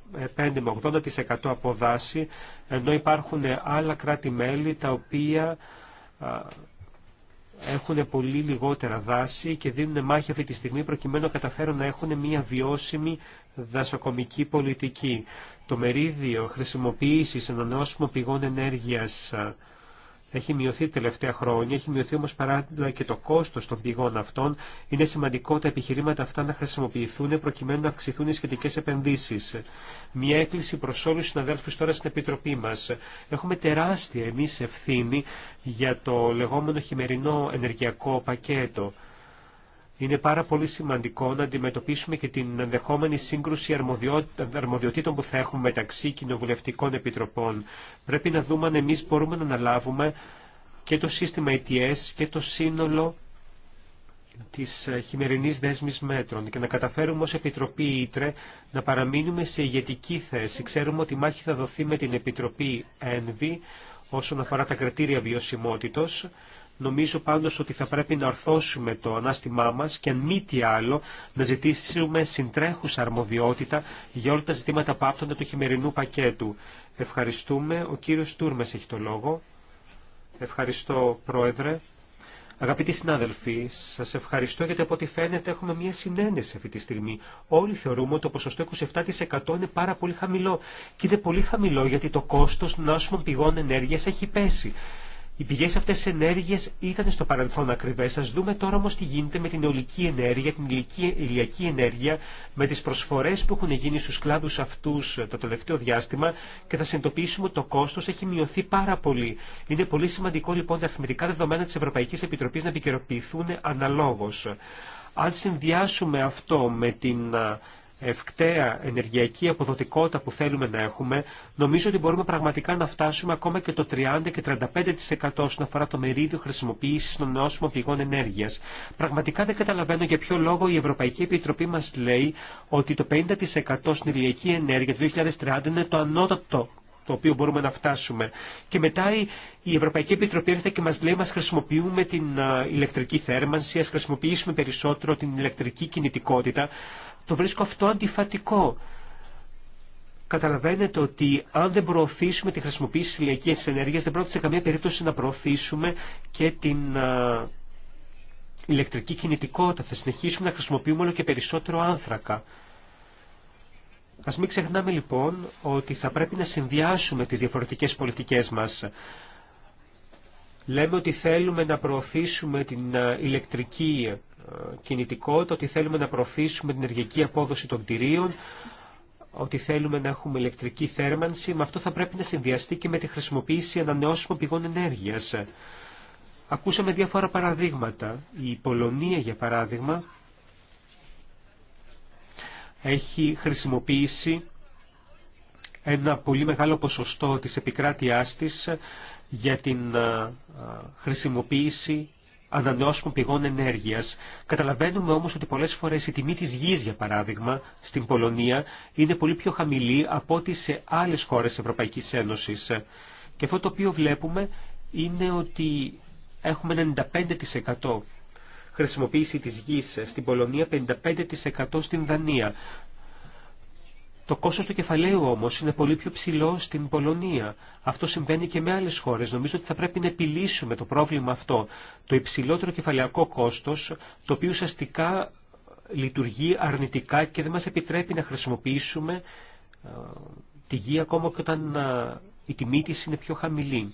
με 80% από δάση, ενώ υπάρχουν άλλα κράτη-μέλη τα οποία ε, έχουν πολύ λιγότερα δάση και δίνουν μάχη αυτή τη στιγμή προκειμένου να καταφέρουν να έχουν μια βιώσιμη δασοκομική πολιτική. Το μερίδιο χρησιμοποίησης ανανεώσιμων πηγών ενέργειας έχει μειωθεί τελευταία χρόνια, έχει μειωθεί όμως παράλληλα και το κόστος των πηγών αυτών. Είναι σημαντικό τα επιχειρήματα αυτά να χρησιμοποιηθούν προκειμένου να αυξηθούν οι σχετικές επενδύσεις. Μια έκκληση προς όλους τους συναδέλφους τώρα στην Επιτροπή μας. Έχουμε τεράστια εμείς ευθύνη για το λεγόμενο χειμερινό ενεργειακό πακέτο είναι πάρα πολύ σημαντικό να αντιμετωπίσουμε και την ενδεχόμενη σύγκρουση αρμοδιοτήτων που θα έχουμε μεταξύ κοινοβουλευτικών επιτροπών. Πρέπει να δούμε αν εμείς μπορούμε να αναλάβουμε και το σύστημα ETS ε και το σύνολο της ε, χειμερινής δέσμης μέτρων και να καταφέρουμε ως Επιτροπή Ήτρε να παραμείνουμε σε ηγετική θέση. Ξέρουμε ότι η μάχη θα δοθεί με την Επιτροπή ΕΝΒΗ όσον αφορά τα κριτήρια βιωσιμότητος Νομίζω πάντως ότι θα πρέπει να ορθώσουμε το ανάστημά μας και αν μη τι άλλο να ζητήσουμε συντρέχουσα αρμοδιότητα για όλα τα ζητήματα που άπτονται του χειμερινού πακέτου. Ευχαριστούμε. Ο κύριος Τούρμες έχει το λόγο. Ευχαριστώ Πρόεδρε. Αγαπητοί συνάδελφοι, σα ευχαριστώ γιατί από ό,τι φαίνεται έχουμε μια συνένεση αυτή τη στιγμή. Όλοι θεωρούμε ότι το ποσοστό 27% είναι πάρα πολύ χαμηλό. Και είναι πολύ χαμηλό γιατί το κόστο νόσιμων πηγών ενέργεια έχει πέσει. Οι πηγέ αυτές τη ενέργεια ήταν στο παρελθόν ακριβέ. σα δούμε τώρα όμως τι γίνεται με την αιωλική ενέργεια, την ηλιακή ενέργεια, με τις προσφορές που έχουν γίνει στους κλάδους αυτούς το τελευταίο διάστημα και θα συνειδητοποιήσουμε ότι το κόστος έχει μειωθεί πάρα πολύ. Είναι πολύ σημαντικό λοιπόν τα αριθμητικά δεδομένα τη Ευρωπαϊκή Επιτροπής να επικαιροποιηθούν αναλόγως. Αν συνδυάσουμε αυτό με την ευκταία ενεργειακή αποδοτικότητα που θέλουμε να έχουμε, νομίζω ότι μπορούμε πραγματικά να φτάσουμε ακόμα και το 30 και 35% όσον αφορά το μερίδιο χρησιμοποίηση των νεώσιμων πηγών ενέργεια. Πραγματικά δεν καταλαβαίνω για ποιο λόγο η Ευρωπαϊκή Επιτροπή μα λέει ότι το 50% στην ηλιακή ενέργεια το 2030 είναι το ανώτατο το οποίο μπορούμε να φτάσουμε. Και μετά η, Ευρωπαϊκή Επιτροπή έρθε και μας λέει μας χρησιμοποιούμε την ε, ηλεκτρική θέρμανση, ας χρησιμοποιήσουμε περισσότερο την ηλεκτρική κινητικότητα. Το βρίσκω αυτό αντιφατικό. Καταλαβαίνετε ότι αν δεν προωθήσουμε τη χρησιμοποίηση ηλιακής ενέργειας δεν πρόκειται σε καμία περίπτωση να προωθήσουμε και την ηλεκτρική κινητικότητα. Θα συνεχίσουμε να χρησιμοποιούμε όλο και περισσότερο άνθρακα. Ας μην ξεχνάμε λοιπόν ότι θα πρέπει να συνδυάσουμε τις διαφορετικές πολιτικές μας. Λέμε ότι θέλουμε να προωθήσουμε την ηλεκτρική ε, κινητικό ότι θέλουμε να προωθήσουμε την ενεργειακή απόδοση των κτηρίων, ότι θέλουμε να έχουμε ηλεκτρική θέρμανση, με αυτό θα πρέπει να συνδυαστεί και με τη χρησιμοποίηση ανανεώσιμων πηγών ενέργειας. Ακούσαμε διάφορα παραδείγματα. Η Πολωνία, για παράδειγμα, έχει χρησιμοποιήσει ένα πολύ μεγάλο ποσοστό της επικράτειάς της για την ε, ε, χρησιμοποίηση ανανεώσιμων πηγών ενέργεια. Καταλαβαίνουμε όμως ότι πολλές φορές η τιμή της γη, για παράδειγμα, στην Πολωνία είναι πολύ πιο χαμηλή από ό,τι σε άλλες χώρες Ευρωπαϊκής Ένωση. Και αυτό το οποίο βλέπουμε είναι ότι έχουμε 95% χρησιμοποίηση της γης στην Πολωνία, 55% στην Δανία. Το κόστος του κεφαλαίου όμως είναι πολύ πιο ψηλό στην Πολωνία. Αυτό συμβαίνει και με άλλες χώρες. Νομίζω ότι θα πρέπει να επιλύσουμε το πρόβλημα αυτό. Το υψηλότερο κεφαλαιακό κόστος, το οποίο ουσιαστικά λειτουργεί αρνητικά και δεν μας επιτρέπει να χρησιμοποιήσουμε ε, τη γη ακόμα και όταν ε, η τιμή τη είναι πιο χαμηλή.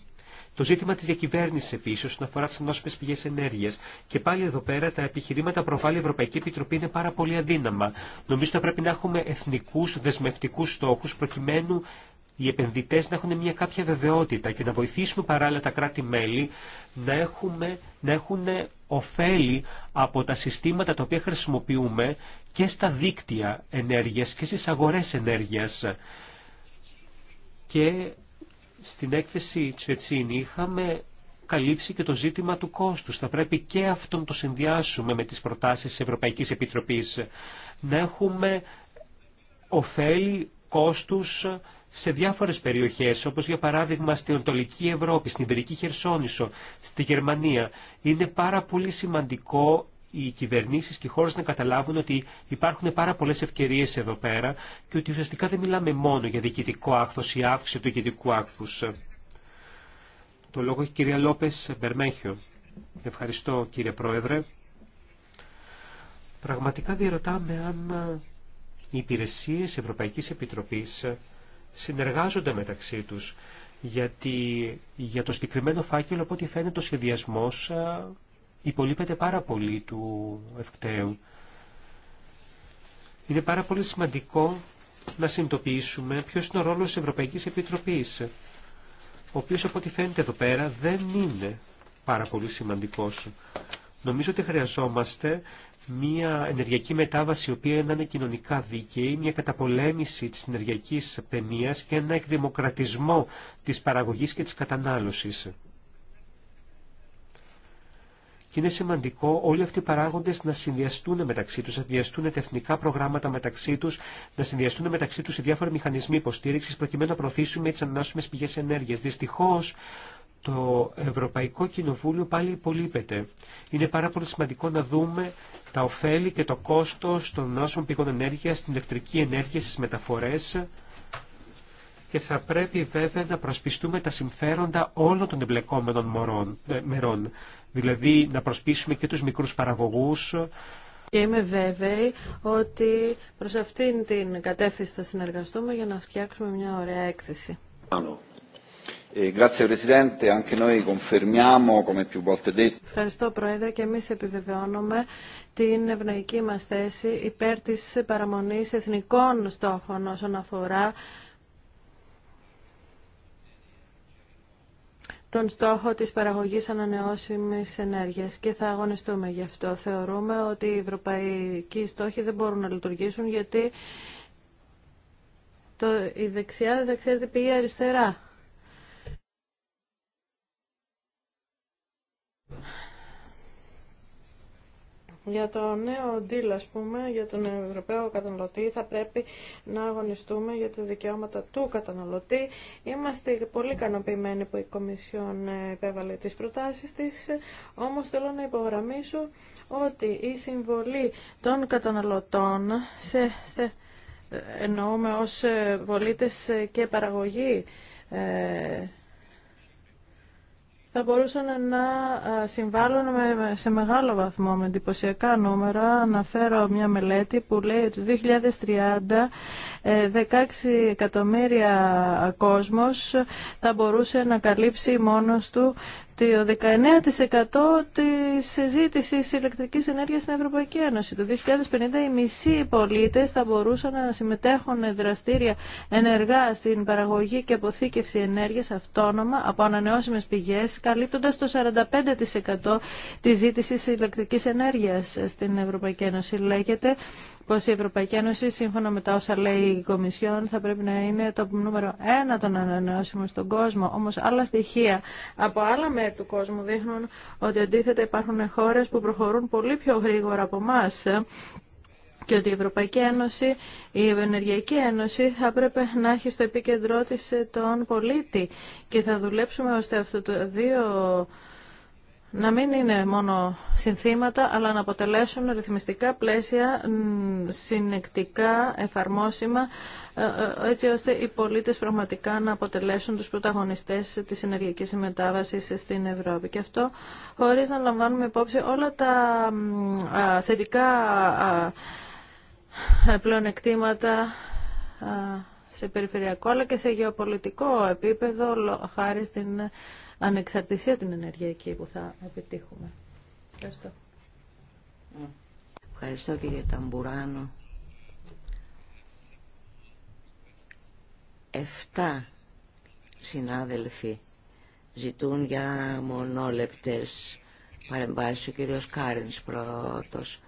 Το ζήτημα τη διακυβέρνηση επίση όσον αφορά τι ανώσιμε πηγέ ενέργεια. Και πάλι εδώ πέρα τα επιχειρήματα προβάλλει η Ευρωπαϊκή Επιτροπή είναι πάρα πολύ αδύναμα. Νομίζω ότι πρέπει να έχουμε εθνικού δεσμευτικού στόχου προκειμένου οι επενδυτέ να έχουν μια κάποια βεβαιότητα και να βοηθήσουμε παράλληλα τα κράτη-μέλη να, να έχουν ωφέλη από τα συστήματα τα οποία χρησιμοποιούμε και στα δίκτυα ενέργειας και στις αγορές ενέργειας. Και στην έκθεση Τσετσίν είχαμε καλύψει και το ζήτημα του κόστους. Θα πρέπει και αυτόν το συνδυάσουμε με τις προτάσεις της Ευρωπαϊκής Επιτροπής. Να έχουμε ωφέλη κόστους σε διάφορες περιοχές, όπως για παράδειγμα στην Ανατολική Ευρώπη, στην Ιβερική Χερσόνησο, στη Γερμανία. Είναι πάρα πολύ σημαντικό οι κυβερνήσεις και οι χώρες να καταλάβουν ότι υπάρχουν πάρα πολλές ευκαιρίες εδώ πέρα και ότι ουσιαστικά δεν μιλάμε μόνο για διοικητικό άκθος ή αύξηση του διοικητικού άκθους. Το λόγο έχει η κυρία Λόπες Μπερμέχιο. Ευχαριστώ κύριε Πρόεδρε. Πραγματικά πραγματικα διερωταμε αν οι υπηρεσίες Ευρωπαϊκής Επιτροπής συνεργάζονται μεταξύ τους, γιατί για το συγκεκριμένο φάκελο από ό,τι φαίνεται ο σχεδιασμός υπολείπεται πάρα πολύ του ευκταίου. Είναι πάρα πολύ σημαντικό να συνειδητοποιήσουμε ποιος είναι ο ρόλος της Ευρωπαϊκής Επιτροπής, ο οποίος από ό,τι φαίνεται εδώ πέρα δεν είναι πάρα πολύ σημαντικός. Νομίζω ότι χρειαζόμαστε μια ενεργειακή μετάβαση η οποία να είναι κοινωνικά δίκαιη, μια καταπολέμηση της ενεργειακής παινίας και ένα εκδημοκρατισμό της παραγωγής και της κατανάλωσης. Και είναι σημαντικό όλοι αυτοί οι παράγοντες να συνδυαστούν μεταξύ τους, να συνδυαστούν τα εθνικά προγράμματα μεταξύ τους, να συνδυαστούν μεταξύ τους οι διάφοροι μηχανισμοί υποστήριξης προκειμένου να προωθήσουμε τις ανανάσιμες πηγές ενέργειας. Δυστυχώς, το Ευρωπαϊκό Κοινοβούλιο πάλι υπολείπεται. Είναι πάρα πολύ σημαντικό να δούμε τα ωφέλη και το κόστος των νόσων πηγών ενέργειας, στην ηλεκτρική ενέργεια, στις μεταφορές, και θα πρέπει βέβαια να προσπιστούμε τα συμφέροντα όλων των εμπλεκόμενων ε, μερών. Δηλαδή να προσπίσουμε και τους μικρούς παραγωγούς. Και είμαι βέβαιη ότι προς αυτήν την κατεύθυνση θα συνεργαστούμε για να φτιάξουμε μια ωραία έκθεση. Ε, Ευχαριστώ Πρόεδρε και εμείς επιβεβαιώνουμε την ευνοϊκή μας θέση υπέρ της παραμονής εθνικών στόχων όσον αφορά τον στόχο της παραγωγής ανανεώσιμης ενέργειας και θα αγωνιστούμε γι' αυτό. Θεωρούμε ότι οι ευρωπαϊκοί στόχοι δεν μπορούν να λειτουργήσουν γιατί το, η δεξιά δεν ξέρετε πήγε αριστερά. Για το νέο deal, ας πούμε, για τον Ευρωπαίο καταναλωτή θα πρέπει να αγωνιστούμε για τα δικαιώματα του καταναλωτή. Είμαστε πολύ ικανοποιημένοι που η Κομισιόν επέβαλε τις προτάσεις της, όμως θέλω να υπογραμμίσω ότι η συμβολή των καταναλωτών σε, εννοούμε ως πολίτες και παραγωγή ε, θα μπορούσαν να συμβάλλουν σε μεγάλο βαθμό με εντυπωσιακά νούμερα. Αναφέρω μια μελέτη που λέει ότι το 2030 16 ε, εκατομμύρια κόσμος θα μπορούσε να καλύψει μόνος του το 19% της ζήτησης ηλεκτρικής ενέργειας στην Ευρωπαϊκή Ένωση. Το 2050 οι μισοί πολίτε θα μπορούσαν να συμμετέχουν δραστήρια ενεργά στην παραγωγή και αποθήκευση ενέργειας αυτόνομα από ανανεώσιμες πηγές, καλύπτοντας το 45% της ζήτησης ηλεκτρικής ενέργειας στην Ευρωπαϊκή Ένωση. Λέγεται πως η Ευρωπαϊκή Ένωση, σύμφωνα με τα όσα λέει η Κομισιόν, θα πρέπει να είναι το νούμερο ένα των ανανεώσιμων στον κόσμο. Όμως άλλα στοιχεία από άλλα μέρη του κόσμου δείχνουν ότι αντίθετα υπάρχουν χώρες που προχωρούν πολύ πιο γρήγορα από εμά και ότι η Ευρωπαϊκή Ένωση, η Ενεργειακή Ένωση θα πρέπει να έχει στο επίκεντρό της τον πολίτη και θα δουλέψουμε ώστε αυτό το δύο να μην είναι μόνο συνθήματα, αλλά να αποτελέσουν ρυθμιστικά πλαίσια συνεκτικά, εφαρμόσιμα, ε, ε, έτσι ώστε οι πολίτες πραγματικά να αποτελέσουν τους πρωταγωνιστές της ενεργειακής μετάβασης στην Ευρώπη. Και αυτό χωρίς να λαμβάνουμε υπόψη όλα τα θετικά ε, πλεονεκτήματα σε περιφερειακό αλλά και σε γεωπολιτικό επίπεδο χάρη στην ανεξαρτησία την ενεργειακή που θα επιτύχουμε. Ευχαριστώ. Ευχαριστώ κύριε Ταμπουράνο. Εφτά συνάδελφοι ζητούν για μονόλεπτες παρεμβάσεις. Ο κύριος Κάρινς πρώτος.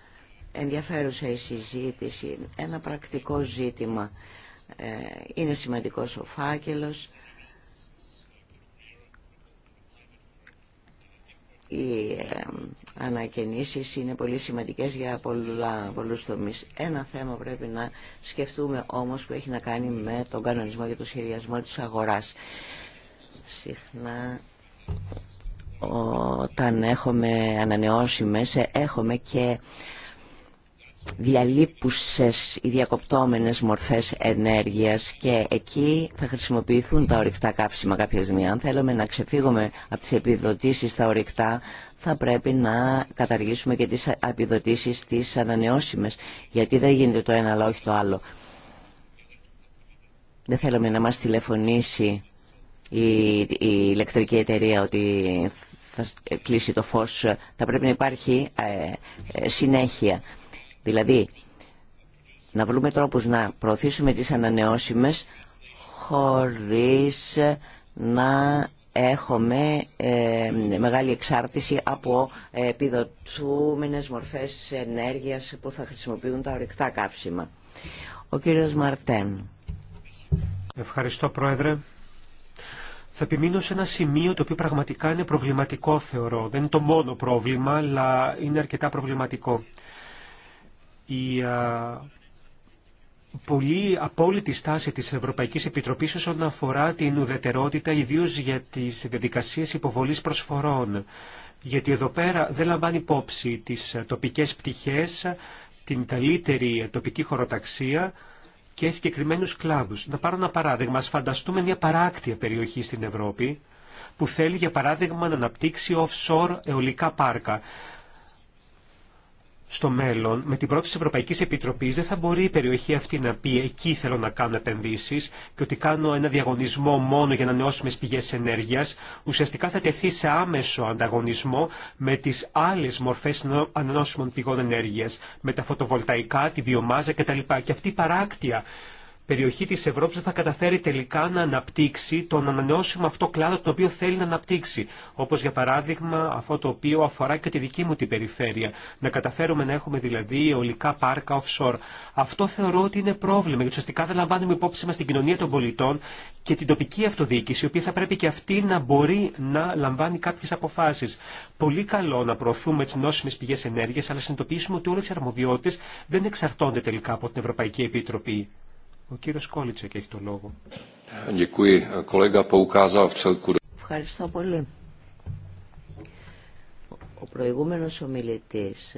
Ενδιαφέρουσα η συζήτηση. Ένα πρακτικό ζήτημα. Ε, είναι σημαντικός ο φάκελος οι ε, ανακαινήσεις είναι πολύ σημαντικές για πολλά, πολλούς Ένα θέμα πρέπει να σκεφτούμε όμως που έχει να κάνει με τον κανονισμό και το σχεδιασμό της αγοράς. Συχνά όταν έχουμε μέσα έχουμε και διαλύπουσες ή διακοπτόμενες μορφές ενέργειας και εκεί θα χρησιμοποιηθούν τα ορυκτά κάψιμα κάποια στιγμή. Αν θέλουμε να ξεφύγουμε από τις επιδοτήσεις στα ορυκτά θα πρέπει να καταργήσουμε και τις επιδοτήσεις τις ανανεώσιμες γιατί δεν γίνεται το ένα αλλά όχι το άλλο. Δεν θέλουμε να μας τηλεφωνήσει η, ηλεκτρική εταιρεία ότι θα κλείσει το φως. Θα πρέπει να υπάρχει ε, ε, συνέχεια. Δηλαδή, να βρούμε τρόπους να προωθήσουμε τις ανανεώσιμες χωρίς να έχουμε ε, μεγάλη εξάρτηση από επιδοτούμενες μορφές ενέργειας που θα χρησιμοποιούν τα ορυκτά κάψιμα. Ο κύριος Μαρτέν. Ευχαριστώ Πρόεδρε. Θα επιμείνω σε ένα σημείο το οποίο πραγματικά είναι προβληματικό θεωρώ. Δεν είναι το μόνο πρόβλημα, αλλά είναι αρκετά προβληματικό η πολύ απόλυτη στάση της Ευρωπαϊκής Επιτροπής όσον αφορά την ουδετερότητα, ιδίως για τις διαδικασίες υποβολής προσφορών. Γιατί εδώ πέρα δεν λαμβάνει υπόψη τις τοπικές πτυχές, την καλύτερη τοπική χωροταξία και συγκεκριμένου κλάδους. Να πάρω ένα παράδειγμα. Ας φανταστούμε μια παράκτια περιοχή στην Ευρώπη που θέλει για παράδειγμα να αναπτύξει offshore αιωλικά πάρκα στο μέλλον, με την πρόταση τη Ευρωπαϊκή Επιτροπή, δεν θα μπορεί η περιοχή αυτή να πει εκεί θέλω να κάνω επενδύσει και ότι κάνω ένα διαγωνισμό μόνο για να ανανεώσιμε πηγέ ενέργεια. Ουσιαστικά θα τεθεί σε άμεσο ανταγωνισμό με τι άλλε μορφέ ανανεώσιμων πηγών ενέργεια, με τα φωτοβολταϊκά, τη βιομάζα κτλ. Και αυτή η παράκτεια περιοχή της Ευρώπης θα καταφέρει τελικά να αναπτύξει τον ανανεώσιμο αυτό κλάδο το οποίο θέλει να αναπτύξει. Όπως για παράδειγμα αυτό το οποίο αφορά και τη δική μου την περιφέρεια. Να καταφέρουμε να έχουμε δηλαδή ολικά πάρκα offshore. Αυτό θεωρώ ότι είναι πρόβλημα γιατί ουσιαστικά δεν λαμβάνουμε υπόψη μας την κοινωνία των πολιτών και την τοπική αυτοδιοίκηση η οποία θα πρέπει και αυτή να μπορεί να λαμβάνει κάποιες αποφάσεις. Πολύ καλό να προωθούμε τις νόσιμε πηγές ενέργειας αλλά συνειδητοποιήσουμε ότι όλες οι αρμοδιότητες δεν εξαρτώνται τελικά από την Ευρωπαϊκή Επιτροπή. Ο κύριος Κόλιτσεκ έχει το λόγο. Ευχαριστώ πολύ. Ο προηγούμενος ομιλητής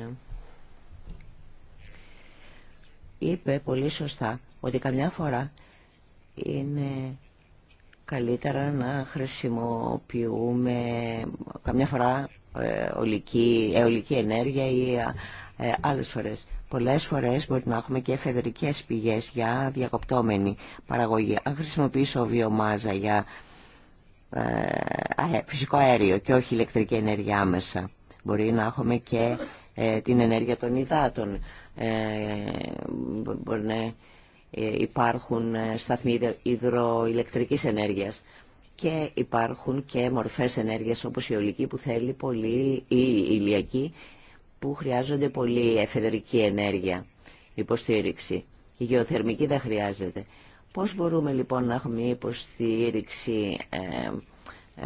είπε πολύ σωστά ότι καμιά φορά είναι καλύτερα να χρησιμοποιούμε καμιά φορά ε, ολική, αιωλική ενέργεια ή ε, άλλες φορές Πολλές φορές μπορεί να έχουμε και εφεδρικές πηγές για διακοπτόμενη παραγωγή. Αν χρησιμοποιήσω βιομάζα για ε, φυσικό αέριο και όχι ηλεκτρική ενέργεια άμεσα, μπορεί να έχουμε και ε, την ενέργεια των υδάτων. Ε, μπορεί να υπάρχουν σταθμοί υδροηλεκτρικής ενέργειας και υπάρχουν και μορφές ενέργειας όπως η ολική που θέλει πολύ ή η ηλιακή που χρειάζονται πολύ εφεδρική ενέργεια, υποστήριξη. Η γεωθερμική δεν χρειάζεται. Πώς μπορούμε λοιπόν να έχουμε υποστήριξη ε,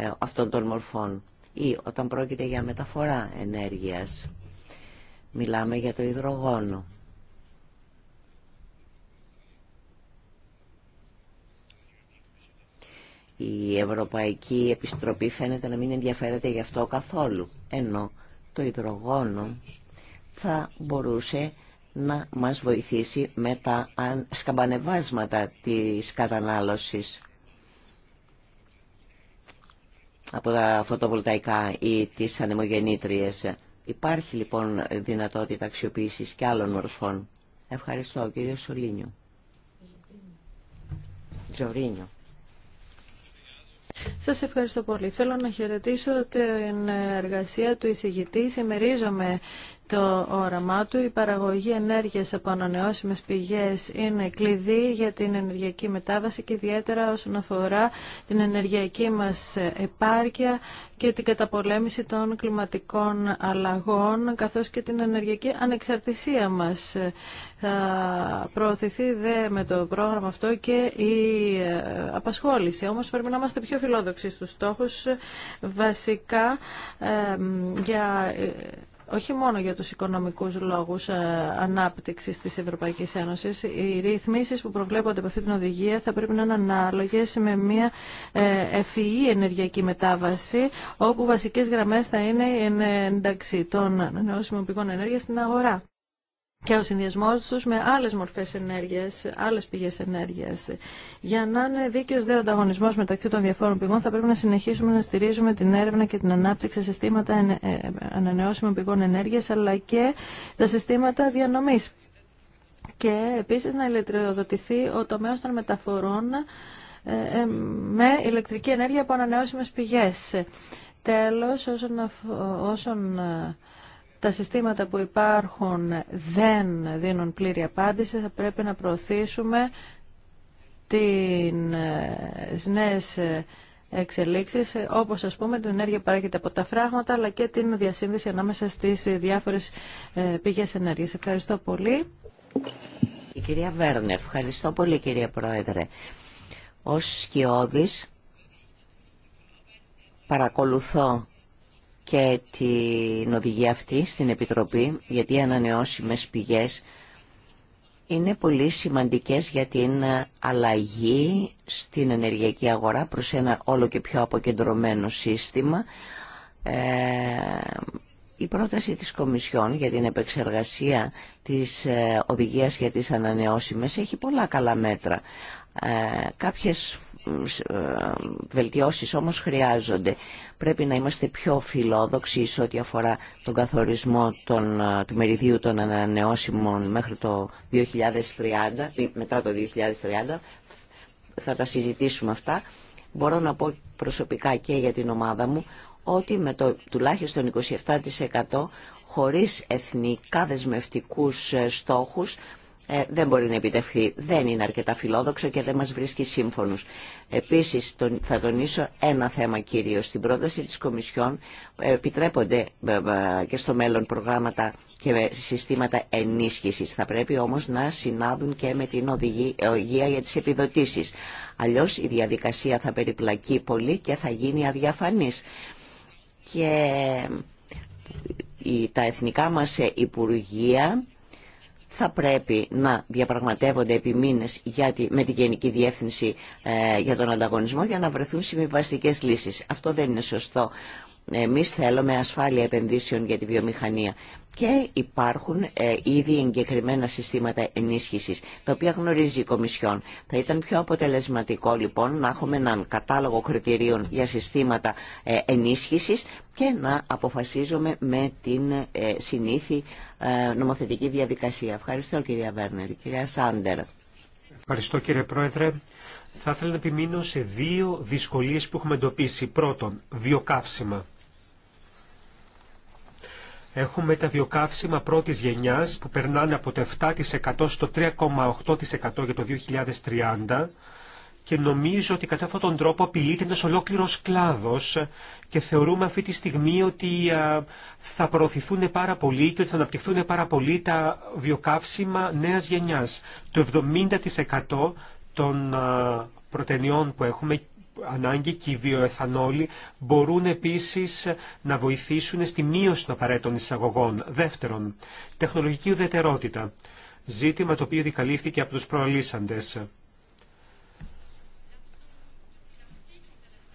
ε, αυτών των μορφών ή όταν πρόκειται για μεταφορά ενέργειας. Μιλάμε για το υδρογόνο. Η Ευρωπαϊκή Επιστροπή φαίνεται να μην ενδιαφέρεται γι' αυτό καθόλου. Ενώ το υδρογόνο θα μπορούσε να μας βοηθήσει με τα σκαμπανεβάσματα της κατανάλωσης από τα φωτοβολταϊκά ή τις ανεμογεννήτριες. Υπάρχει λοιπόν δυνατότητα αξιοποίηση και άλλων μορφών. Ευχαριστώ, κύριε Σολίνιο. Τζορίνιο. Σας ευχαριστώ πολύ. Θέλω να χαιρετήσω την εργασία του εισηγητή. Συμμερίζομαι το όραμά του. Η παραγωγή ενέργειας από ανανεώσιμες πηγές είναι κλειδί για την ενεργειακή μετάβαση και ιδιαίτερα όσον αφορά την ενεργειακή μας επάρκεια και την καταπολέμηση των κλιματικών αλλαγών καθώς και την ενεργειακή ανεξαρτησία μας. Θα προωθηθεί δε με το πρόγραμμα αυτό και η ε, απασχόληση. Όμως πρέπει να είμαστε πιο φιλόδοξοι στους στόχους βασικά ε, για ε, όχι μόνο για τους οικονομικούς λόγους ε, ανάπτυξης της Ευρωπαϊκής Ένωσης. Οι ρυθμίσεις που προβλέπονται από αυτή την οδηγία θα πρέπει να είναι ανάλογες με μια ε, ευφυή ενεργειακή μετάβαση, όπου βασικές γραμμές θα είναι η ένταξη των νεώσιμων πηγών ενέργειας στην αγορά και ο συνδυασμός τους με άλλες μορφές ενέργειας, άλλες πηγές ενέργειας. Για να είναι δίκαιος δε μεταξύ των διαφόρων πηγών θα πρέπει να συνεχίσουμε να στηρίζουμε την έρευνα και την ανάπτυξη σε συστήματα ε, ανανεώσιμων πηγών ενέργειας αλλά και τα συστήματα διανομής. Και επίσης να ηλεκτροδοτηθεί ο τομέας των μεταφορών ε, ε, με ηλεκτρική ενέργεια από ανανεώσιμες πηγές. Τέλος, όσον τα συστήματα που υπάρχουν δεν δίνουν πλήρη απάντηση, θα πρέπει να προωθήσουμε τις νέες εξελίξεις, όπως ας πούμε την ενέργεια παράγεται από τα φράγματα, αλλά και την διασύνδεση ανάμεσα στις διάφορες ε, πηγές ενέργειας. Ευχαριστώ πολύ. Η κυρία Βέρνε, ευχαριστώ πολύ κυρία Πρόεδρε. Ως σκιώδης παρακολουθώ και την οδηγία αυτή στην Επιτροπή, γιατί οι ανανεώσιμες πηγές είναι πολύ σημαντικές για την αλλαγή στην ενεργειακή αγορά προς ένα όλο και πιο αποκεντρωμένο σύστημα. Ε, η πρόταση της Κομισιόν για την επεξεργασία της ε, οδηγίας για τις ανανεώσιμες έχει πολλά καλά μέτρα. Ε, κάποιες ε, βελτιώσεις όμως χρειάζονται. Πρέπει να είμαστε πιο φιλόδοξοι σε ό,τι αφορά τον καθορισμό των, ε, του μεριδίου των ανανεώσιμων μέχρι το 2030, μετά το 2030. Θα τα συζητήσουμε αυτά. Μπορώ να πω προσωπικά και για την ομάδα μου ότι με το τουλάχιστον 27% χωρίς εθνικά δεσμευτικούς ε, στόχους ε, δεν μπορεί να επιτευχθεί. Δεν είναι αρκετά φιλόδοξο και δεν μας βρίσκει σύμφωνους. Επίσης, θα τονίσω ένα θέμα κυρίως. Στην πρόταση της Κομισιόν ε, επιτρέπονται ε, και στο μέλλον προγράμματα και συστήματα ενίσχυσης. Θα πρέπει όμως να συνάδουν και με την οδηγία για τις επιδοτήσεις. Αλλιώς η διαδικασία θα περιπλακεί πολύ και θα γίνει αδιαφανής. Και τα εθνικά μας υπουργεία θα πρέπει να διαπραγματεύονται επί μήνες με τη Γενική Διεύθυνση ε, για τον ανταγωνισμό για να βρεθούν συμβιβαστικέ λύσεις. Αυτό δεν είναι σωστό. Εμείς θέλουμε ασφάλεια επενδύσεων για τη βιομηχανία και υπάρχουν ε, ήδη εγκεκριμένα συστήματα ενίσχυσης, τα οποία γνωρίζει η Κομισιόν. Θα ήταν πιο αποτελεσματικό λοιπόν να έχουμε έναν κατάλογο κριτηρίων για συστήματα ε, ενίσχυσης και να αποφασίζουμε με την ε, συνήθη ε, νομοθετική διαδικασία. Ευχαριστώ κυρία Βέρνερ. Κυρία Σάντερ. Ευχαριστώ κύριε Πρόεδρε. Θα ήθελα να επιμείνω σε δύο δυσκολίες που έχουμε εντοπίσει. Πρώτον, βιοκαύσιμα. Έχουμε τα βιοκαύσιμα πρώτης γενιάς που περνάνε από το 7% στο 3,8% για το 2030 και νομίζω ότι κατά αυτόν τον τρόπο απειλείται ένα ολόκληρο κλάδος και θεωρούμε αυτή τη στιγμή ότι θα προωθηθούν πάρα πολύ και ότι θα αναπτυχθούν πάρα πολύ τα βιοκαύσιμα νέας γενιάς. Το 70% των προτενιών που έχουμε ανάγκη και οι βιοεθανόλοι μπορούν επίσης να βοηθήσουν στη μείωση των απαραίτητων εισαγωγών. Δεύτερον, τεχνολογική ουδετερότητα. Ζήτημα το οποίο δικαλήφθηκε από τους προαλήσαντες.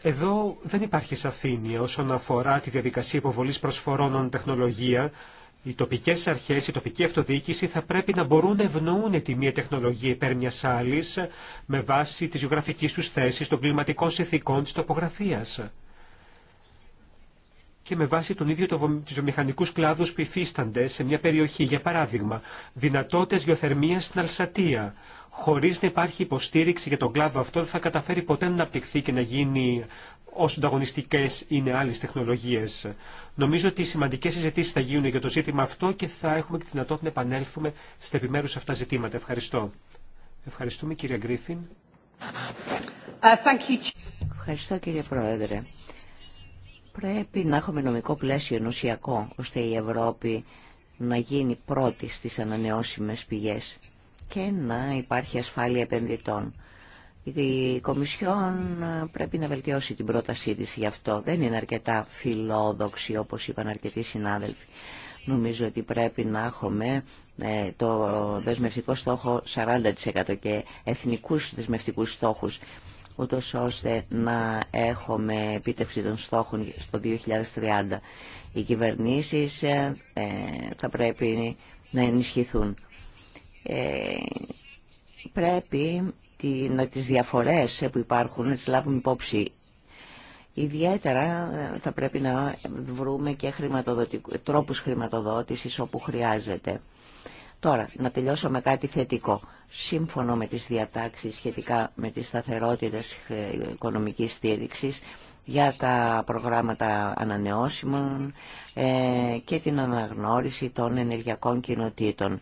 Εδώ δεν υπάρχει σαφήνεια όσον αφορά τη διαδικασία υποβολής προσφορών τεχνολογία οι τοπικές αρχές, η τοπική αυτοδιοίκηση θα πρέπει να μπορούν να ευνοούν τη μία τεχνολογία υπέρ μιας άλλης με βάση της γεωγραφικής τους θέσης, των κλιματικών συνθήκων, της τοπογραφίας και με βάση τον ίδιο του βιομηχανικού κλάδου κλάδους που υφίστανται σε μια περιοχή. Για παράδειγμα, δυνατότητε, γεωθερμίας στην Αλσατία. Χωρί να υπάρχει υποστήριξη για τον κλάδο αυτό, δεν θα καταφέρει ποτέ να αναπτυχθεί και να γίνει όσο ανταγωνιστικέ είναι άλλε τεχνολογίε. Νομίζω ότι οι σημαντικέ συζητήσει θα γίνουν για το ζήτημα αυτό και θα έχουμε τη δυνατότητα να επανέλθουμε στα επιμέρου αυτά ζητήματα. Ευχαριστώ. Ευχαριστούμε κύριε Γκρίφιν. Ε, Ευχαριστώ κύριε Πρόεδρε. Πρέπει να έχουμε νομικό πλαίσιο ενωσιακό ώστε η Ευρώπη να γίνει πρώτη στις ανανεώσιμες πηγές και να υπάρχει ασφάλεια επενδυτών. Η Κομισιόν ε, πρέπει να βελτιώσει την πρότασή της γι' αυτό. Δεν είναι αρκετά φιλόδοξη όπως είπαν αρκετοί συνάδελφοι. Νομίζω ότι πρέπει να έχουμε ε, το δεσμευτικό στόχο 40% και εθνικούς δεσμευτικούς στόχους ούτως ώστε να έχουμε επίτευξη των στόχων στο 2030. Οι κυβερνήσεις ε, θα πρέπει να ενισχυθούν. Πρέπει να τις διαφορές που υπάρχουν να τις λάβουμε υπόψη. Ιδιαίτερα ε, θα πρέπει να βρούμε και τρόπους χρηματοδότησης όπου χρειάζεται. Τώρα, να τελειώσω με κάτι θετικό. Σύμφωνο με τις διατάξεις σχετικά με τις σταθερότητες οικονομικής στήριξης για τα προγράμματα ανανεώσιμων ε, και την αναγνώριση των ενεργειακών κοινοτήτων.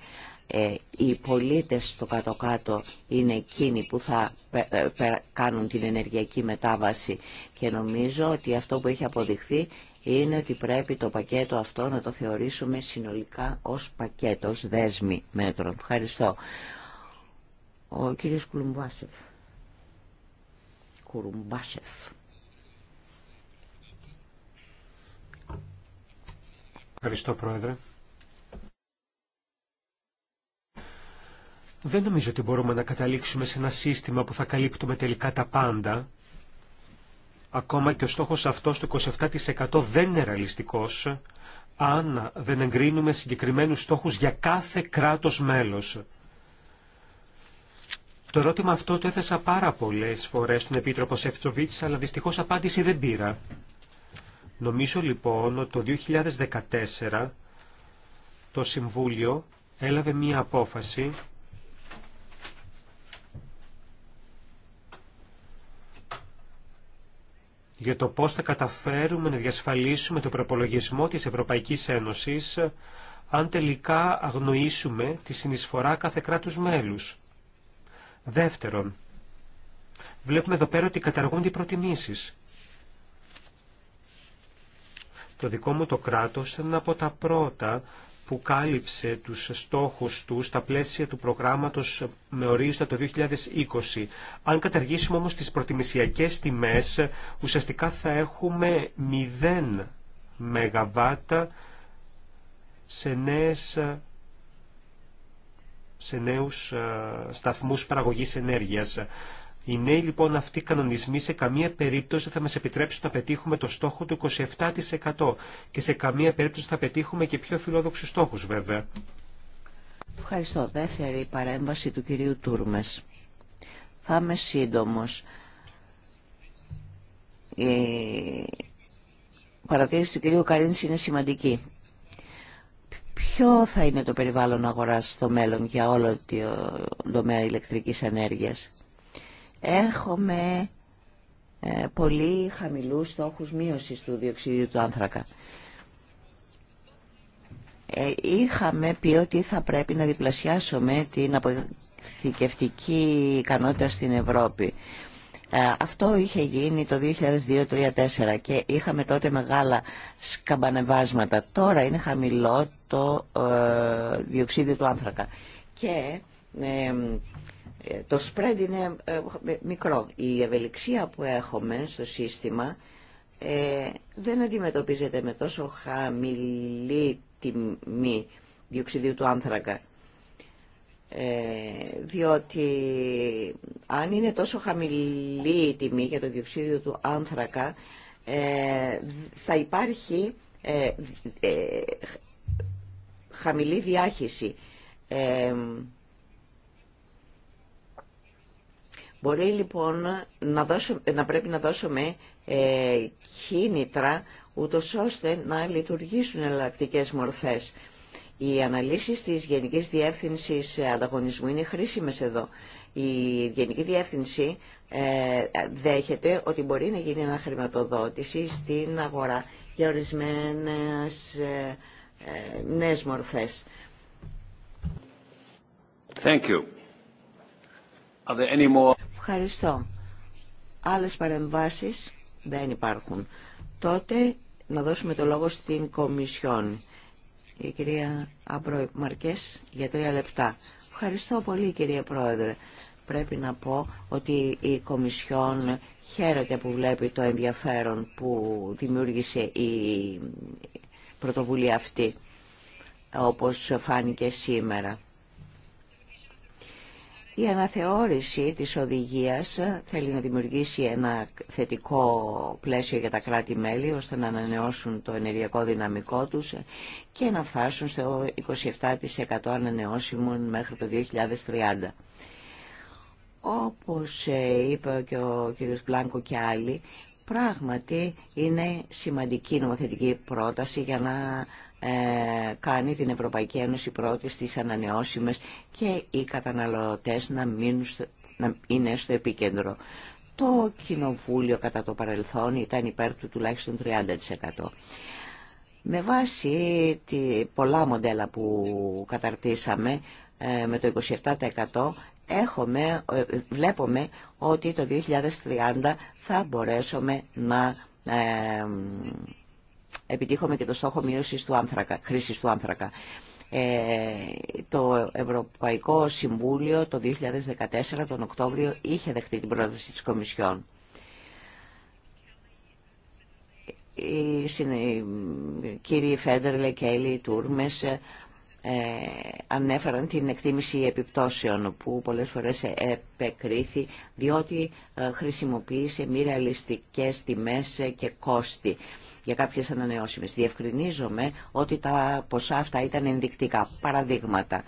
Ε, οι πολίτες στο κάτω-κάτω είναι εκείνοι που θα ε, κάνουν την ενεργειακή μετάβαση και νομίζω ότι αυτό που έχει αποδειχθεί είναι ότι πρέπει το πακέτο αυτό να το θεωρήσουμε συνολικά ως πακέτο, ως δέσμη μέτρων. Ευχαριστώ. Ο κύριος Κουρουμπάσεφ. Κουρουμπάσεφ. Ευχαριστώ, Πρόεδρε. Δεν νομίζω ότι μπορούμε να καταλήξουμε σε ένα σύστημα που θα καλύπτουμε τελικά τα πάντα. Ακόμα και ο στόχος αυτός του 27% δεν είναι ρεαλιστικός αν δεν εγκρίνουμε συγκεκριμένους στόχους για κάθε κράτος μέλος. Το ερώτημα αυτό το έθεσα πάρα πολλές φορές στον Επίτροπο Σεφτσοβίτς, αλλά δυστυχώς απάντηση δεν πήρα. Νομίζω λοιπόν ότι το 2014 το Συμβούλιο έλαβε μία απόφαση για το πώς θα καταφέρουμε να διασφαλίσουμε το προπολογισμό της Ευρωπαϊκής Ένωσης αν τελικά αγνοήσουμε τη συνεισφορά κάθε κράτους μέλους. Δεύτερον, βλέπουμε εδώ πέρα ότι καταργούνται οι προτιμήσεις. Το δικό μου το κράτος ήταν από τα πρώτα που κάλυψε τους στόχους του στα πλαίσια του προγράμματος με ορίζοντα το 2020. Αν καταργήσουμε όμως τις προτιμησιακές τιμές, ουσιαστικά θα έχουμε 0 μεγαβάτα σε, νέες, σε νέους ε, σταθμούς παραγωγής ενέργειας. Οι νέοι λοιπόν αυτοί κανονισμοί σε καμία περίπτωση θα μας επιτρέψουν να πετύχουμε το στόχο του 27% και σε καμία περίπτωση θα πετύχουμε και πιο φιλόδοξους στόχους βέβαια. Ευχαριστώ. Δεύτερη παρέμβαση του κυρίου Τούρμες. Θα είμαι σύντομος. Η παρατήρηση του κυρίου Καρίνης είναι σημαντική. Ποιο θα είναι το περιβάλλον αγοράς στο μέλλον για όλο το τομέα ηλεκτρικής ενέργειας έχουμε ε, πολύ χαμηλούς στόχους μείωσης του διοξιδίου του άνθρακα. Ε, είχαμε πει ότι θα πρέπει να διπλασιάσουμε την αποθηκευτική ικανότητα στην Ευρώπη. Ε, αυτό είχε γίνει το 2002-2004 και είχαμε τότε μεγάλα σκαμπανεβάσματα. Τώρα είναι χαμηλό το ε, διοξίδιο του άνθρακα. Και το spread είναι ε, μικρό. Η ευελιξία που έχουμε στο σύστημα ε, δεν αντιμετωπίζεται με τόσο χαμηλή τιμή διοξιδίου του άνθρακα. Ε, διότι αν είναι τόσο χαμηλή η τιμή για το διοξίδιο του άνθρακα θα υπάρχει χαμηλή διάχυση. Μπορεί λοιπόν να, να πρέπει να δώσουμε ε, κίνητρα ούτω ώστε να λειτουργήσουν εναλλακτικέ μορφές. Οι αναλύσεις της Γενικής Διεύθυνσης Ανταγωνισμού είναι χρήσιμες εδώ. Η Γενική Διεύθυνση ε, δέχεται ότι μπορεί να γίνει ένα χρηματοδότηση στην αγορά για ορισμένες ε, ε, νέες μορφές. Thank you. Are Ευχαριστώ. Άλλες παρεμβάσεις δεν υπάρχουν. Τότε να δώσουμε το λόγο στην Κομισιόν. Η κυρία Αμπρό Μαρκές για τρία λεπτά. Ευχαριστώ πολύ κυρία Πρόεδρε. Πρέπει να πω ότι η Κομισιόν χαίρεται που βλέπει το ενδιαφέρον που δημιούργησε η πρωτοβουλία αυτή, όπως φάνηκε σήμερα. Η αναθεώρηση της οδηγίας θέλει να δημιουργήσει ένα θετικό πλαίσιο για τα κράτη-μέλη ώστε να ανανεώσουν το ενεργειακό δυναμικό τους και να φτάσουν στο 27% ανανεώσιμων μέχρι το 2030. Όπως ε, είπε και ο κ. Μπλάνκο και άλλοι, πράγματι είναι σημαντική νομοθετική πρόταση για να ε, κάνει την Ευρωπαϊκή Ένωση πρώτη στις ανανεώσιμες και οι καταναλωτές να, μείνουν να είναι στο επίκεντρο. Το Κοινοβούλιο κατά το παρελθόν ήταν υπέρ του τουλάχιστον 30%. Με βάση τη, πολλά μοντέλα που καταρτήσαμε ε, με το 27% έχουμε, ε, βλέπουμε ότι το 2030 θα μπορέσουμε να επιτύχουμε και το στόχο του άνθρακα, χρήσης του άνθρακα. Ε, το Ευρωπαϊκό Συμβούλιο το 2014, τον Οκτώβριο, είχε δεχτεί την πρόταση της Κομισιόν. Οι, κύριοι Φέντερλε, και Τούρμες ε, ανέφεραν την εκτίμηση επιπτώσεων που πολλές φορές επεκρίθη διότι ε, χρησιμοποίησε μη ρεαλιστικές τιμές ε, και κόστη για κάποιες ανανεώσιμες. Διευκρινίζομαι ότι τα ποσά αυτά ήταν ενδεικτικά. Παραδείγματα.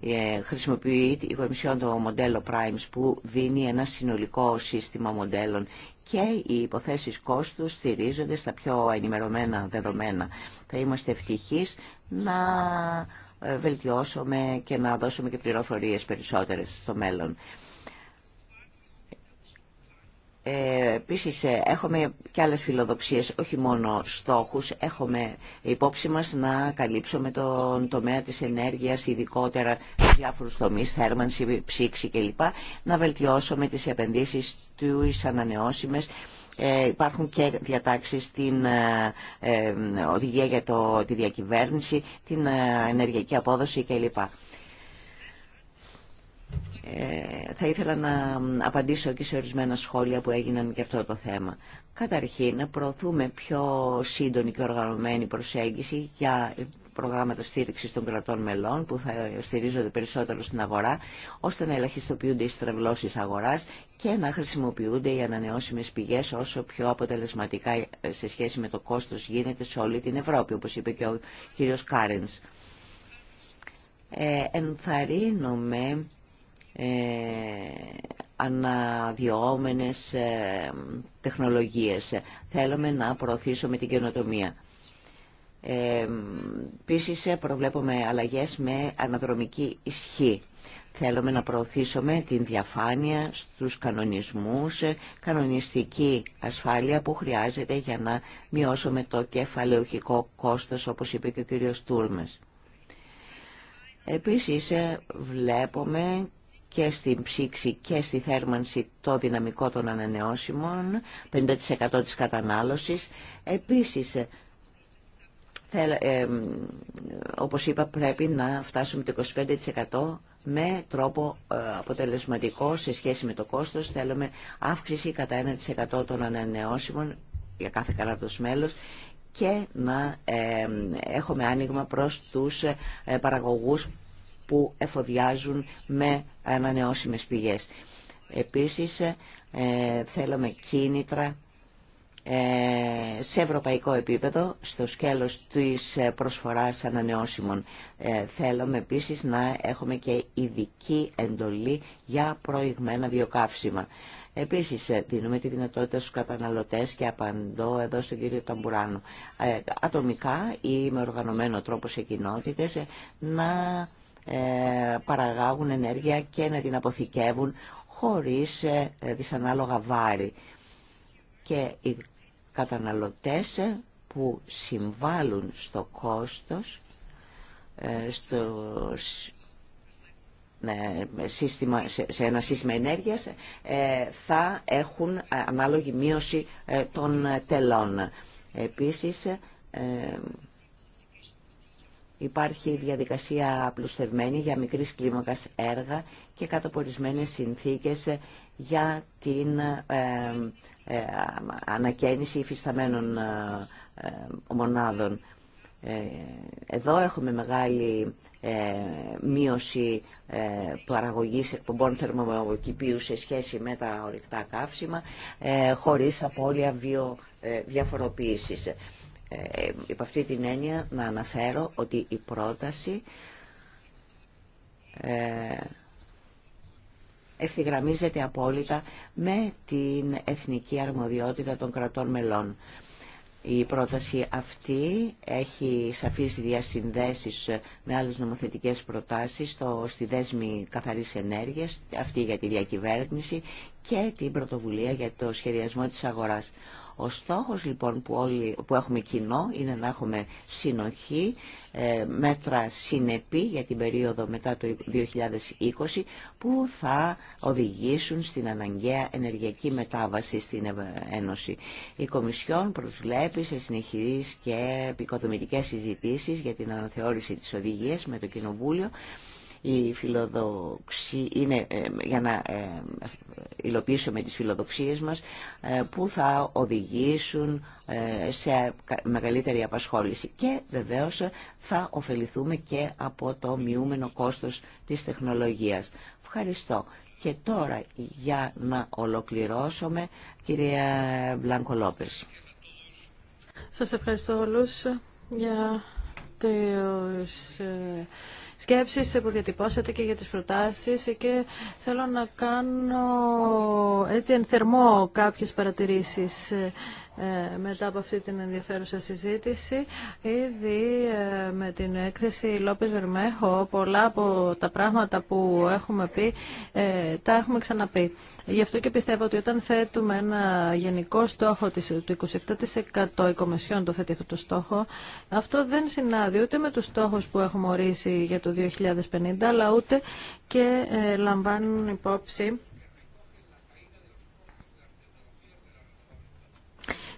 Ε, χρησιμοποιεί η Κομισιόν το μοντέλο Primes που δίνει ένα συνολικό σύστημα μοντέλων και οι υποθέσεις κόστου στηρίζονται στα πιο ενημερωμένα δεδομένα. Θα είμαστε ευτυχείς να ε, βελτιώσουμε και να δώσουμε και πληροφορίες περισσότερες στο μέλλον. Ε, Επίση, ε, έχουμε και άλλες φιλοδοξίες, όχι μόνο στόχους. Έχουμε υπόψη μας να καλύψουμε τον τομέα της ενέργειας, ειδικότερα στου διάφορους τομείς, θέρμανση, ψήξη κλπ. Να βελτιώσουμε τις επενδύσεις του ανανεώσιμες. Ε, υπάρχουν και διατάξεις στην ε, οδηγία για το, τη διακυβέρνηση, την ενεργειακή απόδοση κλπ. Ε, θα ήθελα να απαντήσω και σε ορισμένα σχόλια που έγιναν και αυτό το θέμα. Καταρχήν, να προωθούμε πιο σύντονη και οργανωμένη προσέγγιση για προγράμματα στήριξη των κρατών μελών που θα στηρίζονται περισσότερο στην αγορά, ώστε να ελαχιστοποιούνται οι στρεβλώσει αγορά και να χρησιμοποιούνται οι ανανεώσιμε πηγέ όσο πιο αποτελεσματικά σε σχέση με το κόστο γίνεται σε όλη την Ευρώπη, όπω είπε και ο κ. Κάρεν. Ε, ενθαρρύνομαι ε, αναδιόμενες ε, τεχνολογίες. Θέλουμε να προωθήσουμε την καινοτομία. Ε, Επίση ε, προβλέπουμε αλλαγές με αναδρομική ισχύ. Θέλουμε να προωθήσουμε την διαφάνεια στους κανονισμούς, κανονιστική ασφάλεια που χρειάζεται για να μειώσουμε το κεφαλαιοχικό κόστος, όπως είπε και ο κύριος Τούρμες. Επίσης βλέπουμε και στην ψήξη και στη θέρμανση το δυναμικό των ανανεώσιμων, 50% της κατανάλωσης. Επίσης, όπως είπα, πρέπει να φτάσουμε το 25% με τρόπο ε, αποτελεσματικό σε σχέση με το κόστος. Θέλουμε αύξηση κατά 1% των ανανεώσιμων για κάθε κράτος μέλος και να έχουμε άνοιγμα προς τους ε, παραγωγούς που εφοδιάζουν με ανανεώσιμες πηγές. Επίσης, ε, θέλουμε κίνητρα ε, σε ευρωπαϊκό επίπεδο στο σκέλος της ε, προσφοράς ανανεώσιμων. Θέλουμε επίσης να έχουμε και ειδική εντολή για προηγμένα βιοκαύσιμα. Επίσης δίνουμε τη δυνατότητα στους καταναλωτές και απαντώ εδώ στον κύριο Ταμπουράνο ατομικά ή με οργανωμένο τρόπο σε κοινότητες να ε, παραγάγουν ενέργεια και να την αποθηκεύουν χωρίς ε, ε, δυσανάλογα βάρη. Και οι καταναλωτές που συμβάλλουν στο κόστος, στο ναι, σύστημα, σε ένα σύστημα ενέργειας, θα έχουν ανάλογη μείωση των τελών. Επίσης, Υπάρχει διαδικασία απλουστευμένη για μικρής κλίμακας έργα και κατοπορισμένε συνθήκες για την ε, ε, ανακαίνιση υφισταμένων ε, ε, μονάδων. Ε, εδώ έχουμε μεγάλη μείωση παραγωγής εκπομπών θερμοκηπίου σε σχέση με τα ορυκτά καύσιμα χωρίς απώλεια βιοδιαφοροποίησης ε, υπ' αυτή την έννοια να αναφέρω ότι η πρόταση ε, ευθυγραμμίζεται απόλυτα με την εθνική αρμοδιότητα των κρατών μελών. Η πρόταση αυτή έχει σαφείς διασυνδέσεις με άλλες νομοθετικές προτάσεις στο, στη δέσμη καθαρής ενέργειας, αυτή για τη διακυβέρνηση και την πρωτοβουλία για το σχεδιασμό της αγοράς. Ο στόχος λοιπόν που, όλοι, που έχουμε κοινό είναι να έχουμε συνοχή, ε, μέτρα συνεπή για την περίοδο μετά το 2020 που θα οδηγήσουν στην αναγκαία ενεργειακή μετάβαση στην Ένωση. Η Κομισιόν προσβλέπει σε συνεχείς και επικοδομητικές συζητήσεις για την αναθεώρηση της οδηγίας με το Κοινοβούλιο η φιλοδοξία είναι ε, για να ε, υλοποιήσουμε τις φιλοδοξίες μας ε, που θα οδηγήσουν σε μεγαλύτερη απασχόληση και βεβαίως θα ωφεληθούμε και από το μειούμενο κόστος της τεχνολογίας. Ευχαριστώ. Και τώρα για να ολοκληρώσουμε, κυρία Μπλάνκο Λόπες. Σας ευχαριστώ όλους για τους σκέψεις που διατυπώσατε και για τις προτάσεις και θέλω να κάνω έτσι ενθερμό κάποιες παρατηρήσεις. Ε, μετά από αυτή την ενδιαφέρουσα συζήτηση. Ήδη ε, με την έκθεση Λόπις Βερμέχο πολλά από τα πράγματα που έχουμε πει ε, τα έχουμε ξαναπεί. Γι' αυτό και πιστεύω ότι όταν θέτουμε ένα γενικό στόχο του 27% οικομεσιών, το θέτει αυτό το στόχο, αυτό δεν συνάδει ούτε με τους στόχους που έχουμε ορίσει για το 2050, αλλά ούτε και λαμβάνουν υπόψη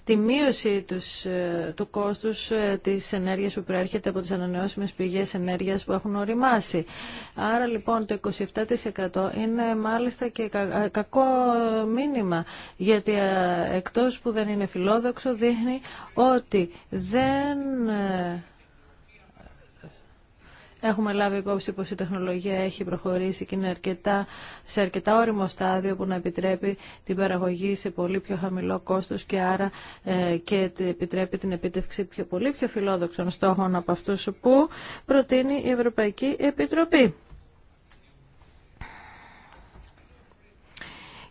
τη μείωση τους, ε, του κόστους ε, της ενέργειας που προέρχεται από τις ανανεώσιμες πηγές ενέργειας που έχουν οριμάσει. Άρα λοιπόν το 27% είναι μάλιστα και κακό μήνυμα γιατί εκτός που δεν είναι φιλόδοξο δείχνει ότι δεν ε, Έχουμε λάβει υπόψη πως η τεχνολογία έχει προχωρήσει και είναι σε αρκετά όριμο στάδιο που να επιτρέπει την παραγωγή σε πολύ πιο χαμηλό κόστος και άρα ε, και επιτρέπει την επίτευξη πιο, πολύ πιο φιλόδοξων στόχων από αυτούς που προτείνει η Ευρωπαϊκή Επιτροπή.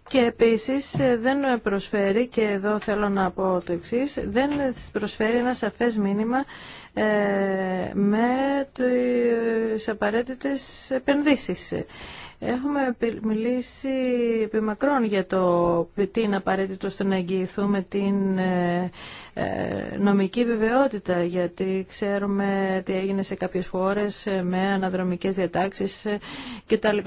Και επίσης ε, δεν προσφέρει, και εδώ θέλω να πω το εξή, δεν προσφέρει ένα σαφές μήνυμα ε, με το, τις απαραίτητες επενδύσεις. Έχουμε μιλήσει επί μακρόν για το τι είναι απαραίτητο στο να εγγυηθούμε την ε, ε, νομική βεβαιότητα γιατί ξέρουμε τι έγινε σε κάποιες χώρες ε, με αναδρομικές διατάξεις κτλ.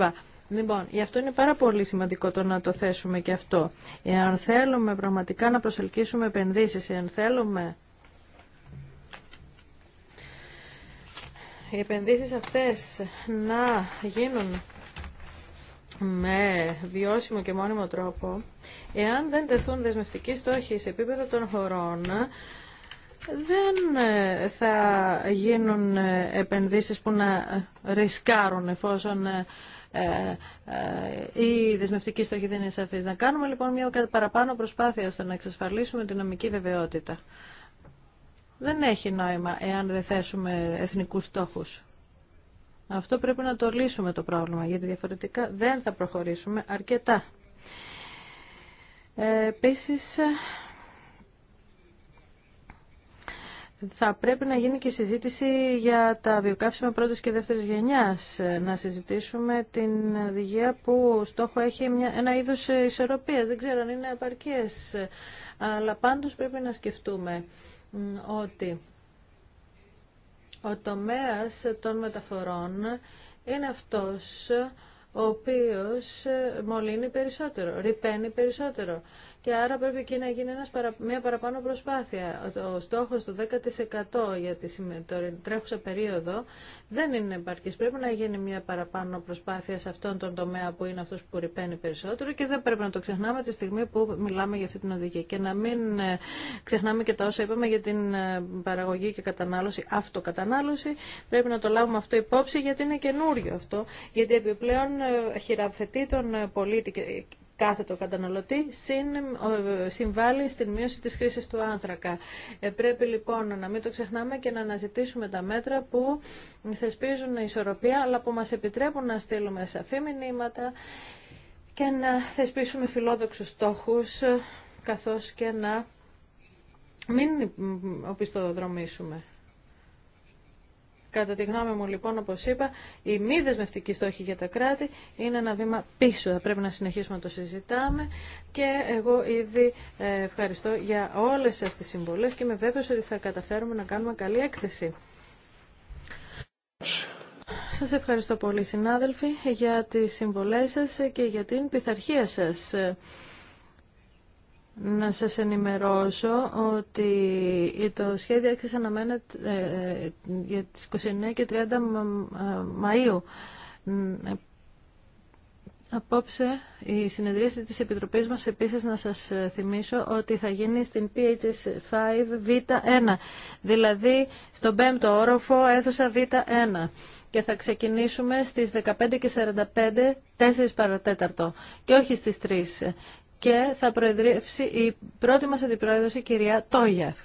Λοιπόν, γι' αυτό είναι πάρα πολύ σημαντικό το να το θέσουμε και αυτό. Εάν θέλουμε πραγματικά να προσελκύσουμε επενδύσεις, εάν θέλουμε οι επενδύσεις αυτές να γίνουν με βιώσιμο και μόνιμο τρόπο, εάν δεν τεθούν δεσμευτικοί στόχοι σε επίπεδο των χωρών, δεν ε, θα γίνουν ε, επενδύσεις που να ρισκάρουν εφόσον η ε, δεσμευτική στόχη δεν είναι σαφής. Να κάνουμε λοιπόν μια παραπάνω προσπάθεια ώστε να εξασφαλίσουμε την νομική βεβαιότητα δεν έχει νόημα εάν δεν θέσουμε εθνικούς στόχους. Αυτό πρέπει να το λύσουμε το πρόβλημα, γιατί διαφορετικά δεν θα προχωρήσουμε αρκετά. Ε, επίσης, ε, θα πρέπει να γίνει και συζήτηση για τα βιοκαύσιμα πρώτης και δεύτερης γενιάς. Ε, να συζητήσουμε την οδηγία που στόχο έχει μια, ένα είδος ισορροπίας. Δεν ξέρω αν είναι επαρκές, ε, αλλά πάντως πρέπει να σκεφτούμε ότι ο τομέας των μεταφορών είναι αυτός ο οποίος μολύνει περισσότερο, ρηπαίνει περισσότερο και άρα πρέπει και να γίνει μια παραπάνω προσπάθεια. Ο στόχος του 10% για τη τρέχουσα περίοδο δεν είναι επαρκής. Πρέπει να γίνει μια παραπάνω προσπάθεια σε αυτόν τον τομέα που είναι αυτός που ρηπαίνει περισσότερο και δεν πρέπει να το ξεχνάμε τη στιγμή που μιλάμε για αυτή την οδηγία. Και να μην ε, ξεχνάμε και τα όσα είπαμε για την ε, παραγωγή και κατανάλωση, αυτοκατανάλωση. Πρέπει να το λάβουμε αυτό υπόψη γιατί είναι καινούριο αυτό. Γιατί επιπλέον ε, χειραφετεί τον πολίτη κάθετο καταναλωτή συμβάλλει στην μείωση της χρήσης του άνθρακα. Ε, πρέπει λοιπόν να μην το ξεχνάμε και να αναζητήσουμε τα μέτρα που θεσπίζουν ισορροπία αλλά που μας επιτρέπουν να στείλουμε σαφή μηνύματα και να θεσπίσουμε φιλόδοξους στόχους ε, καθώς και να μην οπισθοδρομήσουμε. Κατά τη γνώμη μου λοιπόν, όπω είπα, η μη δεσμευτική στόχη για τα κράτη είναι ένα βήμα πίσω. Θα πρέπει να συνεχίσουμε να το συζητάμε και εγώ ήδη ε, ευχαριστώ για όλε σας τι συμβολέ και είμαι βέβαιο ότι θα καταφέρουμε να κάνουμε καλή έκθεση. Σα ευχαριστώ πολύ συνάδελφοι για τι συμβολέ σα και για την πειθαρχία σα να σας ενημερώσω ότι το σχέδιο έκθεση αναμένεται ε, ε, για τις 29 και 30 ε, Μαΐου. Απόψε η συνεδρίαση της Επιτροπής μας επίσης να σας θυμίσω ότι θα γίνει στην PHS 5 Β1, δηλαδή στον 5ο όροφο αίθουσα Β1 και θα ξεκινήσουμε στις 15.45, 4 παρατέταρτο και όχι στις 3 και θα προεδρεύσει η πρώτη μας αντιπρόεδρος η κυρία Τόγια.